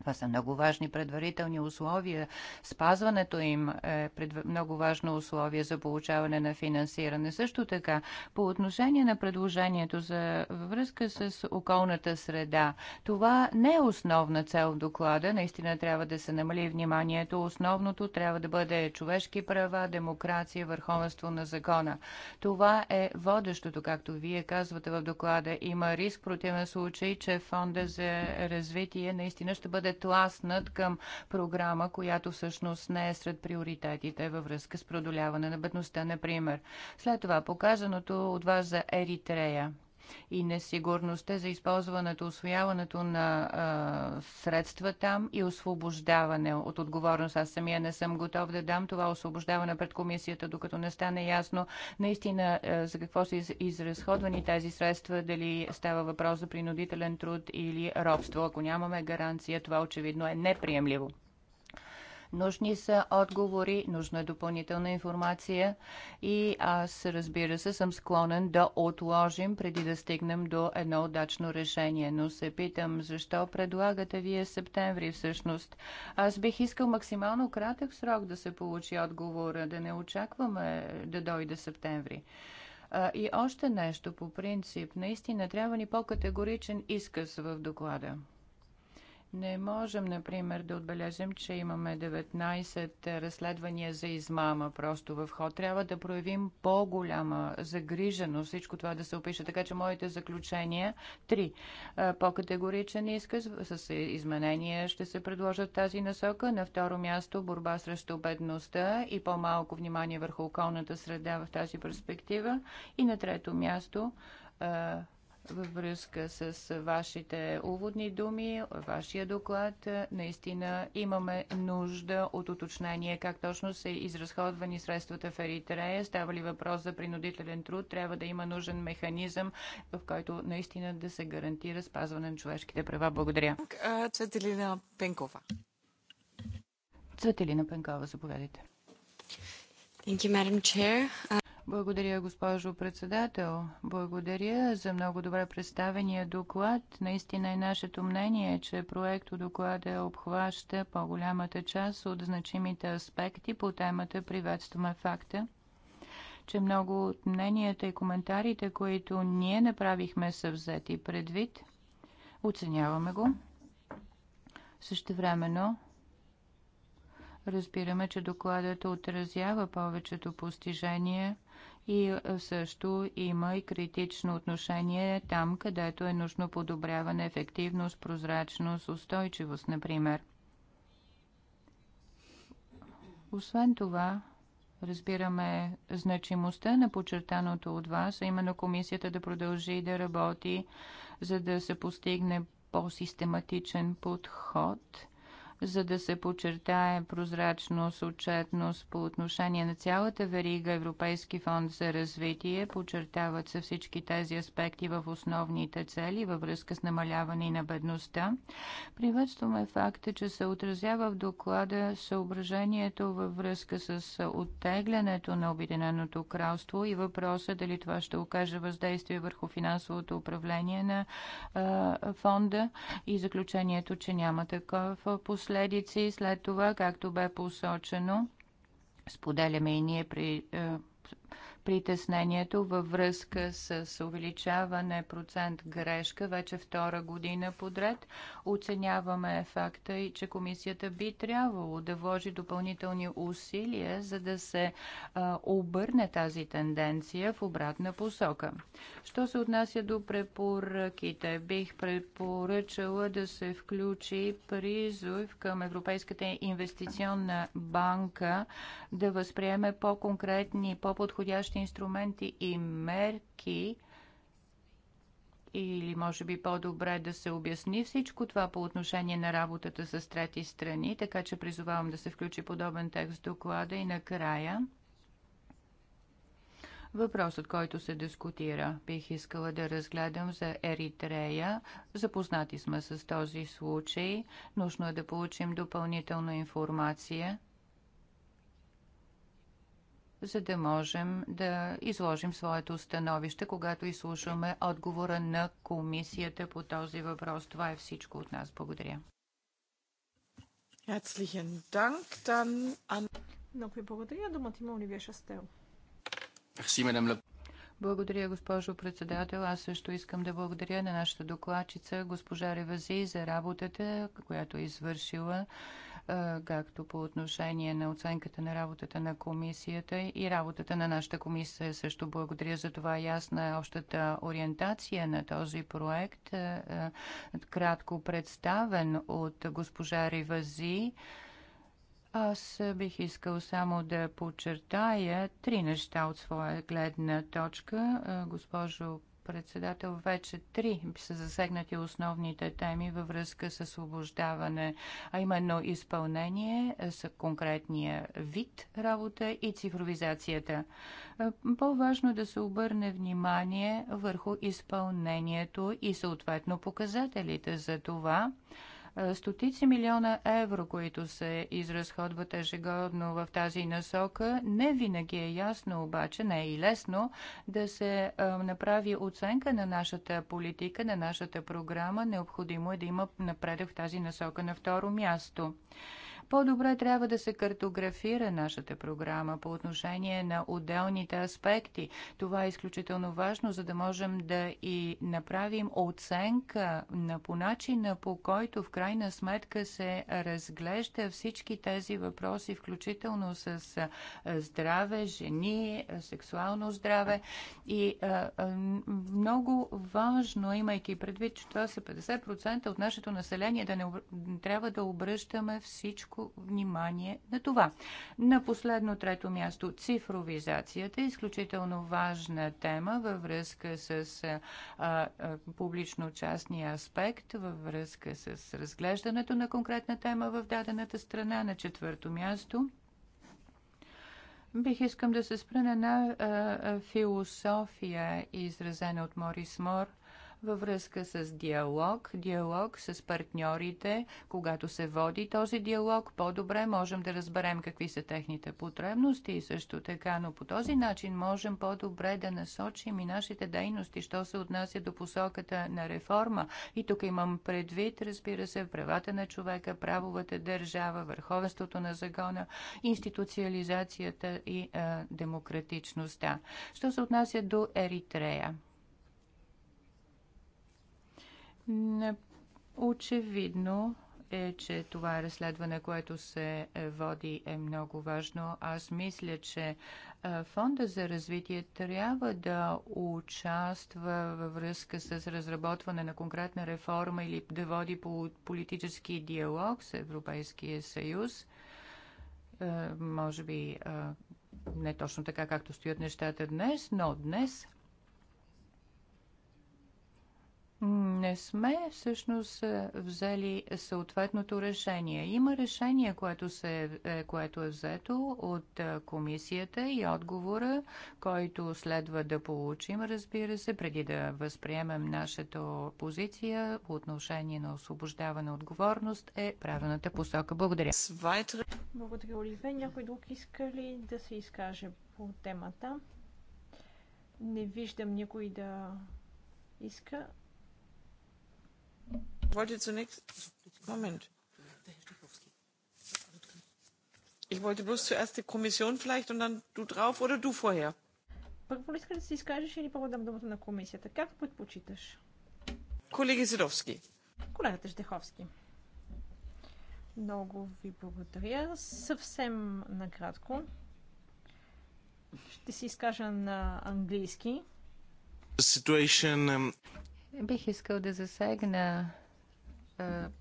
Това са много важни предварителни условия. Спазването им е пред... много важно условие за получаване на финансиране. Също така, по отношение на предложението за връзка с околната среда, това не е основна цел в доклада. Наистина трябва да се намали вниманието. Основното трябва да бъде човешки права, демокрация, върховенство на закона. Това е водещото, както вие казвате в доклада. Има риск, противен случай, че фонда за развитие наистина ще бъде бъде тласнат към програма, която всъщност не е сред приоритетите във връзка с продоляване на бедността, например. След това, показаното от вас за Еритрея и несигурността за използването, освояването на а, средства там и освобождаване от отговорност. Аз самия не съм готов да дам това освобождаване пред комисията, докато не стане ясно наистина а, за какво са изразходвани тези средства, дали става въпрос за принудителен труд или робство. Ако нямаме гаранция, това очевидно е неприемливо. Нужни са отговори, нужна е допълнителна информация и аз, разбира се, съм склонен да отложим преди да стигнем до едно удачно решение. Но се питам, защо предлагате вие септември всъщност? Аз бих искал максимално кратък срок да се получи отговора, да не очакваме да дойде септември. И още нещо по принцип. Наистина трябва ни по-категоричен изказ в доклада. Не можем, например, да отбележим, че имаме 19 разследвания за измама просто в ход. Трябва да проявим по-голяма загриженост всичко това да се опише. Така че моите заключения, три, по-категоричен изказ с изменения ще се предложат тази насока. На второ място борба срещу бедността и по-малко внимание върху околната среда в тази перспектива. И на трето място във връзка с вашите уводни думи, вашия доклад. Наистина имаме нужда от уточнение как точно са изразходвани средствата в Еритрея. Става ли въпрос за принудителен труд? Трябва да има нужен механизъм, в който наистина да се гарантира спазване на човешките права. Благодаря. Цветелина Пенкова. Цветелина Пенкова, заповядайте. Thank you, Madam Chair. Благодаря, госпожо председател. Благодаря за много добре представения доклад. Наистина е нашето мнение, е, че проекто доклада обхваща по-голямата част от значимите аспекти по темата. Приветстваме факта, че много от мненията и коментарите, които ние направихме, са взети предвид. Оценяваме го. Същевременно, разбираме, че докладът отразява повечето постижения и е, също има и критично отношение там, където е нужно подобряване, ефективност, прозрачност, устойчивост, например. Освен това, разбираме значимостта на подчертаното от вас, а именно комисията да продължи да работи, за да се постигне по-систематичен подход – за да се подчертае прозрачност, отчетност по отношение на цялата верига Европейски фонд за развитие. Подчертават се всички тези аспекти в основните цели във връзка с намаляване на бедността. Приветстваме факта, че се отразява в доклада съображението във връзка с оттеглянето на Обединеното кралство и въпроса дали това ще окаже въздействие върху финансовото управление на а, фонда и заключението, че няма такова послание последици след това, както бе посочено. Споделяме и ние при е, притеснението във връзка с увеличаване процент грешка вече втора година подред. Оценяваме факта и, че комисията би трябвало да вложи допълнителни усилия, за да се а, обърне тази тенденция в обратна посока. Що се отнася до препоръките, бих препоръчала да се включи призов към Европейската инвестиционна банка да възприеме по-конкретни, по-подходящи общи инструменти и мерки, или може би по-добре да се обясни всичко това по отношение на работата с трети страни, така че призовавам да се включи подобен текст в доклада и накрая. Въпросът, който се дискутира, бих искала да разгледам за Еритрея. Запознати сме с този случай. Нужно е да получим допълнителна информация за да можем да изложим своето становище, когато изслушаме отговора на комисията по този въпрос. Това е всичко от нас. Благодаря. Много ви благодаря. Думата има Оливия Шастел. Благодаря, госпожо председател. Аз също искам да благодаря на нашата докладчица, госпожа Ревази, за работата, която е извършила както по отношение на оценката на работата на комисията и работата на нашата комисия. Също благодаря за това ясна общата ориентация на този проект, кратко представен от госпожа Ривази. Аз бих искал само да подчертая три неща от своя гледна точка. Госпожо председател, вече три са засегнати основните теми във връзка с освобождаване, а именно изпълнение с конкретния вид работа и цифровизацията. По-важно е да се обърне внимание върху изпълнението и съответно показателите за това, е, стотици милиона евро, които се изразходват ежегодно в тази насока, не винаги е ясно обаче, не е и лесно да се е, направи оценка на нашата политика, на нашата програма. Необходимо е да има напредък в тази насока на второ място. По-добре трябва да се картографира нашата програма по отношение на отделните аспекти. Това е изключително важно, за да можем да и направим оценка на по начина, по който в крайна сметка се разглежда всички тези въпроси, включително с здраве, жени, сексуално здраве. И много важно, имайки предвид, че това са 50% от нашето население, да не трябва да обръщаме всичко малко внимание на това. На последно трето място цифровизацията е изключително важна тема във връзка с публично-частния аспект, във връзка с разглеждането на конкретна тема в дадената страна. На четвърто място Бих искам да се спра на една а, философия, изразена от Морис Мор – във връзка с диалог, диалог с партньорите. Когато се води този диалог, по-добре можем да разберем какви са техните потребности и също така, но по този начин можем по-добре да насочим и нашите дейности, що се отнася до посоката на реформа. И тук имам предвид, разбира се, правата на човека, правовата държава, върховенството на закона, институциализацията и а, демократичността. Що се отнася до Еритрея? Очевидно е, че това разследване, което се е, води, е много важно. Аз мисля, че е, Фонда за развитие трябва да участва във връзка с разработване на конкретна реформа или да води политически диалог с Европейския съюз. Е, може би не точно така, както стоят нещата днес, но днес не сме всъщност е, взели съответното решение. Има решение, което, се, е, което е взето от е, комисията и отговора, който следва да получим, разбира се, преди да възприемем нашата позиция по отношение на освобождаване отговорност е правилната посока. Благодаря. Благодаря, Оливе. Някой друг иска ли да се изкаже по темата? Не виждам никой да иска wollte zunächst. Moment. Ich wollte bloß zuerst die Kommission vielleicht und dann du drauf oder du vorher. Първо ли да изкажеш думата на комисията? Как предпочиташ? Колеги Колегата Ждеховски. Много ви благодаря. Съвсем накратко. Ще си изкажа на английски. Бих искал да засегна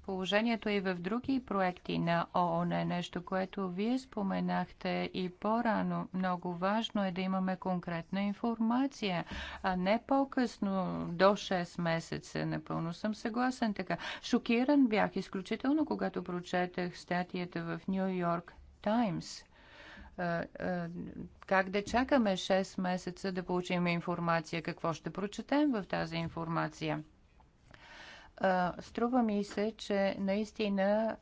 положението и в други проекти на ООН, нещо, което вие споменахте и по-рано. Много важно е да имаме конкретна информация, а не по-късно, до 6 месеца. Напълно съм съгласен така. Шокиран бях изключително, когато прочетах статията в Нью Йорк Таймс – как да чакаме 6 месеца да получим информация, какво ще прочетем в тази информация. Струва ми се, че наистина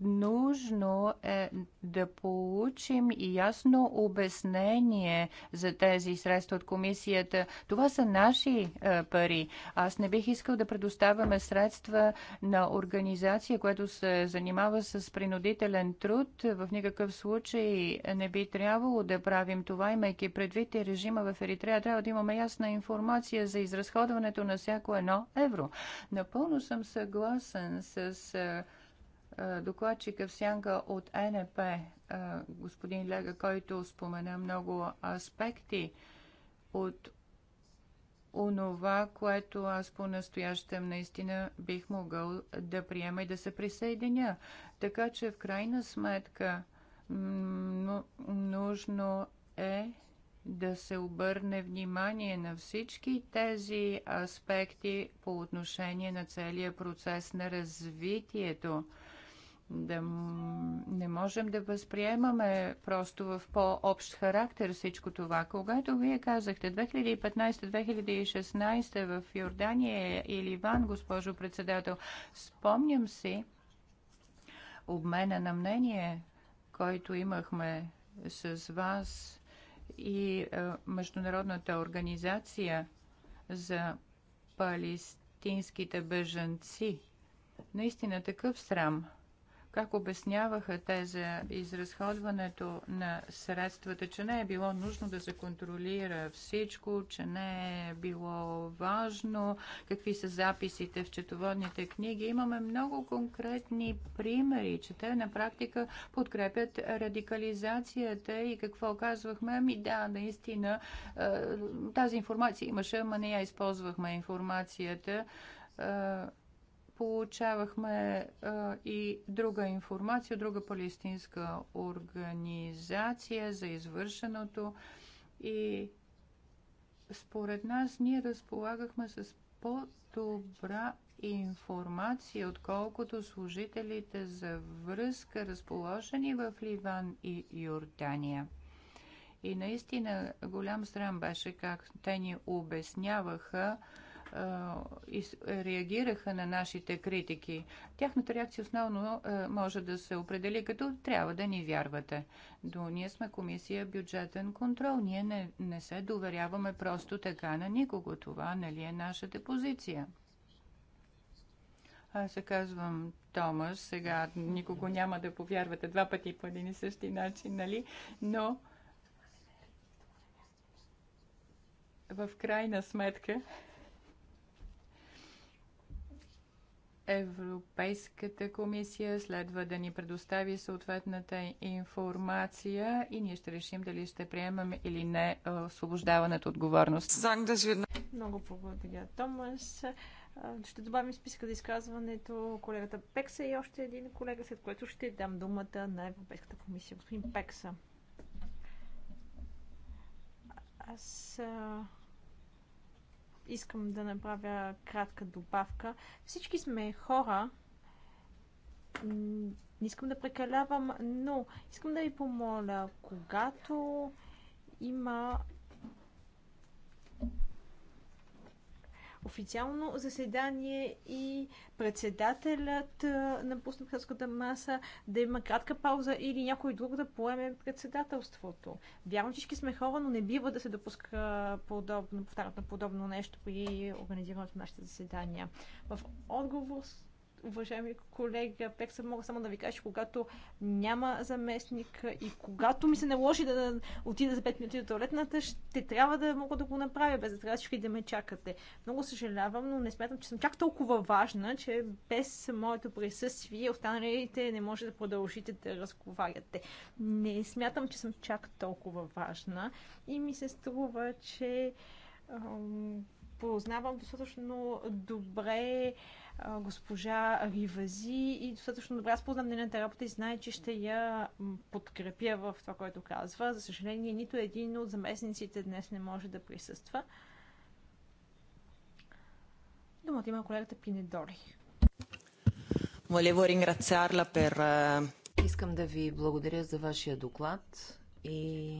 нужно е да получим ясно обяснение за тези средства от комисията. Това са наши е, пари. Аз не бих искал да предоставяме средства на организация, която се занимава с принудителен труд. В никакъв случай не би трябвало да правим това, имайки предвид и режима в Еритрея. Трябва да имаме ясна информация за изразходването на всяко едно евро. Напълно съм съгласен с е, докладчика в сянка от НП, господин Лега, който спомена много аспекти от онова, което аз по-настоящем наистина бих могъл да приема и да се присъединя. Така че в крайна сметка нужно е да се обърне внимание на всички тези аспекти по отношение на целия процес на развитието да не можем да възприемаме просто в по-общ характер всичко това. Когато вие казахте 2015-2016 в Йордания и Ливан, госпожо председател, спомням си обмена на мнение, който имахме с вас и е, Международната организация за палестинските бежанци. Наистина такъв срам – как обясняваха те за изразходването на средствата, че не е било нужно да се контролира всичко, че не е било важно, какви са записите в четоводните книги. Имаме много конкретни примери, че те на практика подкрепят радикализацията и какво казвахме, ами да, наистина тази информация имаше, ама не я използвахме информацията получавахме а, и друга информация, друга палестинска организация за извършеното и според нас ние разполагахме с по-добра информация, отколкото служителите за връзка, разположени в Ливан и Йордания. И наистина голям срам беше как те ни обясняваха, реагираха на нашите критики. Тяхната реакция основно може да се определи като трябва да ни вярвате. До ние сме комисия бюджетен контрол. Ние не, не се доверяваме просто така на никого. Това нали е нашата позиция. Аз се казвам Томас. Сега никого няма да повярвате два пъти по един и същи начин, нали? Но в крайна сметка Европейската комисия следва да ни предостави съответната информация и ние ще решим дали ще приемем или не освобождаването отговорност. Много благодаря, Томас. Ще добавим списка за изказването колегата Пекса и още един колега, след което ще дам думата на Европейската комисия. Господин Пекса. Аз искам да направя кратка добавка. Всички сме хора. Не искам да прекалявам, но искам да ви помоля, когато има официално заседание и председателят на председателската маса, да има кратка пауза или някой друг да поеме председателството. Вярно, всички сме хора, но не бива да се допуска подобно, повтарят на подобно нещо при организирането на нашите заседания. В отговор уважаеми колега Пекса, мога само да ви кажа, когато няма заместник и когато ми се наложи да отида за 5 минути до туалетната, ще трябва да мога да го направя, без да трябва всички да ме чакате. Много съжалявам, но не смятам, че съм чак толкова важна, че без моето присъствие останалите не може да продължите да разговаряте. Не смятам, че съм чак толкова важна и ми се струва, че познавам достатъчно добре госпожа Ривази и достатъчно добре аз познам нейната работа и знае, че ще я подкрепя в това, което казва. За съжаление, нито един от заместниците днес не може да присъства. Думата има колегата Пинедори. Волево ringraziarla per... Искам да ви благодаря за вашия доклад и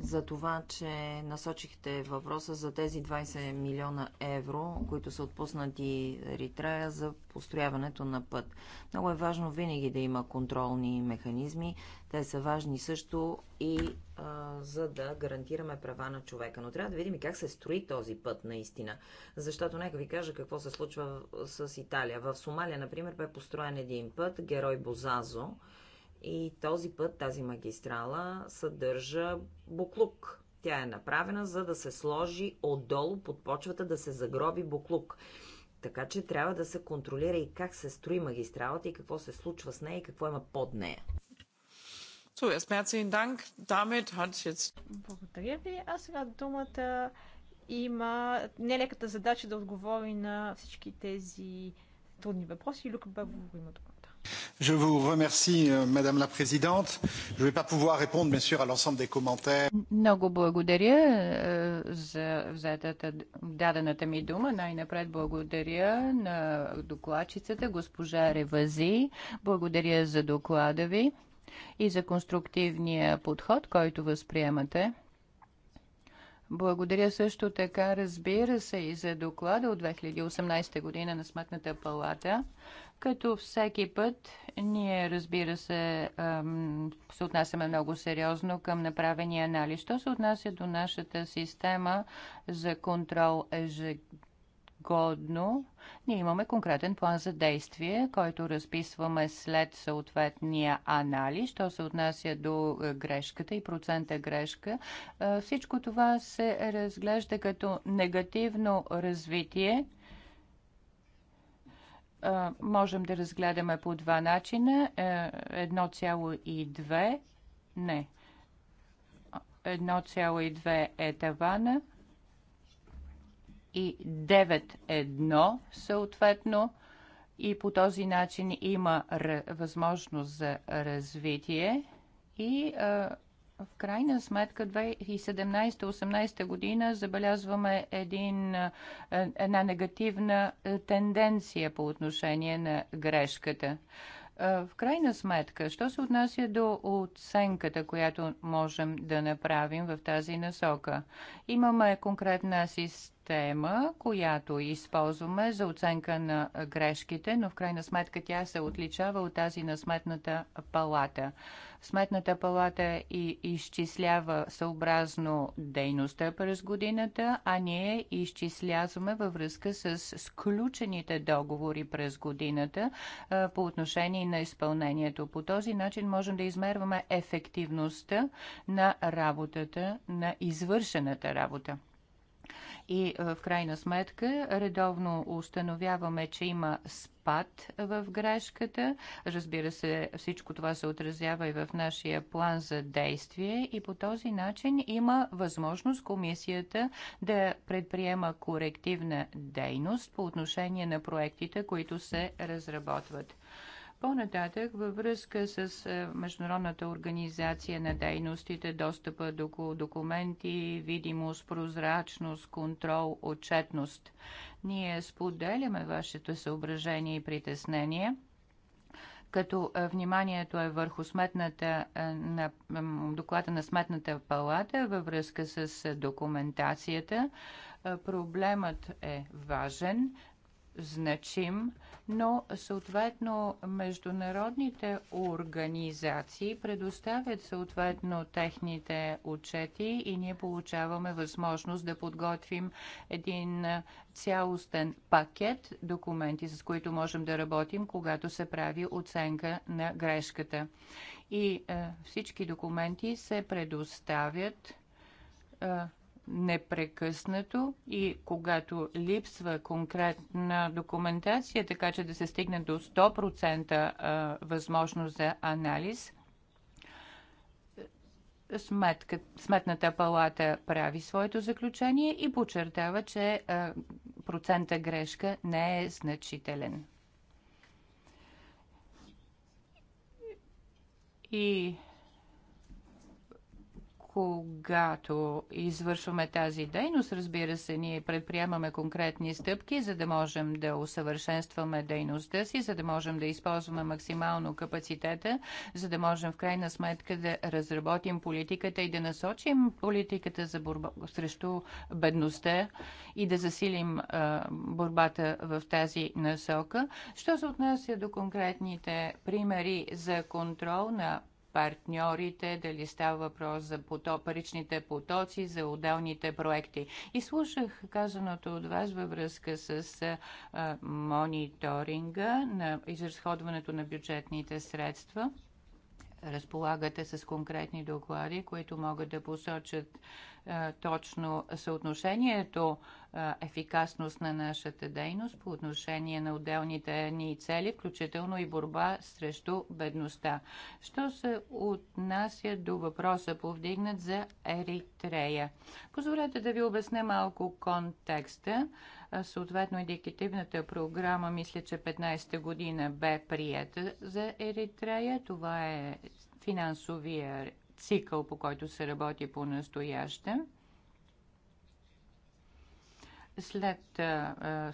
за това, че насочихте въпроса за тези 20 милиона евро, които са отпуснати ритрая за построяването на път. Много е важно винаги да има контролни механизми. Те са важни също и а, за да гарантираме права на човека. Но трябва да видим и как се строи този път наистина. Защото нека ви кажа какво се случва с Италия. В Сомалия, например, бе построен един път, герой Бозазо, и този път, тази магистрала, съдържа буклук. Тя е направена, за да се сложи отдолу под почвата, да се загроби буклук. Така че трябва да се контролира и как се строи магистралата и какво се случва с нея и какво има под нея. Благодаря ви. А сега думата има нелеката задача да отговори на всички тези трудни въпроси. Люка Бабова има това. Je vous remercie, euh, Madame la Présidente. Je ne vais pas pouvoir répondre, bien sûr, à l'ensemble des commentaires. Много благодаря euh, за взетата, дадената ми дума. Най-напред благодаря на докладчицата, госпожа Ревази. Благодаря за доклада ви и за конструктивния подход, който възприемате. Благодаря също така, разбира се, и за доклада от 2018 година на Сметната палата. Като всеки път, ние разбира се се отнасяме много сериозно към направения анализ. Що се отнася до нашата система за контрол ежегодно, ние имаме конкретен план за действие, който разписваме след съответния анализ, що се отнася до е, грешката и процента грешка. Е, всичко това се разглежда като негативно развитие можем да разгледаме по два начина. 1,2 е, не. 1,2 е тавана и 9,1 съответно. И по този начин има възможност за развитие и в крайна сметка 2017-2018 година забелязваме един, е, една негативна е, тенденция по отношение на грешката. Е, в крайна сметка, що се отнася до оценката, която можем да направим в тази насока? Имаме конкретна система система, която използваме за оценка на грешките, но в крайна сметка тя се отличава от тази на Сметната палата. Сметната палата и изчислява съобразно дейността през годината, а ние изчисляваме във връзка с сключените договори през годината по отношение на изпълнението. По този начин можем да измерваме ефективността на работата, на извършената работа. И е, в крайна сметка редовно установяваме, че има спад в грешката. Разбира се, всичко това се отразява и в нашия план за действие и по този начин има възможност комисията да предприема корективна дейност по отношение на проектите, които се разработват. По-нататък, във връзка с е, Международната организация на дейностите, достъпа до документи, видимост, прозрачност, контрол, отчетност, ние споделяме вашето съображение и притеснение като е, вниманието е върху сметната, е, на, доклада на Сметната палата във връзка с документацията. Проблемът е важен значим, но съответно международните организации предоставят съответно техните отчети и ние получаваме възможност да подготвим един цялостен пакет документи, с които можем да работим, когато се прави оценка на грешката. И е, всички документи се предоставят е, непрекъснато и когато липсва конкретна документация, така че да се стигне до 100% възможност за анализ, Сметната палата прави своето заключение и подчертава, че процента грешка не е значителен. И когато извършваме тази дейност, разбира се, ние предприемаме конкретни стъпки, за да можем да усъвършенстваме дейността си, за да можем да използваме максимално капацитета, за да можем в крайна сметка да разработим политиката и да насочим политиката за борба срещу бедността и да засилим а, борбата в тази насока. Що се отнася до конкретните примери за контрол на партньорите, дали става въпрос за пото, паричните потоци, за отделните проекти. И слушах казаното от вас във връзка с а, мониторинга на изразходването на бюджетните средства разполагате с конкретни доклади, които могат да посочат е, точно съотношението е, ефикасност на нашата дейност по отношение на отделните ни цели, включително и борба срещу бедността. Що се отнася до въпроса повдигнат за Еритрея? Позволете да ви обясня малко контекста. Съответно, индикативната програма, мисля, че 15-та година бе прията за Еритрея. Това е финансовия цикъл, по който се работи по настояще. След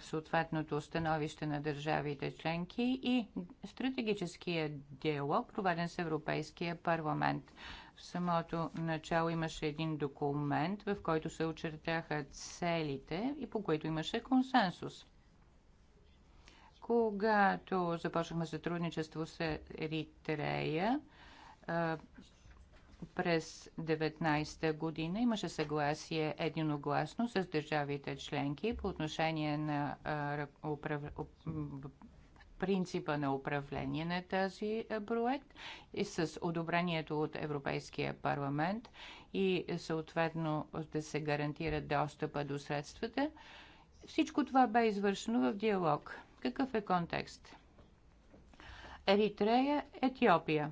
съответното становище на държавите членки и стратегическия диалог, проведен с Европейския парламент. В самото начало имаше един документ, в който се очертяха целите и по които имаше консенсус. Когато започнахме сътрудничество с Еритрея, през 19-та година имаше съгласие единогласно с държавите членки по отношение на принципа на управление на тази проект е, и с одобрението от Европейския парламент и е, съответно да се гарантира достъпа до средствата. Всичко това бе извършено в диалог. Какъв е контекст? Еритрея, Етиопия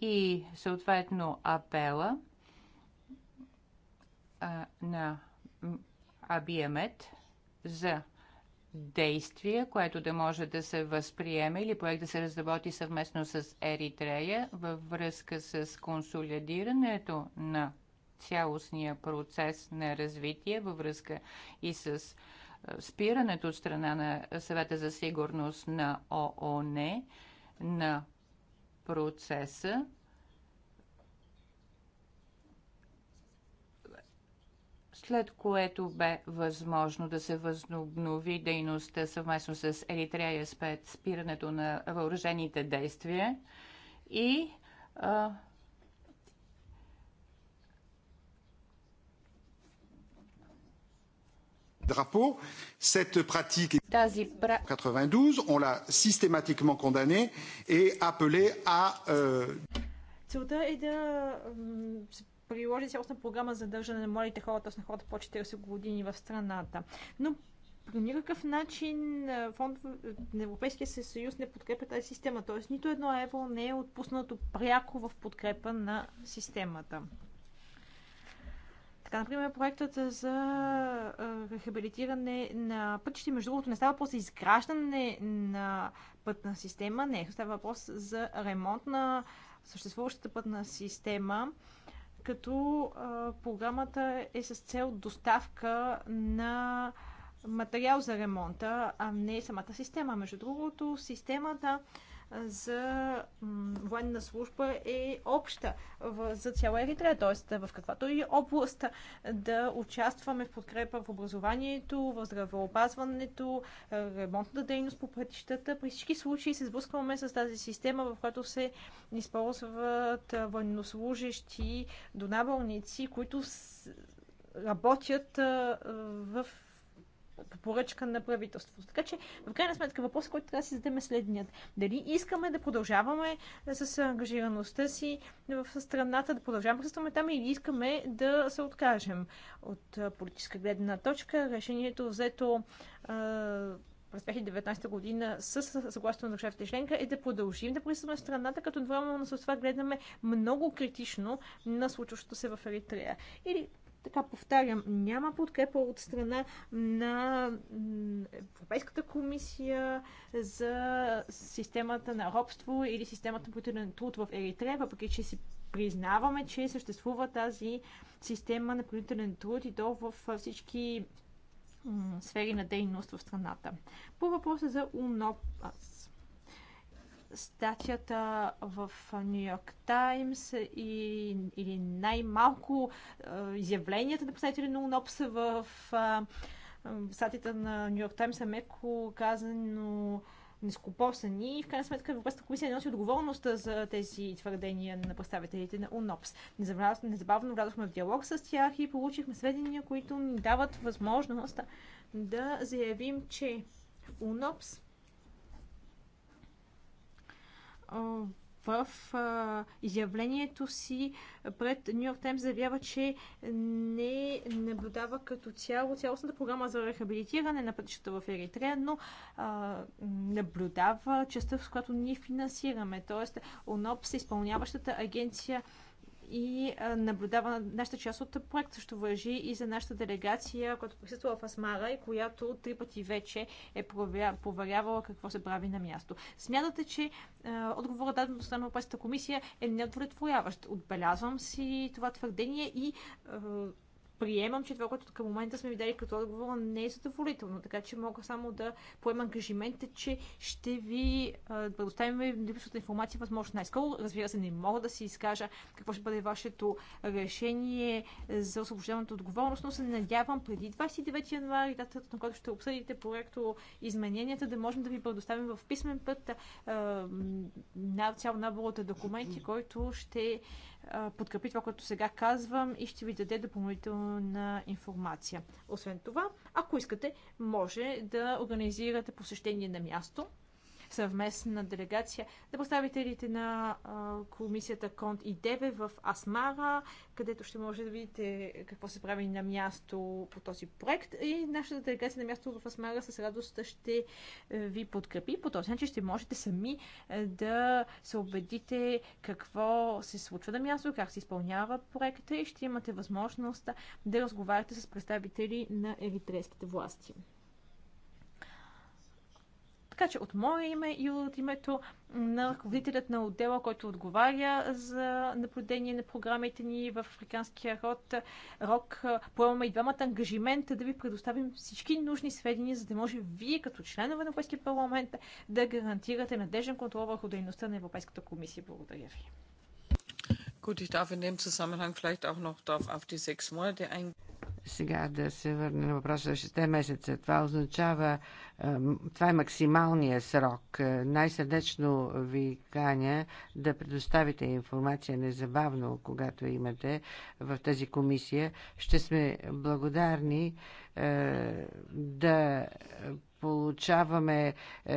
и съответно апела а, на Абиемет за действие, което да може да се възприеме или проект да се разработи съвместно с Еритрея във връзка с консолидирането на цялостния процес на развитие във връзка и с спирането от страна на съвета за сигурност на ООН на процеса след което бе възможно да се възобнови дейността съвместно с Еритрея след спирането на въоръжените действия и а, drapeau. Cette pratique 92, on l'a systématiquement condamnée et appelée à. Euh, е да се приложи цялостна програма за държане на младите хора, т.е. на хората по 40 години в страната. Но по никакъв начин фонд на Европейския съюз не подкрепя тази система, т.е. нито едно евро не е отпуснато пряко в подкрепа на системата. Така, например, проектът за рехабилитиране на пътища, между другото, не става въпрос за изграждане на пътна система, не, става въпрос за ремонт на съществуващата пътна система като а, програмата е с цел доставка на материал за ремонта, а не самата система. Между другото, системата за военна служба е обща за цяла Еритрея, т.е. в каквато и област да участваме в подкрепа в образованието, в здравеопазването, е, ремонтната дейност по пътищата. При всички случаи се сблъскваме с тази система, в която се използват е, военнослужащи, донаборници, които работят е, в поръчка на правителството. Така че, в крайна сметка, въпросът, който трябва да си зададем е следният. Дали искаме да продължаваме с ангажираността си в страната, да продължаваме присъстваме там или искаме да се откажем от политическа гледна точка. Решението взето през 2019 година с съгласието на държавите членка е да продължим да присъстваме страната, като едновременно с това гледаме много критично на случващото се в Еритрея. Или така, повтарям, няма подкрепа от страна на Европейската комисия за системата на робство или системата на принудителен труд в Еритрея, въпреки че си признаваме, че съществува тази система на принудителен труд и то в всички сфери на дейност в страната. По въпроса за УНОПАС статията в Нью Йорк Таймс и, или най-малко е, изявленията на представители на УНОПСа в е, е, статията на Нью Йорк Таймс са меко казано нескопосани и в крайна сметка Европейската комисия носи отговорността за тези твърдения на представителите на УНОПС. Незабавно влязохме в диалог с тях и получихме сведения, които ни дават възможност да заявим, че УНОПС в изявлението си пред Нью Йорк Таймс заявява, че не наблюдава като цяло цялостната програма за рехабилитиране на пътищата в Еритрея, но а, наблюдава частта, с която ние финансираме. Тоест, ОНОПС, изпълняващата агенция и наблюдава нашата част от проект. Също въжи и за нашата делегация, която присъства в Асмара и която три пъти вече е проверявала какво се прави на място. Смятате, че отговорът даден от страна Европейската комисия е неудовлетворяващ. Отбелязвам си това твърдение и приемам, че това, което към момента сме ви дали като отговор, не е задоволително, така че мога само да поема ангажимента, че ще ви предоставим липсата информация възможно най-скоро. Разбира се, не мога да си изкажа какво ще бъде вашето решение за освобождаването отговорност, но се надявам преди 29 януари, датата на която ще обсъдите проекто измененията, да можем да ви предоставим в писмен път а, на цял набор от документи, който ще подкрепи това, което сега казвам и ще ви даде допълнителна информация. Освен това, ако искате, може да организирате посещение на място съвместна делегация да представителите на комисията Конт и Дебе в Асмара, където ще може да видите какво се прави на място по този проект. И нашата делегация на място в Асмара с радост ще ви подкрепи. По този начин ще можете сами да се убедите какво се случва на място, как се изпълнява проекта и ще имате възможност да разговаряте с представители на еритрейските власти. Така че от мое име и от името на ръководителят на отдела, който отговаря за наблюдение на програмите ни в Африканския род, РОК, поемаме и двамата ангажимента да ви предоставим всички нужни сведения, за да може вие като членове на Европейския парламент да гарантирате надежен контрол върху дейността на Европейската комисия. Благодаря ви. Gut, ich darf in dem Zusammenhang vielleicht auch noch darauf auf die sechs Monate eingehen. Сега да се върне на въпроса за 6 месеца. Това означава, това е максималния срок. Най-сърдечно ви каня да предоставите информация незабавно, когато имате в тази комисия. Ще сме благодарни е, да получаваме е,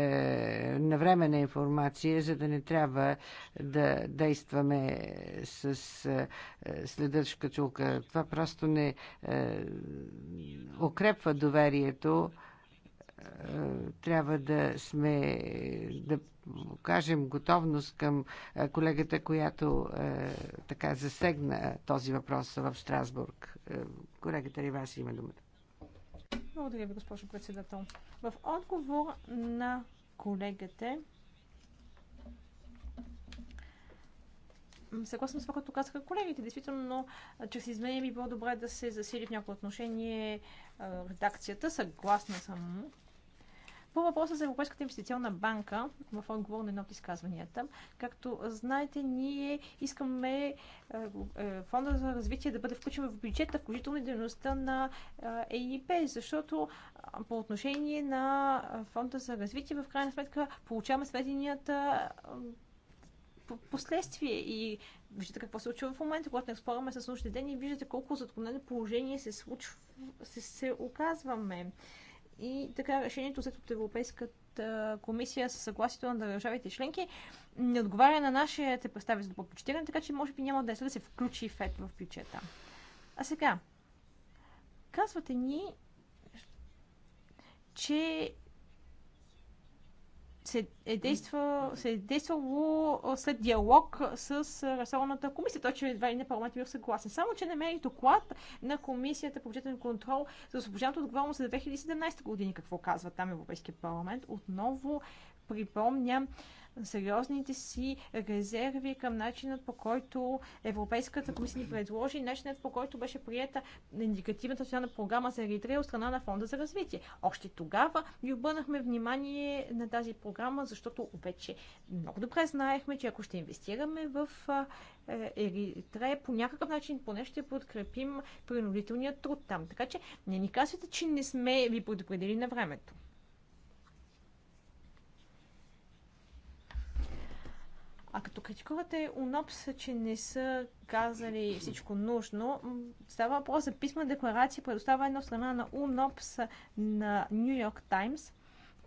навременна информация, за да не трябва да действаме с е, следъчка чулка. Това просто не е, укрепва доверието. Е, трябва да сме, да кажем готовност към е, колегата, която е, така засегна този въпрос в Страсбург. Е, колегата вас има думата. Благодаря ви, госпожо председател. В отговор на колегите, съгласна с това, което казаха колегите. Действително, чрез изменя би било добре да се засили в някои отношение редакцията. Съгласна съм. По въпроса за Европейската инвестиционна банка, в отговор на едно от изказванията, както знаете, ние искаме е, е, фонда за развитие да бъде включен в бюджета, включително и дейността на е, ЕИП, защото по отношение на фонда за развитие, в крайна сметка, получаваме сведенията последствие и виждате какво се случва в момента, когато не спораме с научни ден и виждате колко затруднено положение се случва, се, се оказваме. И така решението след от Европейската комисия със съгласието на държавите членки не отговаря на нашите представи за добро така че може би няма да е да се включи ФЕД в бюджета. А сега, казвате ни, че се е, действа, се е действало след диалог с ресорната комисия. Той, че едва ли не парламент бил съгласен. Само, че и доклад на комисията по бюджетен контрол за освобождената отговорност за 2017 години. Какво казва там Европейския парламент? Отново припомня сериозните си резерви към начинът по който Европейската комисия ни предложи, начинът по който беше приета индикативната социална програма за Еритрея от страна на Фонда за развитие. Още тогава ви обърнахме внимание на тази програма, защото вече много добре знаехме, че ако ще инвестираме в е, Еритрея, по някакъв начин поне ще подкрепим принудителният труд там. Така че не ни казвате, че не сме ви предупредили на времето. А като критикувате УНОПС, че не са казали всичко нужно, става въпрос за писма декларация, предоставя една страна на УНОПС на Нью Йорк Таймс,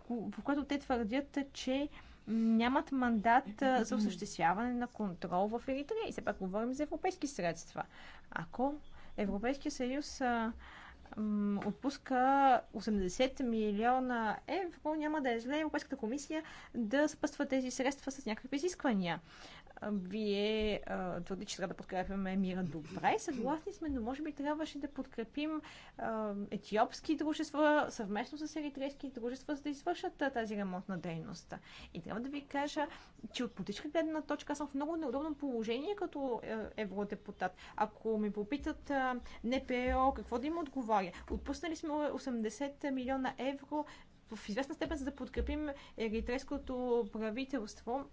в което те твърдят, че нямат мандат за осъществяване на контрол в Еритрея. И все пак говорим за европейски средства. Ако Европейския съюз отпуска 80 милиона евро, няма да е зле Европейската комисия да съпъства тези средства с някакви изисквания вие а, твърди, че трябва да подкрепяме Мира Добре. Съгласни сме, но може би трябваше да подкрепим етиопски дружества съвместно с еритрейски дружества, за да извършат тази ремонтна дейност. И трябва да ви кажа, че от политическа гледна точка съм в много неудобно положение като е, евродепутат. Ако ми попитат НПО какво да им отговаря, отпуснали сме 80 милиона евро в известна степен, за да подкрепим еритрейското правителство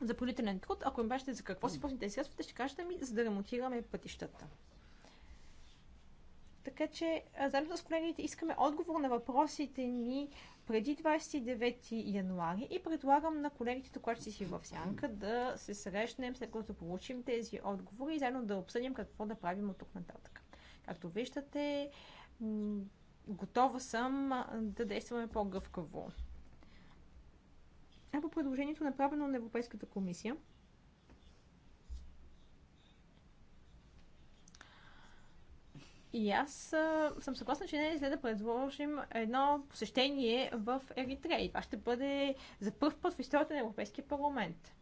за труд, ако им бачите за какво си пуснете средствата, ще кажете ми, за да ремонтираме пътищата. Така че, заедно с колегите, искаме отговор на въпросите ни преди 29 януари и предлагам на колегите докладчици си в сянка да се срещнем, след като получим тези отговори и заедно да обсъдим какво да правим от тук нататък. Както виждате, готова съм да действаме по-гъвкаво а по предложението направено на Европейската комисия. И аз а, съм съгласна, че не е да предложим едно посещение в Еритрея. Това ще бъде за първ път в историята на Европейския парламент.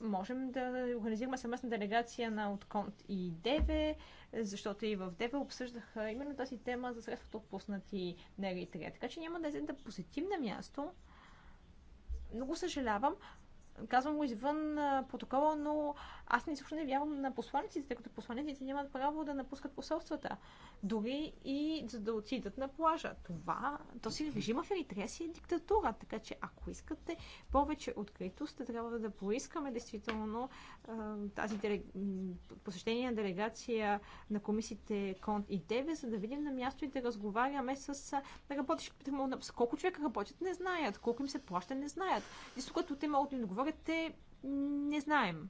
Можем да организираме съвместна делегация на Отконт и Деве, защото и в Деве обсъждаха именно тази тема за средствата отпуснати на Еритрея. Така че няма да е да посетим на място, много съжалявам. Казвам го извън протокола, но аз не също не вярвам на посланиците, тъй като посланиците нямат право да напускат посолствата дори и за да отидат на плажа. Това, този режим в Еритрея си е диктатура, така че ако искате повече откритост, трябва да поискаме действително тази делег... посещение на делегация на комисиите Конт и Деве, за да видим на място и да разговаряме с работещите му. Колко човека работят, не знаят. Колко им се плаща, не знаят. И когато те могат да им говорят, те не знаем.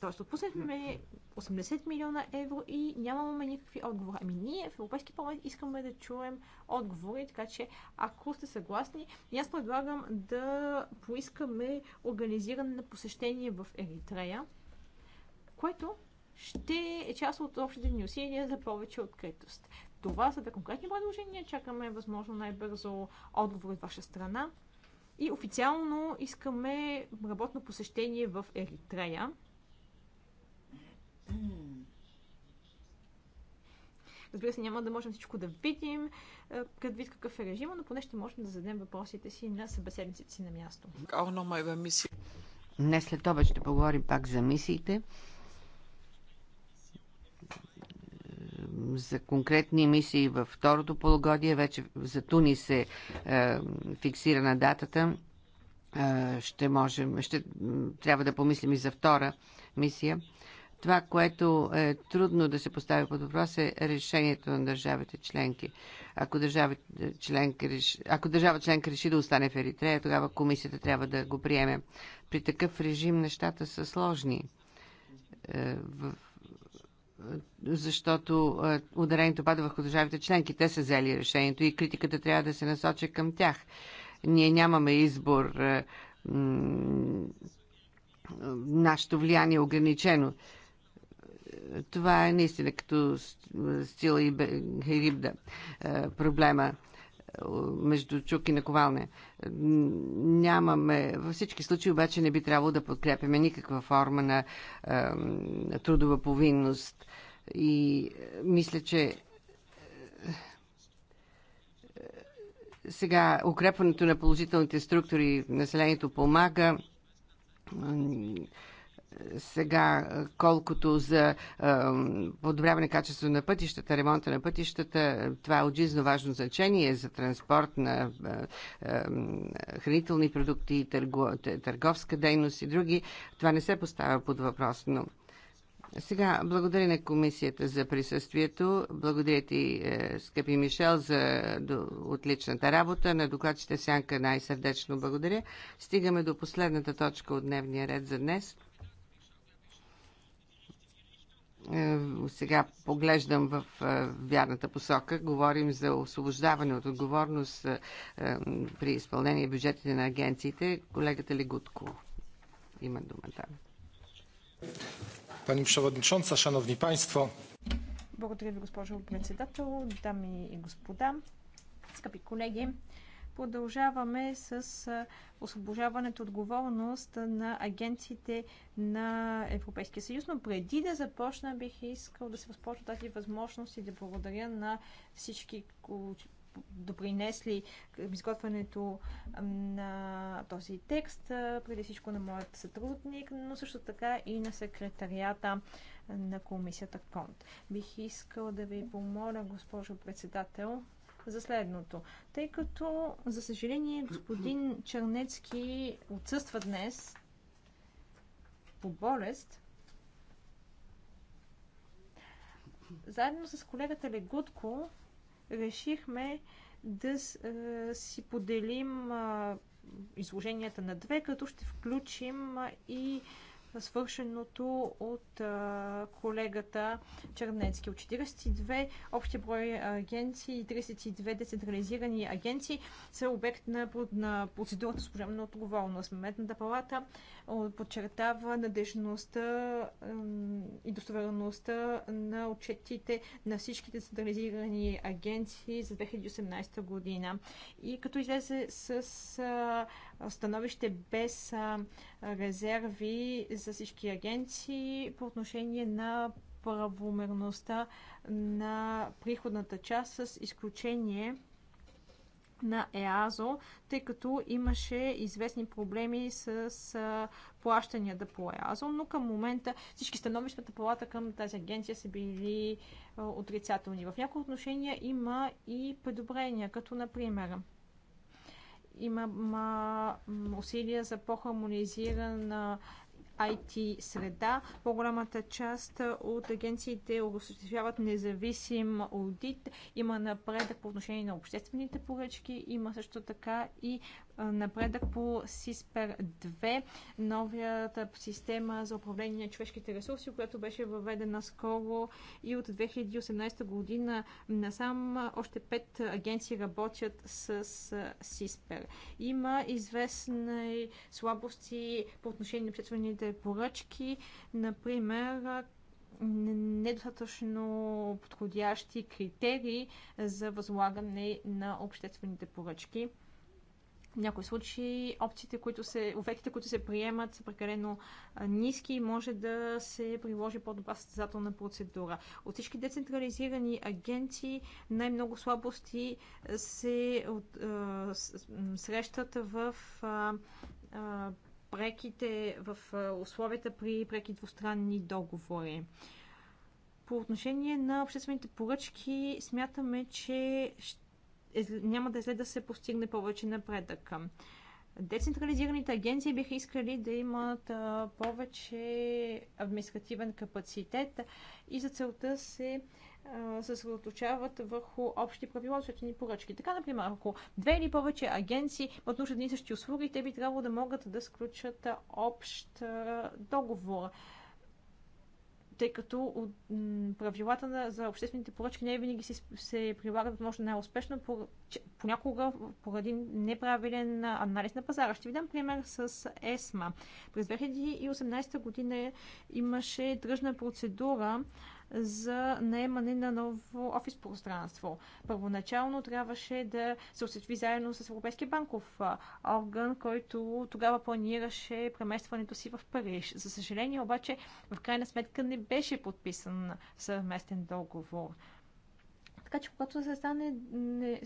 Тоест, отпуснахме 80 милиона евро и нямаме никакви отговори. Ами ние в Европейски парламент искаме да чуем отговори, така че ако сте съгласни, аз предлагам да поискаме организиране на посещение в Еритрея, което ще е част от общите ни усилия за повече откритост. Това са да конкретни предложения. Чакаме възможно най-бързо отговор от ваша страна. И официално искаме работно посещение в Еритрея. Разбира се, няма да можем всичко да видим, предвид какъв е режима, но поне ще можем да зададем въпросите си на събеседниците си на място. Е Днес след обед ще поговорим пак за мисиите. за конкретни мисии във второто полугодие. Вече за Туни се е, е фиксира на датата. Е, ще можем, ще трябва да помислим и за втора мисия. Това, което е трудно да се постави под въпрос е решението на държавите членки. Ако, държава е, членка реши, Ако държава членка реши да остане в Еритрея, тогава комисията трябва да го приеме. При такъв режим нещата са сложни. Е, е, защото ударението пада върху държавите членки. Те са взели решението и критиката трябва да се насочи към тях. Ние нямаме избор. Нашето влияние е ограничено това е наистина като стила и рибда е, проблема е, между Чук и Наковалне. Нямаме, във всички случаи обаче не би трябвало да подкрепяме никаква форма на, на е, трудова повинност. И мисля, че сега укрепването на положителните структури в населението помага сега, колкото за подобряване качеството на пътищата, ремонта на пътищата, това е от жизненно важно значение за транспорт на хранителни продукти, търговска дейност и други. Това не се поставя под въпрос, но сега, благодаря на комисията за присъствието. Благодаря ти, е, скъпи Мишел, за отличната работа. На докладчите Сянка най-сърдечно благодаря. Стигаме до последната точка от дневния ред за днес – е, сега поглеждам в е, вярната посока. Говорим за освобождаване от отговорност е, при изпълнение бюджетите на агенциите. Колегата Легутко има думата. Пани Przewodnicząca, шановни Państwo. Благодаря ви, госпожо председател, дами и господа, скъпи колеги. Продължаваме с освобождаването отговорност на агенциите на Европейския съюз, но преди да започна бих искал да се възползва тази възможност и да благодаря на всички допринесли към изготвянето на този текст, преди всичко на моят сътрудник, но също така и на секретарията на комисията КОНТ. Бих искал да ви помоля, госпожо председател, за следното. Тъй като, за съжаление, господин Чернецки отсъства днес по болест, заедно с колегата Легутко решихме да е, си поделим изложенията на две, като ще включим и свършеното от а, колегата Чернецки. От 42 общи брой агенции и 32 децентрализирани агенции са обект на, на процедурата с служебна отговорност. Сметната палата подчертава надежността и достоверността на отчетите на всички децентрализирани агенции за 2018 година. И като излезе с а, становище без резерви за всички агенции по отношение на правомерността на приходната част с изключение на ЕАЗО, тъй като имаше известни проблеми с плащанията по ЕАЗО, но към момента всички становищата палата към тази агенция са били отрицателни. В някои отношения има и подобрения, като например има усилия за по-хармонизирана IT среда. По-голямата част от агенциите осъществяват независим аудит. Има напредък по отношение на обществените поръчки. Има също така и напредък по СИСПЕР-2, новията система за управление на човешките ресурси, която беше въведена скоро и от 2018 година насам още пет агенции работят с СИСПЕР. Има известни слабости по отношение на обществените поръчки, например недостатъчно подходящи критерии за възлагане на обществените поръчки. В някои случаи опциите, които се, офертите, които се приемат, са прекалено ниски и може да се приложи по-добра състезателна процедура. От всички децентрализирани агенции най-много слабости се от, а, срещат в а, преките, в а, условията при преки двустранни договори. По отношение на обществените поръчки, смятаме, че ще е, няма да е зле да се постигне повече напредък. Децентрализираните агенции биха искали да имат повече административен капацитет и за целта се съсредоточават върху общи правила обществени поръчки. Така, например, ако две или повече агенции имат нужда и същи услуги, те би трябвало да могат да сключат общ договор тъй като правилата на, за обществените поръчки не винаги се, се прилагат възможно най-успешно, по, понякога поради неправилен анализ на пазара. Ще ви дам пример с ЕСМА. През 2018 година имаше тръжна процедура за наемане на ново офис пространство. Първоначално трябваше да се осъществи заедно с Европейския банков орган, който тогава планираше преместването си в Париж. За съжаление обаче, в крайна сметка не беше подписан съвместен договор. Така че когато се стане, не,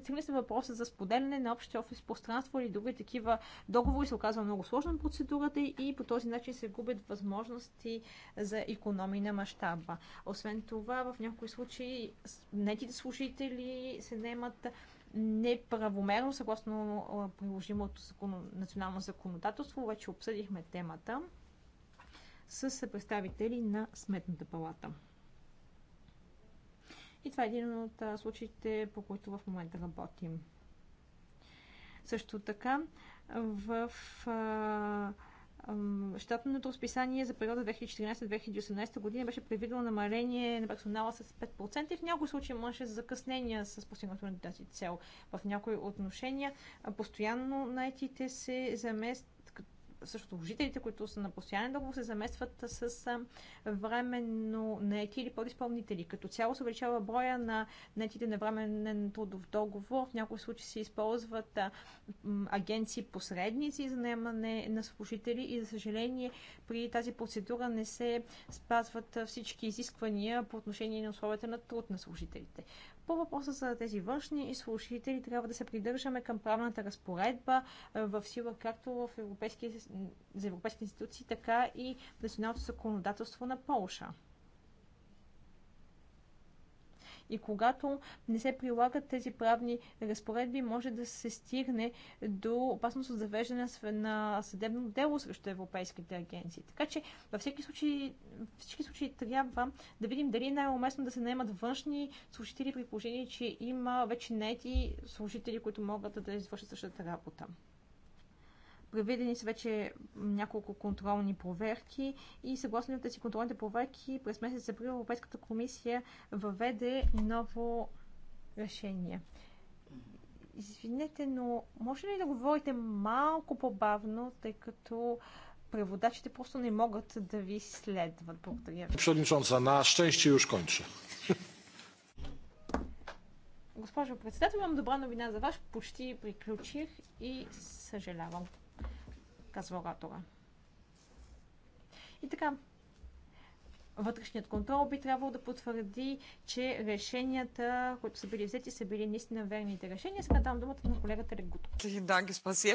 стигне се въпроса за споделяне на общи офис пространство или други такива договори, се оказва много сложна процедурата и по този начин се губят възможности за економия на мащаба. Освен това, в някои случаи нетите служители се наемат неправомерно, съгласно приложимото закон... национално законодателство. Вече обсъдихме темата с представители на Сметната палата. И това е един от а, случаите, по които в момента работим. Също така, в а, щатното разписание за периода 2014-2018 година беше предвидено намаление на персонала с 5% и в някои случаи имаше закъснения с постигнато на тази цел. В някои отношения постоянно найтите се замест също служителите, които са на постоянен договор, се заместват с временно наети или подизпълнители. Като цяло се увеличава броя на наетите на временен трудов договор. В някои случаи се използват агенции-посредници за наемане на служители и, за съжаление, при тази процедура не се спазват всички изисквания по отношение на условията на труд на служителите. По въпроса за тези външни изслушители трябва да се придържаме към правната разпоредба е, в сила както в европейски, за европейски институции, така и националното законодателство на Полша и когато не се прилагат тези правни разпоредби, може да се стигне до опасност от завеждане на съдебно дело срещу европейските агенции. Така че във всеки случай, всички случаи трябва да видим дали е най-уместно да се наемат външни служители при положение, че има вече нети служители, които могат да извършат същата работа. Проведени са вече няколко контролни проверки и съгласно тези контролните проверки през месец април Европейската комисия въведе ново решение. Извинете, но може ли да говорите малко по-бавно, тъй като преводачите просто не могат да ви следват. Благодаря ви. на szczęście już kończę. Госпожо председател, имам добра новина за вас. Почти приключих и съжалявам казва оратора. И така, вътрешният контрол би трябвало да потвърди, че решенията, които са били взети, са били наистина верните решения. Сега дам думата на колегата Да,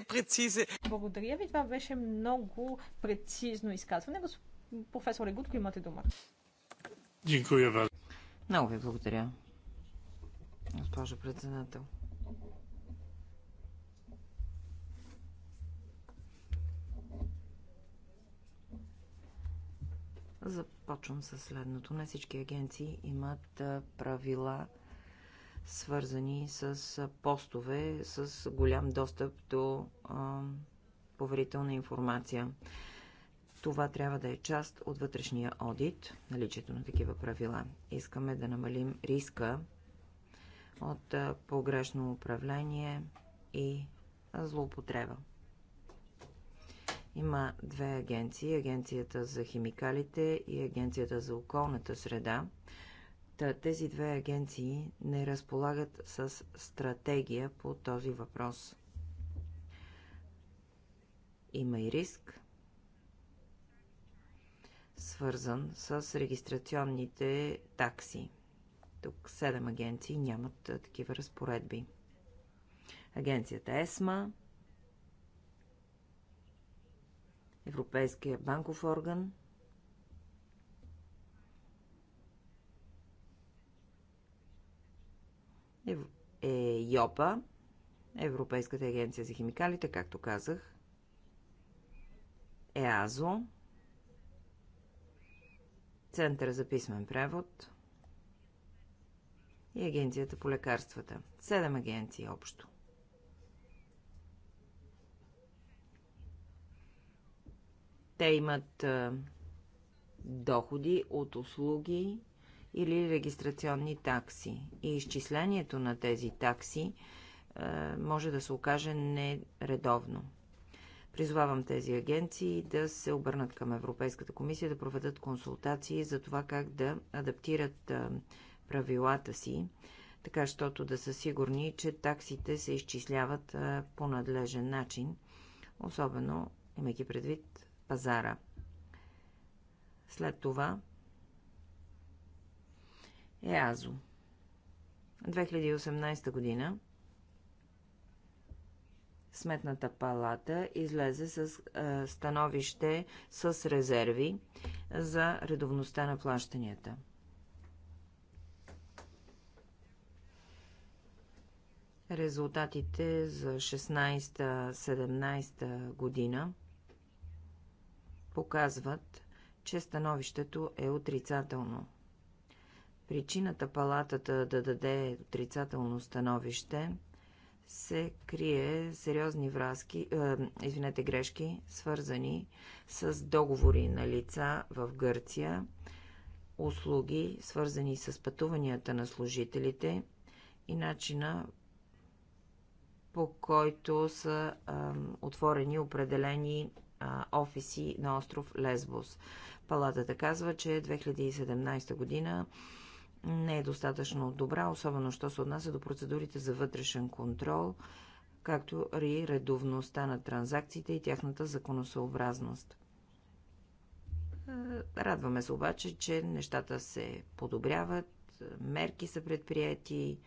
прецизи. Благодаря ви. Това беше много прецизно изказване. Професор Легутко, имате дума. Много ви благодаря, госпожо председател. Започвам с следното. Не всички агенции имат правила, свързани с постове, с голям достъп до а, поверителна информация. Това трябва да е част от вътрешния одит, наличието на такива правила. Искаме да намалим риска от погрешно управление и злоупотреба. Има две агенции Агенцията за химикалите и Агенцията за околната среда. Та, тези две агенции не разполагат с стратегия по този въпрос. Има и риск, свързан с регистрационните такси. Тук седем агенции нямат такива разпоредби. Агенцията ЕСМА, Европейския банков орган. Е ЙОПА, Европейската агенция за химикалите, както казах. ЕАЗО, Център за писмен превод и Агенцията по лекарствата. Седем агенции общо. Те имат доходи от услуги или регистрационни такси. И изчислението на тези такси може да се окаже нередовно. Призовавам тези агенции да се обърнат към Европейската комисия, да проведат консултации за това как да адаптират правилата си, така щото да са сигурни, че таксите се изчисляват по надлежен начин, особено имайки предвид пазара. След това е Азо. 2018 година Сметната палата излезе с е, становище с резерви за редовността на плащанията. Резултатите за 16-17 година – показват, че становището е отрицателно. Причината палатата да даде отрицателно становище се крие сериозни връзки, э, е, извинете, грешки, свързани с договори на лица в Гърция, услуги, свързани с пътуванията на служителите и начина по който са э, отворени определени офиси на остров Лесбос. Палатата казва, че 2017 година не е достатъчно добра, особено що се отнася до процедурите за вътрешен контрол, както и редовността на транзакциите и тяхната законосъобразност. Е, радваме се обаче, че нещата се подобряват, мерки са предприяти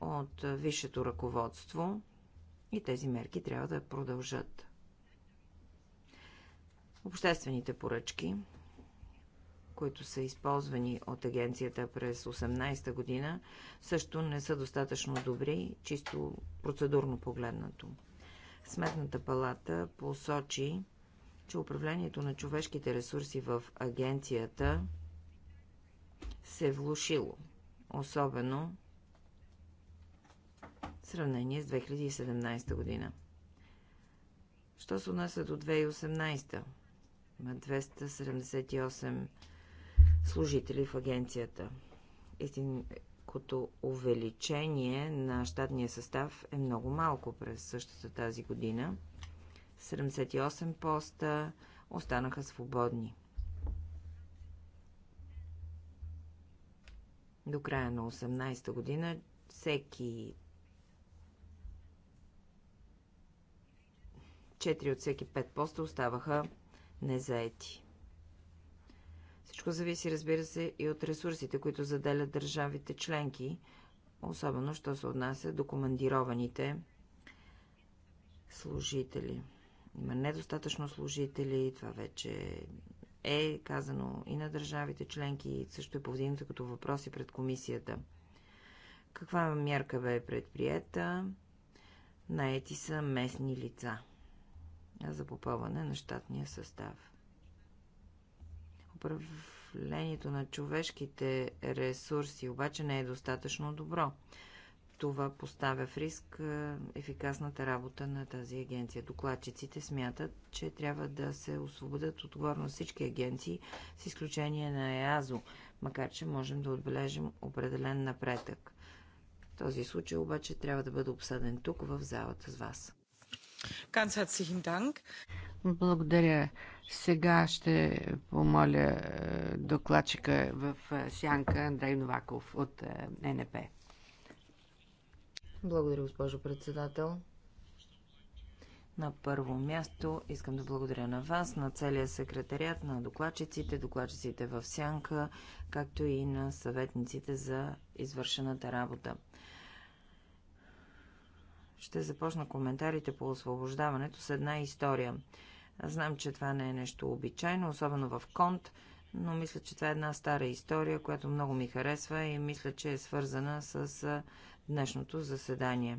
от висшето ръководство и тези мерки трябва да продължат. Обществените поръчки, които са използвани от агенцията през 18-та година, също не са достатъчно добри, чисто процедурно погледнато. Сметната палата посочи, че управлението на човешките ресурси в агенцията се е влушило, особено в сравнение с 2017 година. Що се отнася до 2018? Има 278 служители в агенцията. Истинското увеличение на щатния състав е много малко през същата тази година. 78 поста останаха свободни. До края на 18-та година всеки 4 от всеки 5 поста оставаха незаети. Всичко зависи, разбира се, и от ресурсите, които заделят държавите членки, особено, що се отнася до командированите служители. Има недостатъчно служители, това вече е казано и на държавите членки, също е повдигнато като въпроси пред комисията. Каква мярка бе предприета? Наети са местни лица – за попълване на щатния състав. Управлението на човешките ресурси обаче не е достатъчно добро. Това поставя в риск е, ефикасната работа на тази агенция. Докладчиците смятат, че трябва да се освободят отговорно всички агенции, с изключение на ЕАЗО, макар че можем да отбележим определен напредък. Този случай обаче трябва да бъде обсъден тук в залата с вас. Благодаря. Сега ще помоля е, докладчика в е, сянка Андрей Новаков от е, НП. Благодаря, госпожо председател. На първо място искам да благодаря на вас, на целия секретарят, на докладчиците, докладчиците в сянка, както и на съветниците за извършената работа ще започна коментарите по освобождаването с една история. Знам, че това не е нещо обичайно, особено в Конт, но мисля, че това е една стара история, която много ми харесва и мисля, че е свързана с днешното заседание.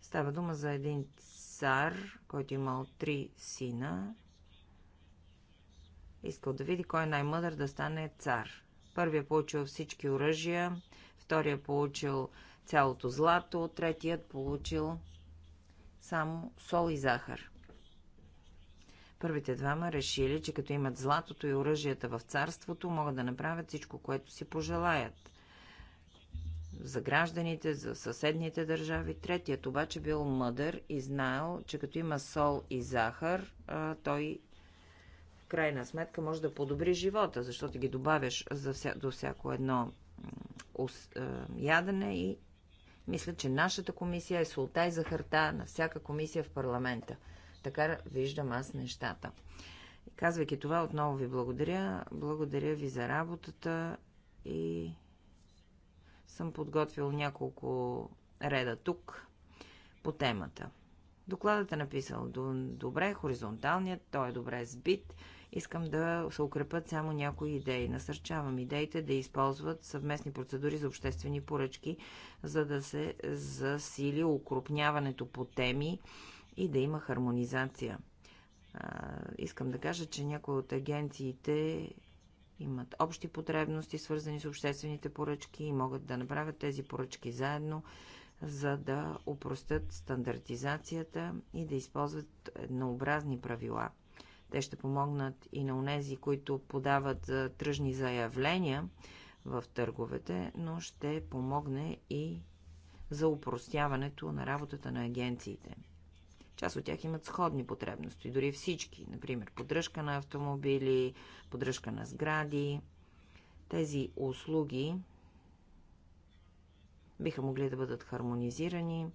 Става дума за един цар, който имал три сина. Искал да види кой е най-мъдър да стане цар. Първият е получил всички оръжия, втория е получил цялото злато, третият получил само сол и захар. Първите двама решили, че като имат златото и оръжията в царството, могат да направят всичко, което си пожелаят. За гражданите, за съседните държави. Третият обаче бил мъдър и знаел, че като има сол и захар, той в крайна сметка може да подобри живота, защото ги добавяш за вся, до всяко едно ядене и мисля, че нашата комисия е султа и захарта на всяка комисия в парламента. Така виждам аз нещата. казвайки това, отново ви благодаря. Благодаря ви за работата и съм подготвил няколко реда тук по темата. Докладът е написал добре, хоризонталният, той е добре сбит Искам да се укрепят само някои идеи. Насърчавам идеите да използват съвместни процедури за обществени поръчки, за да се засили укрупняването по теми и да има хармонизация. искам да кажа, че някои от агенциите имат общи потребности, свързани с обществените поръчки и могат да направят тези поръчки заедно, за да упростят стандартизацията и да използват еднообразни правила – те ще помогнат и на унези, които подават тръжни заявления в търговете, но ще помогне и за упростяването на работата на агенциите. Част от тях имат сходни потребности, дори всички. Например, поддръжка на автомобили, поддръжка на сгради. Тези услуги биха могли да бъдат хармонизирани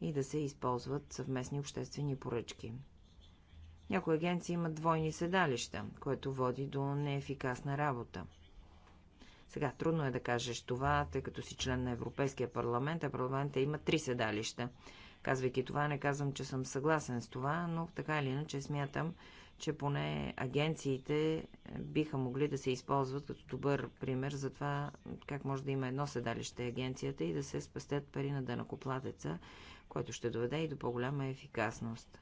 и да се използват съвместни обществени поръчки. Някои агенции имат двойни седалища, което води до неефикасна работа. Сега трудно е да кажеш това, тъй като си член на Европейския парламент, а парламента има три седалища. Казвайки това, не казвам, че съм съгласен с това, но така или иначе смятам, че поне агенциите биха могли да се използват като добър пример за това как може да има едно седалище агенцията и да се спестят пари на дънакоплатеца, което ще доведе и до по-голяма ефикасност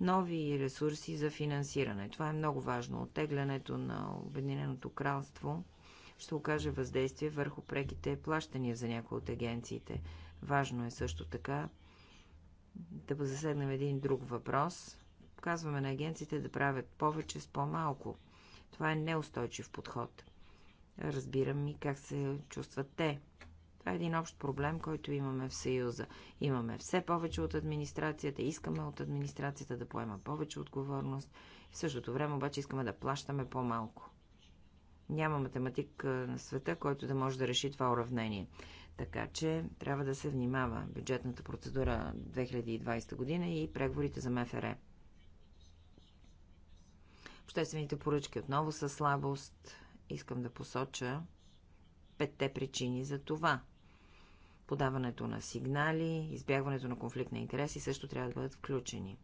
нови ресурси за финансиране. Това е много важно. Оттеглянето на Обединеното кралство ще окаже въздействие върху преките плащания за някои от агенциите. Важно е също така да засегнем един друг въпрос. Казваме на агенциите да правят повече с по-малко. Това е неустойчив подход. Разбирам и как се чувстват те. Това е един общ проблем, който имаме в Съюза. Имаме все повече от администрацията, искаме от администрацията да поема повече отговорност, в същото време обаче искаме да плащаме по-малко. Няма математик на света, който да може да реши това уравнение. Така че трябва да се внимава бюджетната процедура 2020 година и преговорите за МФР. Обществените поръчки отново са слабост. Искам да посоча, петте причини за това. Подаването на сигнали, избягването на конфликт на интереси също трябва да бъдат включени.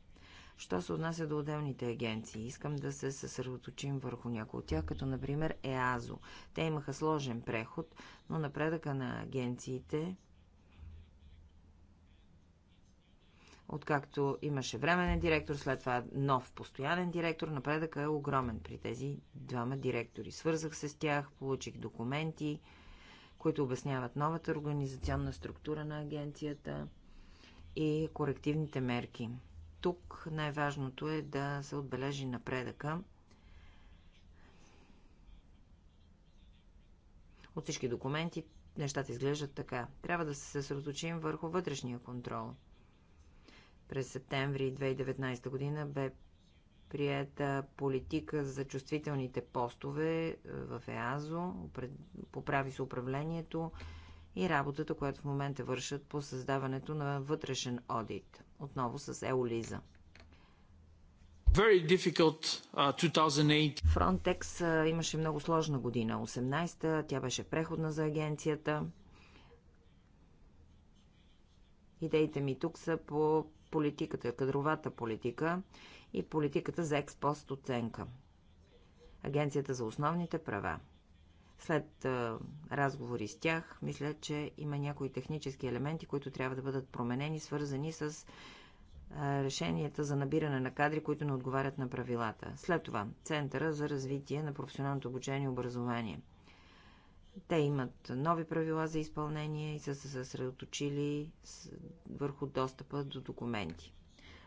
Що се отнася до отделните агенции, искам да се съсредоточим върху някои от тях, като например ЕАЗО. Те имаха сложен преход, но напредъка на агенциите Откакто имаше временен директор, след това нов постоянен директор, напредъка е огромен при тези двама директори. Свързах се с тях, получих документи, които обясняват новата организационна структура на агенцията и корективните мерки. Тук най-важното е да се отбележи напредъка от всички документи, нещата изглеждат така. Трябва да се съсредоточим върху вътрешния контрол. През септември 2019 година бе прията политика за чувствителните постове е, в ЕАЗО, поправи се управлението и работата, която в момента вършат по създаването на вътрешен одит, отново с Еолиза. Фронтекс uh, имаше много сложна година, 18-та, тя беше преходна за агенцията. Идеите ми тук са по политиката, кадровата политика и политиката за експост оценка. Агенцията за основните права. След а, разговори с тях, мисля, че има някои технически елементи, които трябва да бъдат променени, свързани с а, решенията за набиране на кадри, които не отговарят на правилата. След това, Центъра за развитие на професионалното обучение и образование. Те имат нови правила за изпълнение и са се съсредоточили върху достъпа до документи.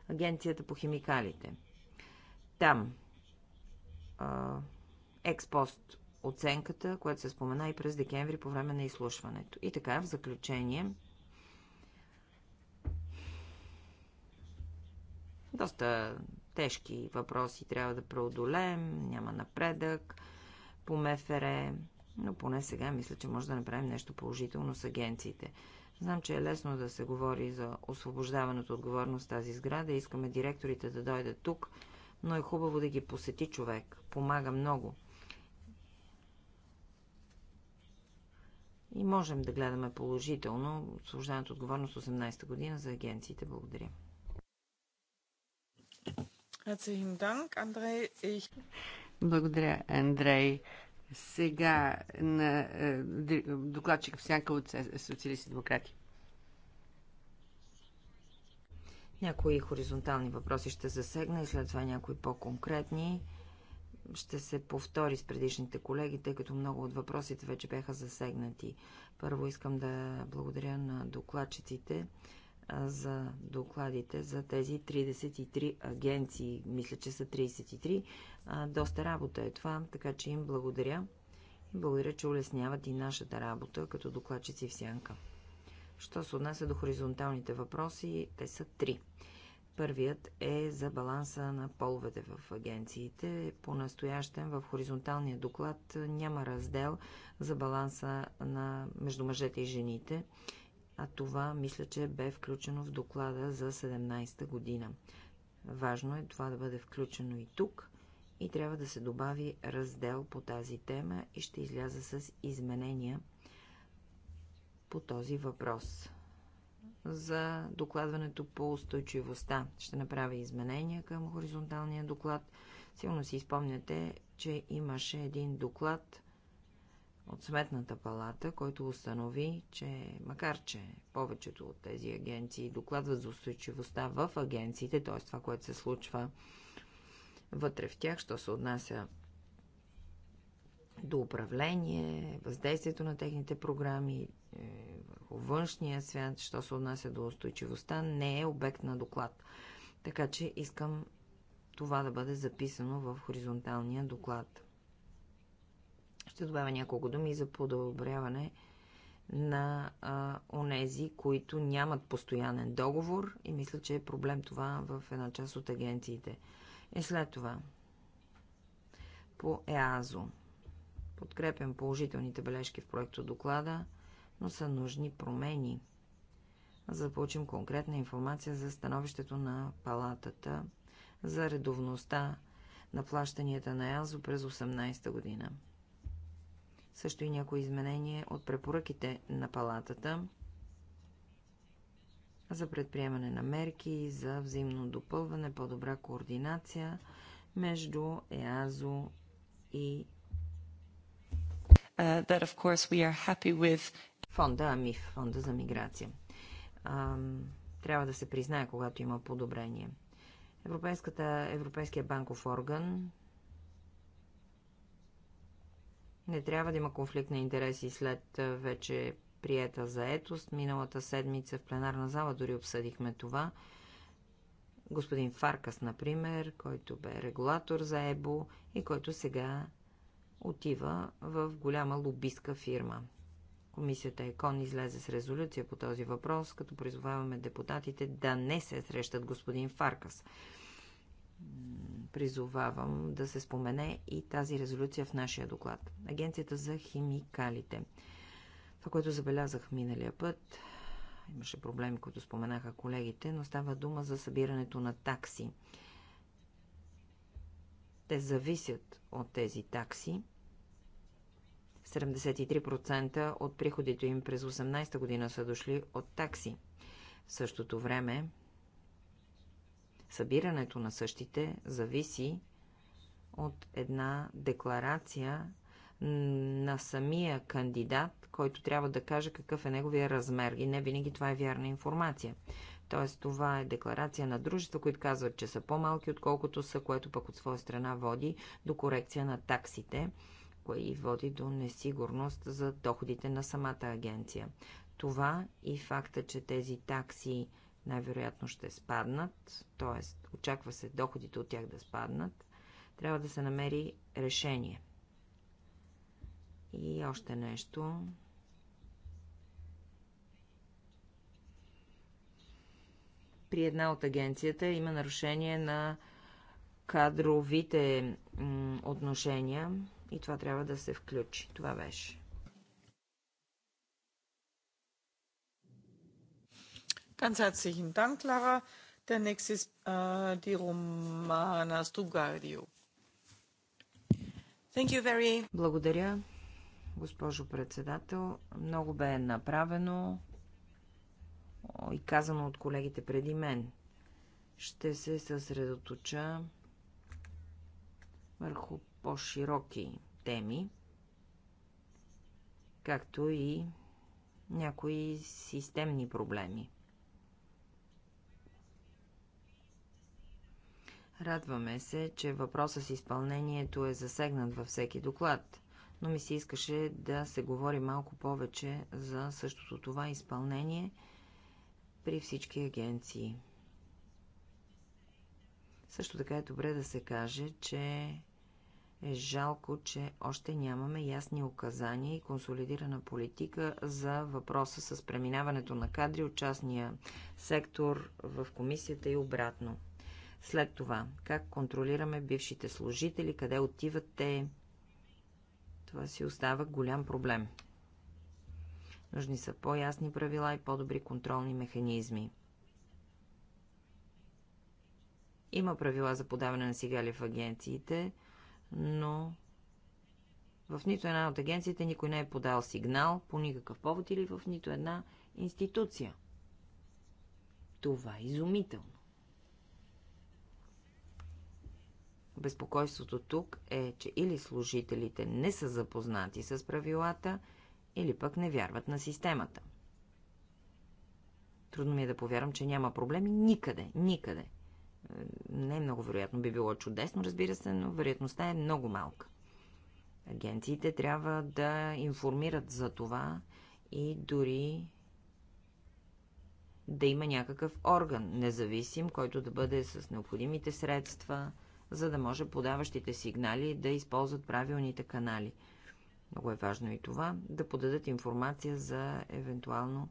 Агенцията по химикалите. Там експост оценката, която се спомена и през декември по време на изслушването. И така, в заключение, доста тежки въпроси трябва да преодолеем, няма напредък по МФР, но поне сега мисля, че може да направим нещо положително с агенциите. Знам, че е лесно да се говори за освобождаването отговорност тази сграда. Искаме директорите да дойдат тук, но е хубаво да ги посети човек. Помага много. И можем да гледаме положително освобождаването отговорност 18-та година за агенциите. Благодаря. Благодаря, Андрей. Сега на е, докладчик сянка от социалисти демократи. Някои хоризонтални въпроси ще засегна и след това някои по-конкретни. Ще се повтори с предишните колеги, тъй като много от въпросите вече бяха засегнати. Първо искам да благодаря на докладчиците за докладите за тези 33 агенции. Мисля, че са 33. Доста работа е това, така че им благодаря. И благодаря, че улесняват и нашата работа като докладчици в сянка. Що се отнася до хоризонталните въпроси, те са три. Първият е за баланса на половете в агенциите. По-настоящен в хоризонталния доклад няма раздел за баланса на между мъжете и жените а това мисля, че бе включено в доклада за 17-та година. Важно е това да бъде включено и тук и трябва да се добави раздел по тази тема и ще изляза с изменения по този въпрос. За докладването по устойчивостта ще направя изменения към хоризонталния доклад. Силно си спомняте, че имаше един доклад от Сметната палата, който установи, че макар, че повечето от тези агенции докладват за устойчивостта в агенциите, т.е. това, което се случва вътре в тях, що се отнася до управление, въздействието на техните програми е, върху външния свят, що се отнася до устойчивостта, не е обект на доклад. Така че искам това да бъде записано в хоризонталния доклад ще добавя няколко думи за подобряване на а, онези, които нямат постоянен договор и мисля, че е проблем това в една част от агенциите. И след това по ЕАЗО. Подкрепям положителните бележки в проекто доклада, но са нужни промени, за да получим конкретна информация за становището на палатата за редовността на плащанията на ЕАЗО през 18 година също и някои изменения от препоръките на палатата за предприемане на мерки, за взаимно допълване, по-добра координация между ЕАЗО и uh, that of course we are happy with... фонда АМИФ, фонда за миграция. трябва да се признае, когато има подобрение. Европейската, Европейския банков орган Не трябва да има конфликт на интереси след вече приета заетост. Миналата седмица в пленарна зала дори обсъдихме това. Господин Фаркас, например, който бе регулатор за ЕБО и който сега отива в голяма лобистка фирма. Комисията ЕКОН излезе с резолюция по този въпрос, като призоваваме депутатите да не се срещат господин Фаркас призовавам да се спомене и тази резолюция в нашия доклад. Агенцията за химикалите. Това, което забелязах миналия път, имаше проблеми, които споменаха колегите, но става дума за събирането на такси. Те зависят от тези такси. 73% от приходите им през 18 година са дошли от такси. В същото време Събирането на същите зависи от една декларация на самия кандидат, който трябва да каже какъв е неговия размер. И не винаги това е вярна информация. Тоест, това е декларация на дружества, които казват, че са по-малки, отколкото са, което пък от своя страна води до корекция на таксите, и води до несигурност за доходите на самата агенция. Това и факта, че тези такси най-вероятно ще спаднат, т.е. очаква се доходите от тях да спаднат, трябва да се намери решение. И още нещо. При една от агенцията има нарушение на кадровите отношения и това трябва да се включи. Това беше. Ganz herzlichen Dank, Der nächste ist äh, die Romana Thank you very... Благодаря, госпожо председател. Много бе направено и казано от колегите преди мен. Ще се съсредоточа върху по-широки теми, както и някои системни проблеми. Радваме се, че въпросът с изпълнението е засегнат във всеки доклад, но ми се искаше да се говори малко повече за същото това изпълнение при всички агенции. Също така е добре да се каже, че е жалко, че още нямаме ясни указания и консолидирана политика за въпроса с преминаването на кадри от частния сектор в комисията и обратно. След това, как контролираме бившите служители, къде отиват те? Това си остава голям проблем. Нужни са по-ясни правила и по-добри контролни механизми. Има правила за подаване на сигали в агенциите, но в нито една от агенциите никой не е подал сигнал по никакъв повод или в нито една институция. Това е изумително. Безпокойството тук е, че или служителите не са запознати с правилата, или пък не вярват на системата. Трудно ми е да повярвам, че няма проблеми никъде, никъде. Е, не е много вероятно, би било чудесно, разбира се, но вероятността е много малка. Агенциите трябва да информират за това и дори да има някакъв орган, независим, който да бъде с необходимите средства – за да може подаващите сигнали да използват правилните канали. Много е важно и това да подадат информация за евентуално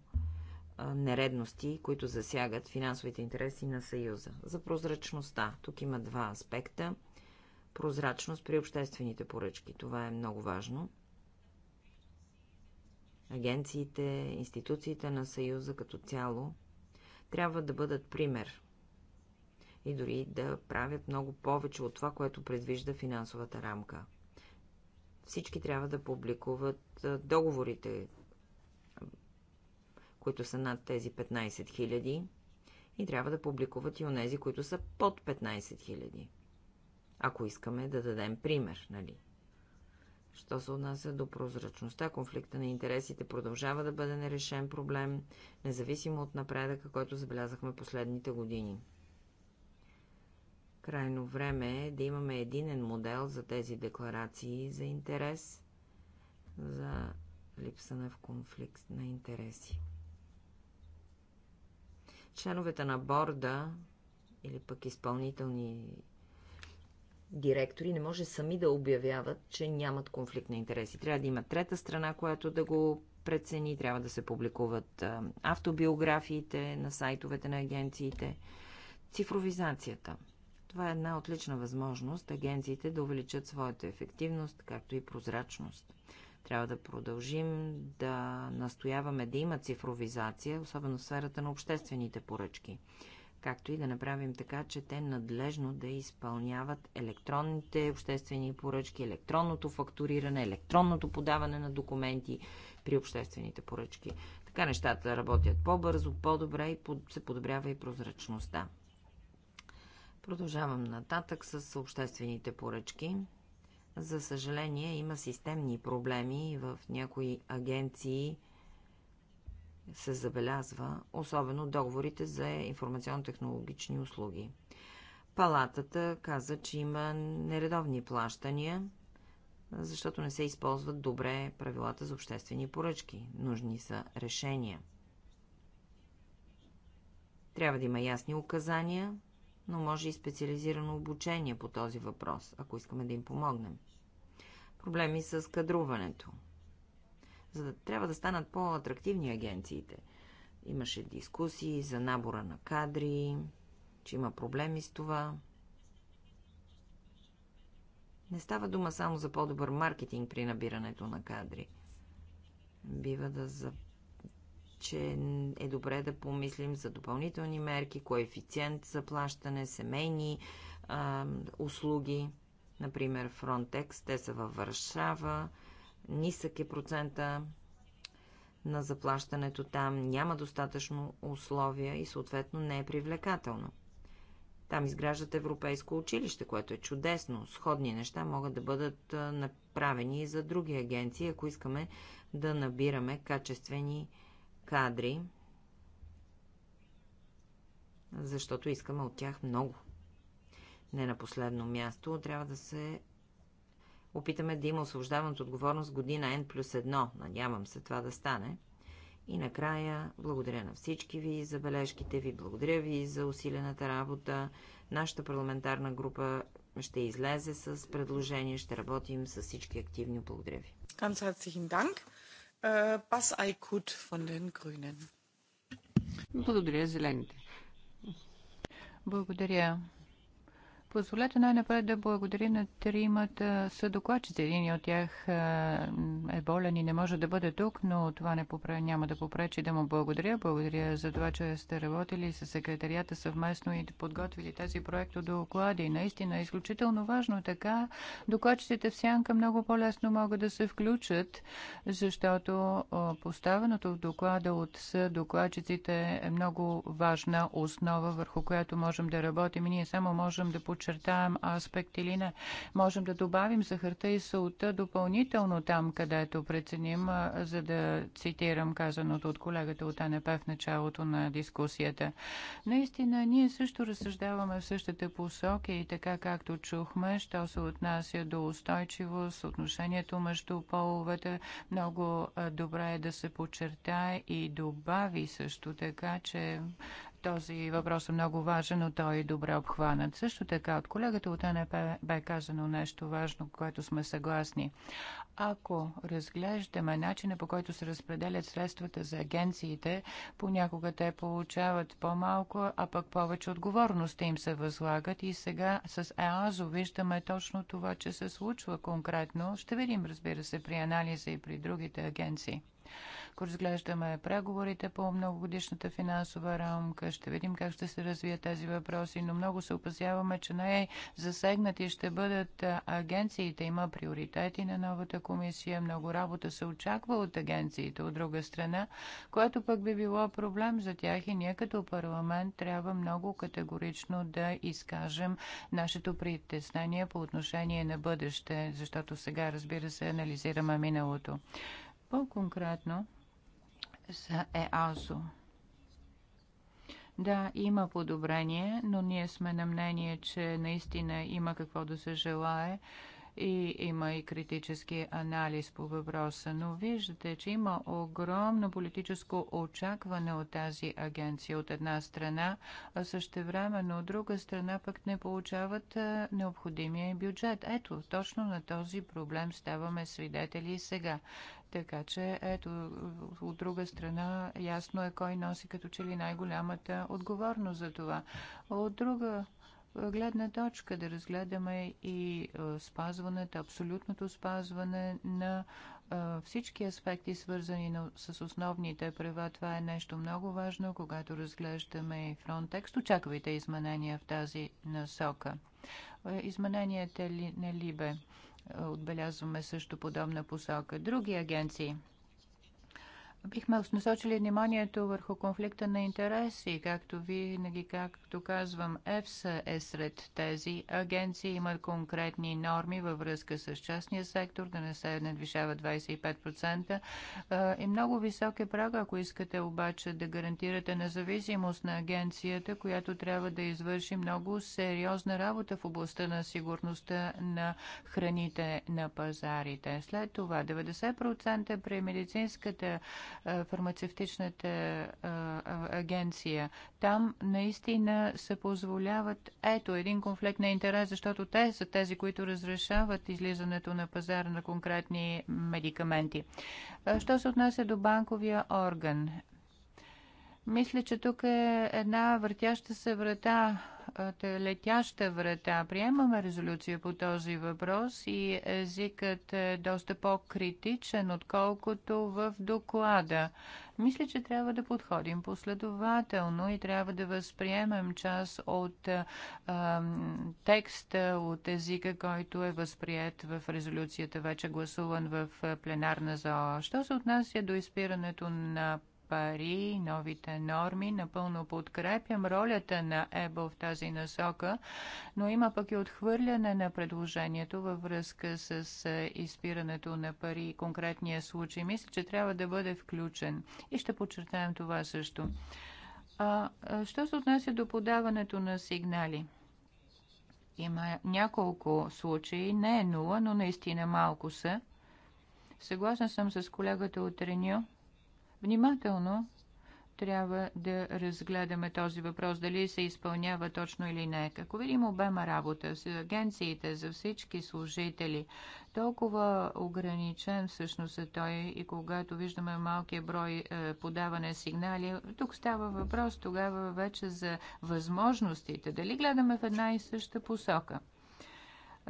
нередности, които засягат финансовите интереси на Съюза. За прозрачността. Тук има два аспекта. Прозрачност при обществените поръчки. Това е много важно. Агенциите, институциите на Съюза като цяло трябва да бъдат пример и дори да правят много повече от това, което предвижда финансовата рамка. Всички трябва да публикуват договорите, които са над тези 15 000 и трябва да публикуват и онези, които са под 15 000. Ако искаме да дадем пример, нали? Що се отнася до прозрачността, конфликта на интересите продължава да бъде нерешен проблем, независимо от напредъка, който забелязахме последните години. Крайно време е да имаме единен модел за тези декларации за интерес, за липса на конфликт на интереси. Членовете на борда или пък изпълнителни директори не може сами да обявяват, че нямат конфликт на интереси. Трябва да има трета страна, която да го прецени, трябва да се публикуват автобиографиите на сайтовете на агенциите, цифровизацията – това е една отлична възможност агенциите да увеличат своята ефективност, както и прозрачност. Трябва да продължим да настояваме да има цифровизация, особено в сферата на обществените поръчки, както и да направим така, че те надлежно да изпълняват електронните обществени поръчки, електронното фактуриране, електронното подаване на документи при обществените поръчки. Така нещата работят по-бързо, по-добре и се подобрява и прозрачността. Продължавам нататък с обществените поръчки. За съжаление, има системни проблеми в някои агенции, се забелязва, особено договорите за информационно-технологични услуги. Палатата каза, че има нередовни плащания, защото не се използват добре правилата за обществени поръчки. Нужни са решения. Трябва да има ясни указания но може и специализирано обучение по този въпрос, ако искаме да им помогнем. Проблеми с кадруването. За да трябва да станат по-атрактивни агенциите. Имаше дискусии за набора на кадри, че има проблеми с това. Не става дума само за по-добър маркетинг при набирането на кадри. Бива да запазим че е добре да помислим за допълнителни мерки, коефициент за плащане, семейни а, услуги, например Frontex, те са във Варшава, нисък е процента на заплащането там, няма достатъчно условия и съответно не е привлекателно. Там изграждат европейско училище, което е чудесно. Сходни неща могат да бъдат направени и за други агенции, ако искаме да набираме качествени кадри, защото искаме от тях много. Не на последно място, трябва да се опитаме да има освобождаване от отговорност година N плюс 1. Надявам се това да стане. И накрая, благодаря на всички ви за бележките ви, благодаря ви за усилената работа. Нашата парламентарна група ще излезе с предложение, ще работим с всички активни. Благодаря ви. Ganz herzlichen Dank. Бас äh, Айкут Благодаря, зелените. Благодаря. Позволете най-напред да благодаря на тримата съдокладчици. Един от тях е, е болен и не може да бъде тук, но това не попре, няма да попречи да му благодаря. Благодаря за това, че сте работили с секретарията съвместно и подготвили тези проекто доклади. И наистина е изключително важно така. Докладчиците в сянка много по-лесно могат да се включат, защото поставеното в доклада от съдокладчиците е много важна основа, върху която можем да работим. И ние само можем да подчертаем аспект или не. Можем да добавим захарта и солта допълнително там, където преценим, за да цитирам казаното от колегата от АНП в началото на дискусията. Наистина, ние също разсъждаваме в същата посока и така както чухме, що се отнася до устойчивост, отношението между половете. Много добре е да се подчертае и добави също така, че този въпрос е много важен, но той е добре обхванат. Също така от колегата от НП бе казано нещо важно, което сме съгласни. Ако разглеждаме начина по който се разпределят средствата за агенциите, понякога те получават по-малко, а пък повече отговорности им се възлагат и сега с ЕАЗО виждаме точно това, че се случва конкретно. Ще видим, разбира се, при анализа и при другите агенции. Тук разглеждаме преговорите по многогодишната финансова рамка. Ще видим как ще се развият тези въпроси, но много се опасяваме, че най-засегнати е ще бъдат агенциите. Има приоритети на новата комисия. Много работа се очаква от агенциите, от друга страна, което пък би било проблем за тях и ние като парламент трябва много категорично да изкажем нашето притеснение по отношение на бъдеще, защото сега, разбира се, анализираме миналото. По-конкретно, за ЕАЗО. Да, има подобрение, но ние сме на мнение, че наистина има какво да се желае и има и критически анализ по въпроса, но виждате, че има огромно политическо очакване от тази агенция от една страна, а също но от друга страна пък не получават необходимия бюджет. Ето, точно на този проблем ставаме свидетели и сега. Така че, ето, от друга страна, ясно е кой носи като че ли най-голямата отговорност за това. От друга гледна точка да разгледаме и спазването, абсолютното спазване на всички аспекти, свързани с основните права. Това е нещо много важно, когато разглеждаме и фронтекст. Очаквайте изменения в тази насока. Измененията на Либе отбелязваме също подобна посока. Други агенции – бихме насочили вниманието върху конфликта на интереси. Както винаги, както казвам, ЕФСА е сред тези агенции, имат конкретни норми във връзка с частния сектор, да не се надвишава 25%. И много висок е прага, ако искате обаче да гарантирате независимост на агенцията, която трябва да извърши много сериозна работа в областта на сигурността на храните на пазарите. След това 90% при медицинската е, фармацевтичната е, агенция. Там наистина се позволяват ето един конфликт на интерес, защото те са тези, които разрешават излизането на пазар на конкретни медикаменти. Е, що се отнася до банковия орган? Мисля, че тук е една въртяща се врата е, летяща врата. Приемаме резолюция по този въпрос и езикът е доста по-критичен, отколкото в доклада. Мисля, че трябва да подходим последователно и трябва да възприемем част от е, а, текста, от езика, който е възприят в резолюцията, вече гласуван в е, пленарна зала. Що се отнася до изпирането на пари, новите норми. Напълно подкрепям ролята на ЕБО в тази насока, но има пък и отхвърляне на предложението във връзка с изпирането на пари и конкретния случай. Мисля, че трябва да бъде включен. И ще подчертаем това също. А, що се отнася до подаването на сигнали? Има няколко случаи, не е нула, но наистина малко са. Съгласна съм с колегата от Реню Внимателно трябва да разгледаме този въпрос, дали се изпълнява точно или не. Ако видим обема работа с агенциите за всички служители, толкова ограничен всъщност е той и когато виждаме малкия брой е, подаване сигнали, тук става въпрос тогава вече за възможностите. Дали гледаме в една и съща посока?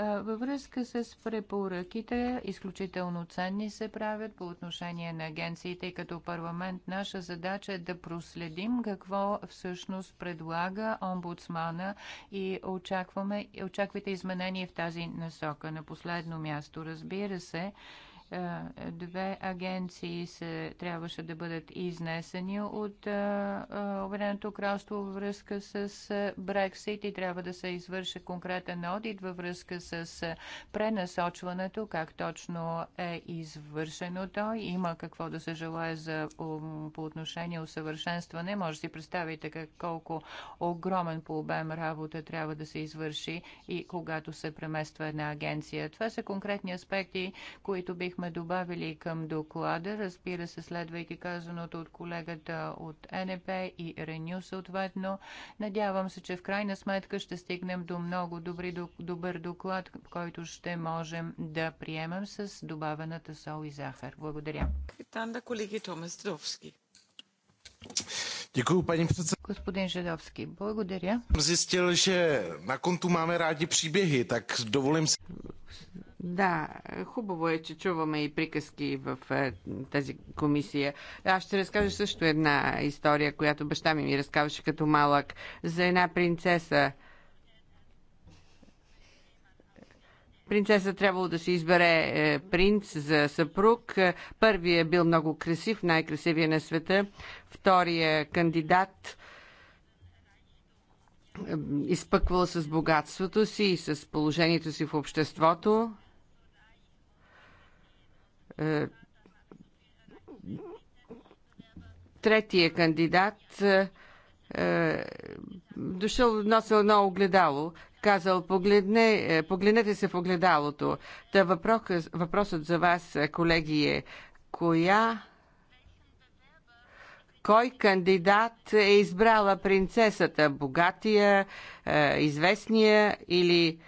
Във връзка с препоръките, изключително ценни се правят по отношение на агенциите и като парламент наша задача е да проследим какво всъщност предлага омбудсмана и очакваме, очаквайте изменения в тази насока. На последно място, разбира се, е, две агенции се, трябваше да бъдат изнесени от е, е, Обединеното кралство във връзка с Брексит и трябва да се извърши конкретен одит във връзка с пренасочването, как точно е извършено то. Има какво да се желая за, по отношение усъвършенстване. Може да си представите как, колко огромен по обем работа трябва да се извърши и когато се премества една агенция. Това са конкретни аспекти, които бих бихме добавили към доклада, разбира се, следвайки казаното от колегата от НП и Реню съответно. Надявам се, че в крайна сметка ще стигнем до много добри, добър доклад, който ще можем да приемем с добавената сол и захар. Благодаря. Танда колеги Томас Довски. Děkuji, paní předsedkyně. Господин Жадовски, благодаря. Зистил, že на конту máme rádi příběhy, tak dovolím si... Да, хубаво е, че чуваме и приказки в е, тази комисия. Аз ще разкажа също една история, която баща ми ми разказваше като малък, за една принцеса. Принцеса трябвало да се избере е, принц за съпруг. Първият е бил много красив, най-красивия на света. Втория кандидат изпъквал с богатството си и с положението си в обществото. Е, третия кандидат е, е дошъл, носил едно огледало, казал, погледне, е, погледнете се в огледалото. Та въпрос, въпросът за вас, колеги, е коя кой кандидат е избрала принцесата? Богатия, известния или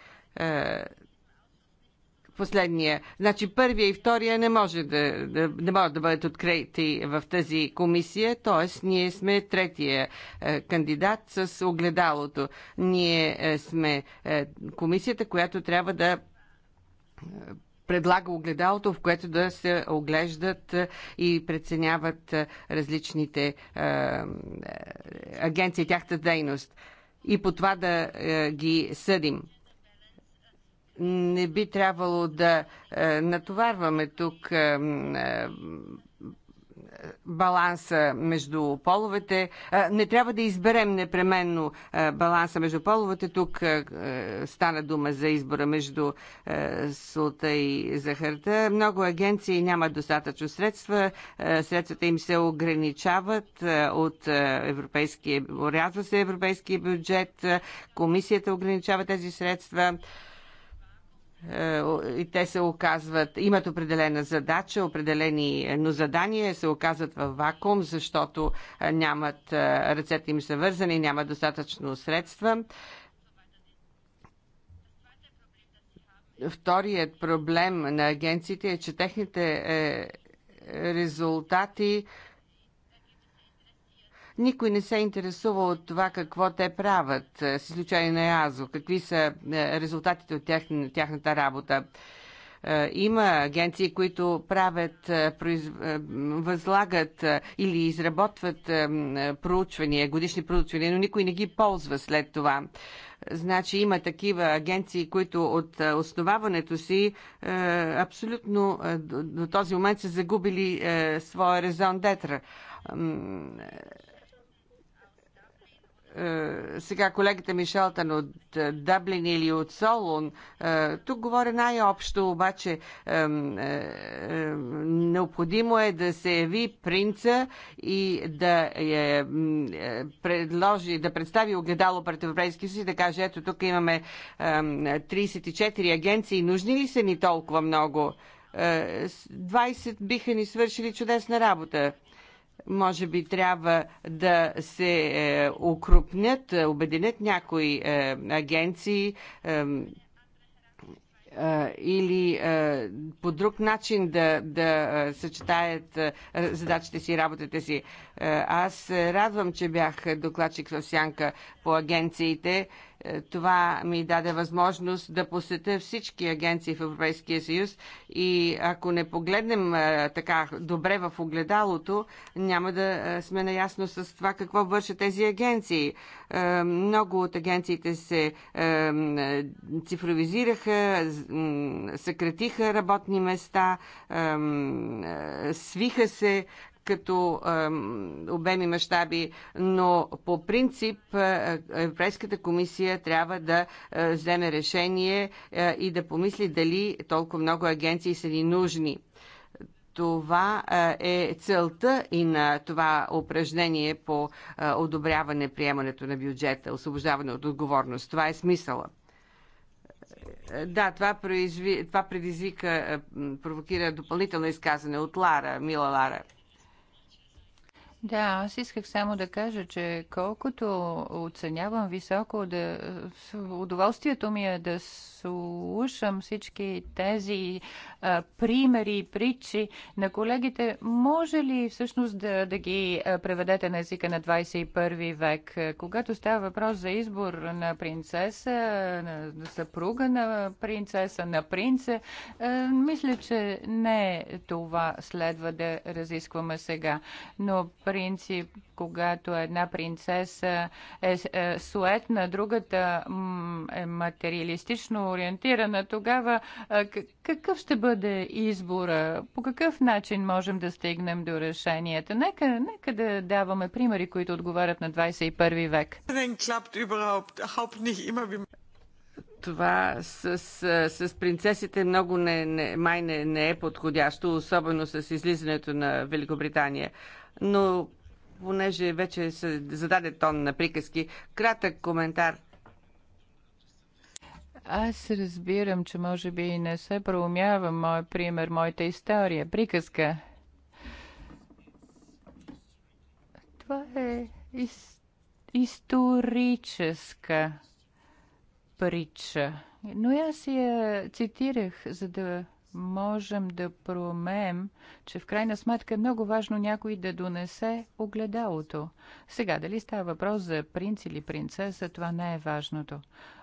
последния. Значи първия и втория не може да, да, не могат да бъдат открити в тази комисия, т.е. ние сме третия е, кандидат с огледалото. Ние е, сме е, комисията, която трябва да е, предлага огледалото, в което да се оглеждат е, и преценяват е, различните е, агенции, тяхната дейност. И по това да е, ги съдим не би трябвало да е, натоварваме тук е, е, баланса между половете. Не трябва да изберем непременно баланса между половете. Тук стана дума за избора между султа и захарта. Много агенции нямат достатъчно средства. Средствата им се ограничават от европейския, урязва се европейския бюджет. Комисията ограничава тези средства. Е, и те се оказват, имат определена задача, определени е, но задания, се оказват в вакуум, защото е, нямат, ръцете им са вързани, нямат достатъчно средства. Вторият проблем на агенциите е, че техните резултати никой не се интересува от това какво те правят, е, с изключение на Язо, какви са е, резултатите от тях, тяхната работа. Е, има агенции, които правят, произ... възлагат или изработват проучвания, годишни проучвания, но никой не ги ползва след това. Значи има такива агенции, които от основаването си абсолютно до този момент са загубили своя резон детра е, сега колегата Мишелтън от е, Даблин или от Солун, е, тук говоря най-общо, обаче необходимо е да се яви принца и да предложи, да представи огледало пред Европейски съюз и да каже, ето тук имаме 34 агенции, нужни ли са ни толкова много? 20 биха ни свършили чудесна работа може би трябва да се е, укрупнят, е, обединят някои е, агенции е, е, или е, по друг начин да, да е, съчетаят е, задачите си и работите си. Аз радвам, че бях докладчик в Сянка по агенциите. Е, е, това ми даде възможност да посетя всички агенции в Европейския съюз и ако не погледнем е, така добре в огледалото, няма да е, сме наясно с това какво вършат тези агенции. Много от агенциите се цифровизираха, съкратиха работни места, свиха се, като обеми мащаби, но по принцип Европейската комисия трябва да вземе решение и да помисли дали толкова много агенции са ни нужни. Това е целта и на това упражнение по одобряване приемането на бюджета, освобождаване от отговорност. Това е смисъла. Да, това, произви... това предизвика, провокира допълнително изказане от Лара, мила Лара. Да, аз исках само да кажа, че колкото оценявам високо, да, удоволствието ми е да слушам всички тези а, примери и притчи на колегите. Може ли всъщност да, да ги преведете на езика на 21 век? Когато става въпрос за избор на принцеса, на съпруга на принцеса, на принце, а, мисля, че не това следва да разискваме сега. Но принцип, когато една принцеса е, е другата е материалистично ориентирана, тогава какъв ще бъде избора? По какъв начин можем да стигнем до решенията? Нека, нека да даваме примери, които отговарят на 21 век. Това с, с, с принцесите много не, не, май не, не е подходящо, особено с излизането на Великобритания но понеже вече се зададе тон на приказки, кратък коментар – аз разбирам, че може би не се проумява мой пример, моята история, приказка. Това е ис- историческа притча. Но аз я цитирах, за да можем да проумеем, че в крайна сметка е много важно някой да донесе огледалото. Сега, дали става въпрос за принц или принцеса, това не е важното.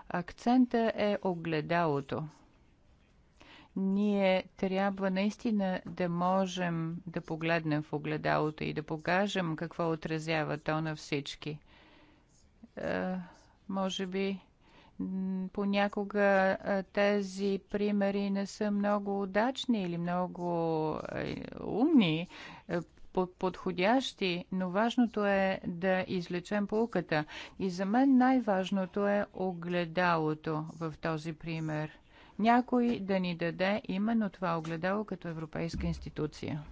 Акцента е огледалото. Ние трябва наистина да можем да погледнем в огледалото и да покажем какво отразява то на всички. Е, може би понякога тези примери не са много удачни или много умни, подходящи, но важното е да излечем полуката. И за мен най-важното е огледалото в този пример. Някой да ни даде именно това огледало като европейска институция.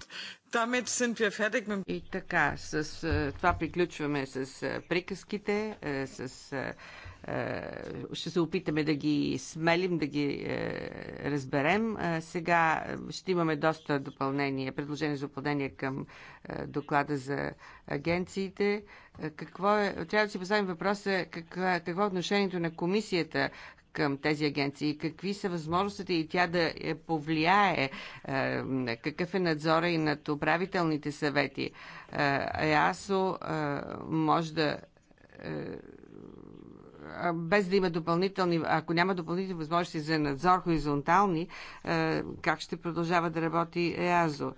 И така, с това приключваме с приказките, с е, ще се опитаме да ги смелим, да ги е, разберем. Е, сега ще имаме доста допълнение, предложение за допълнение към доклада за агенциите. Какво е, трябва да си поставим въпроса какво, какво е отношението на комисията към тези агенции? Какви са възможностите и тя да повлияе? Какъв е надзора и над управителните съвети? ЕАСО може да без да има допълнителни, ако няма допълнителни възможности за надзор хоризонтални, как ще продължава да работи ЕАЗО?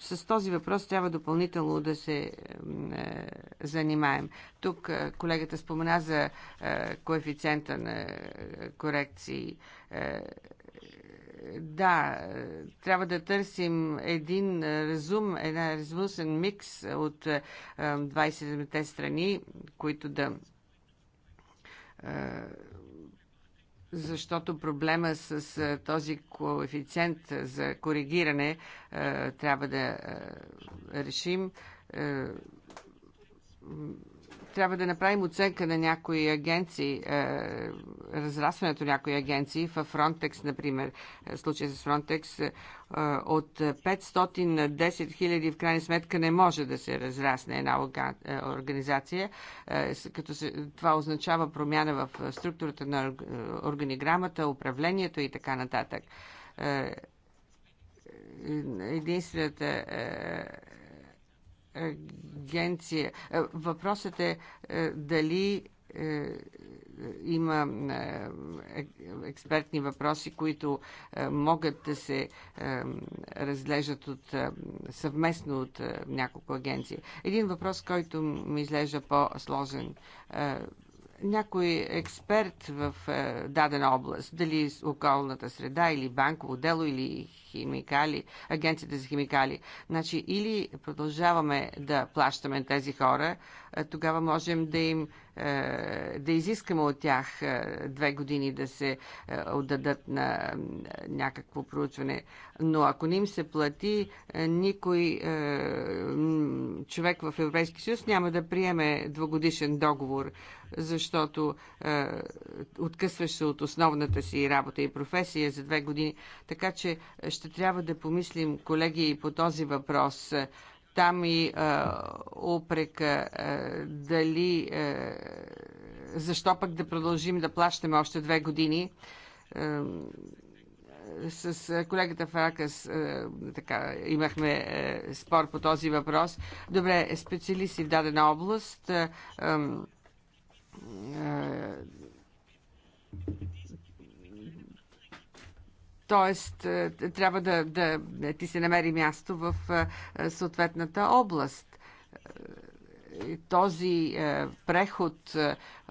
с този въпрос трябва допълнително да се е, занимаем. Тук е, колегата спомена за е, коефициента на корекции. Е, да, трябва да търсим един разум, един разумен микс от е, 27-те страни, които да защото проблема с този коефициент за коригиране трябва да решим трябва да направим оценка на някои агенции, е, разрастването на някои агенции в Frontex, например, е, случая с Frontex, е, от 500 на 10 хиляди в крайна сметка не може да се разрасне една организация, като се, това означава промяна в структурата на органиграмата, управлението и така нататък. Единствената агенция. Е, въпросът е, е дали е, има експертни въпроси, които могат да се разглеждат от, съвместно от няколко агенции. Един въпрос, който ми изглежда по-сложен някой експерт в е, дадена област, дали околната среда или банково дело или химикали, агенцията за химикали. Значи или продължаваме да плащаме тези хора, е, тогава можем да им е, да изискаме от тях е, две години да се е, отдадат на някакво проучване. Но ако не им се плати, никой човек в Европейски съюз няма да приеме двогодишен договор, защото откъсваш се от основната си работа и професия за две години. Така че ще трябва да помислим, колеги, и по този въпрос. Там и упрека дали защо пък да продължим да плащаме още две години. С колегата Фракас така, имахме спор по този въпрос. Добре, специалисти в дадена област Тоест, е, трябва да, да ти се намери място в е, е, съответната област. Този преход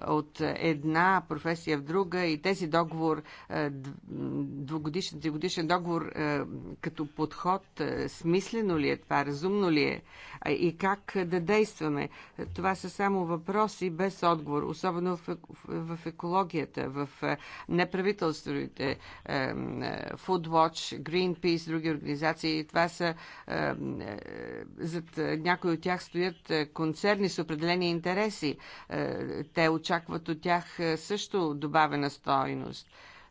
от една професия в друга и тези договор, е, двугодишен, тригодишен договор е, като подход, е, смислено ли е това, разумно ли е и как да действаме. Това са само въпроси без отговор, особено в, в екологията, в неправителствените Foodwatch, Greenpeace, други организации. Това са зад някои от тях стоят концерни с определени интереси. Те от очакват от тях е, също добавена стойност.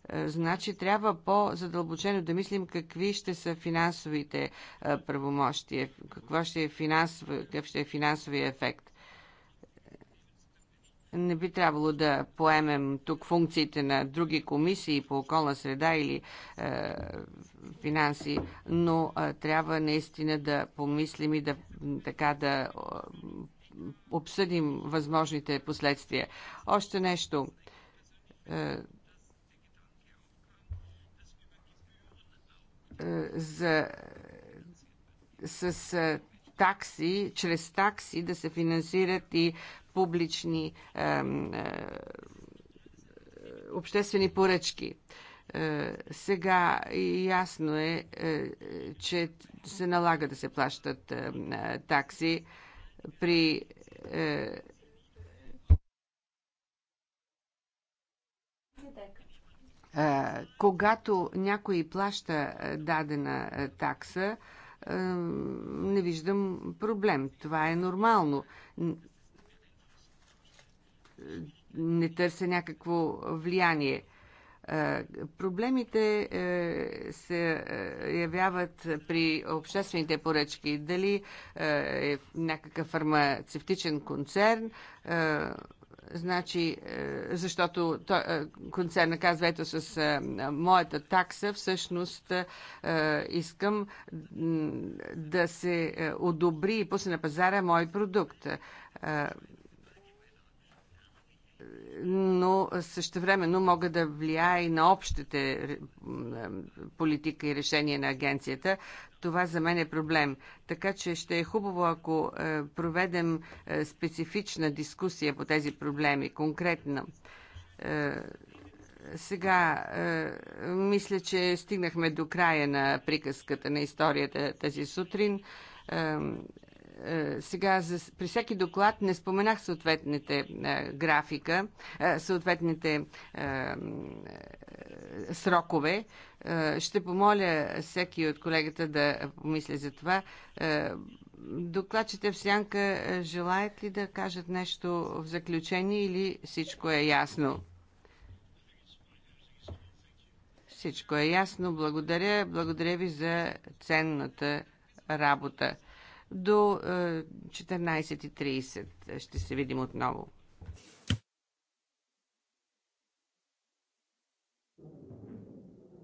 Е, значи трябва по-задълбочено да мислим какви ще са финансовите е, правомощия, какво ще е финансов, какъв ще е финансовия ефект. Не би трябвало да поемем тук функциите на други комисии по околна среда или е, финанси, но е, трябва наистина да помислим и да, така да обсъдим възможните последствия. Още нещо. Е, е, за, с е, такси, чрез такси да се финансират и публични е, е, обществени поръчки. Е, сега ясно е, е, че се налага да се плащат е, е такси. Е, при е, е, когато някой плаща е, дадена такса, не виждам проблем. Това е нормално. Не търся някакво влияние. Проблемите е, се е, явяват при обществените поръчки. Дали е, е някакъв фармацевтичен концерн, значи, защото концерна казва, ето с моята такса, всъщност искам да се одобри и пусне на пазара мой продукт но същевременно мога да влияе и на общите политика и решения на агенцията. Това за мен е проблем. Така че ще е хубаво, ако е, проведем е, специфична дискусия по тези проблеми, конкретно. Е, сега, мисля, че стигнахме до края на приказката на историята тази сутрин е, сега за, при всеки доклад не споменах съответните е, графика, е, съответните е, е, срокове. Е, ще помоля всеки от колегата да помисля за това. Е, докладчите в сянка е, желаят ли да кажат нещо в заключение или всичко е ясно? Всичко е ясно. Благодаря. Благодаря ви за ценната работа до 14.30. Е, Ще се видим отново.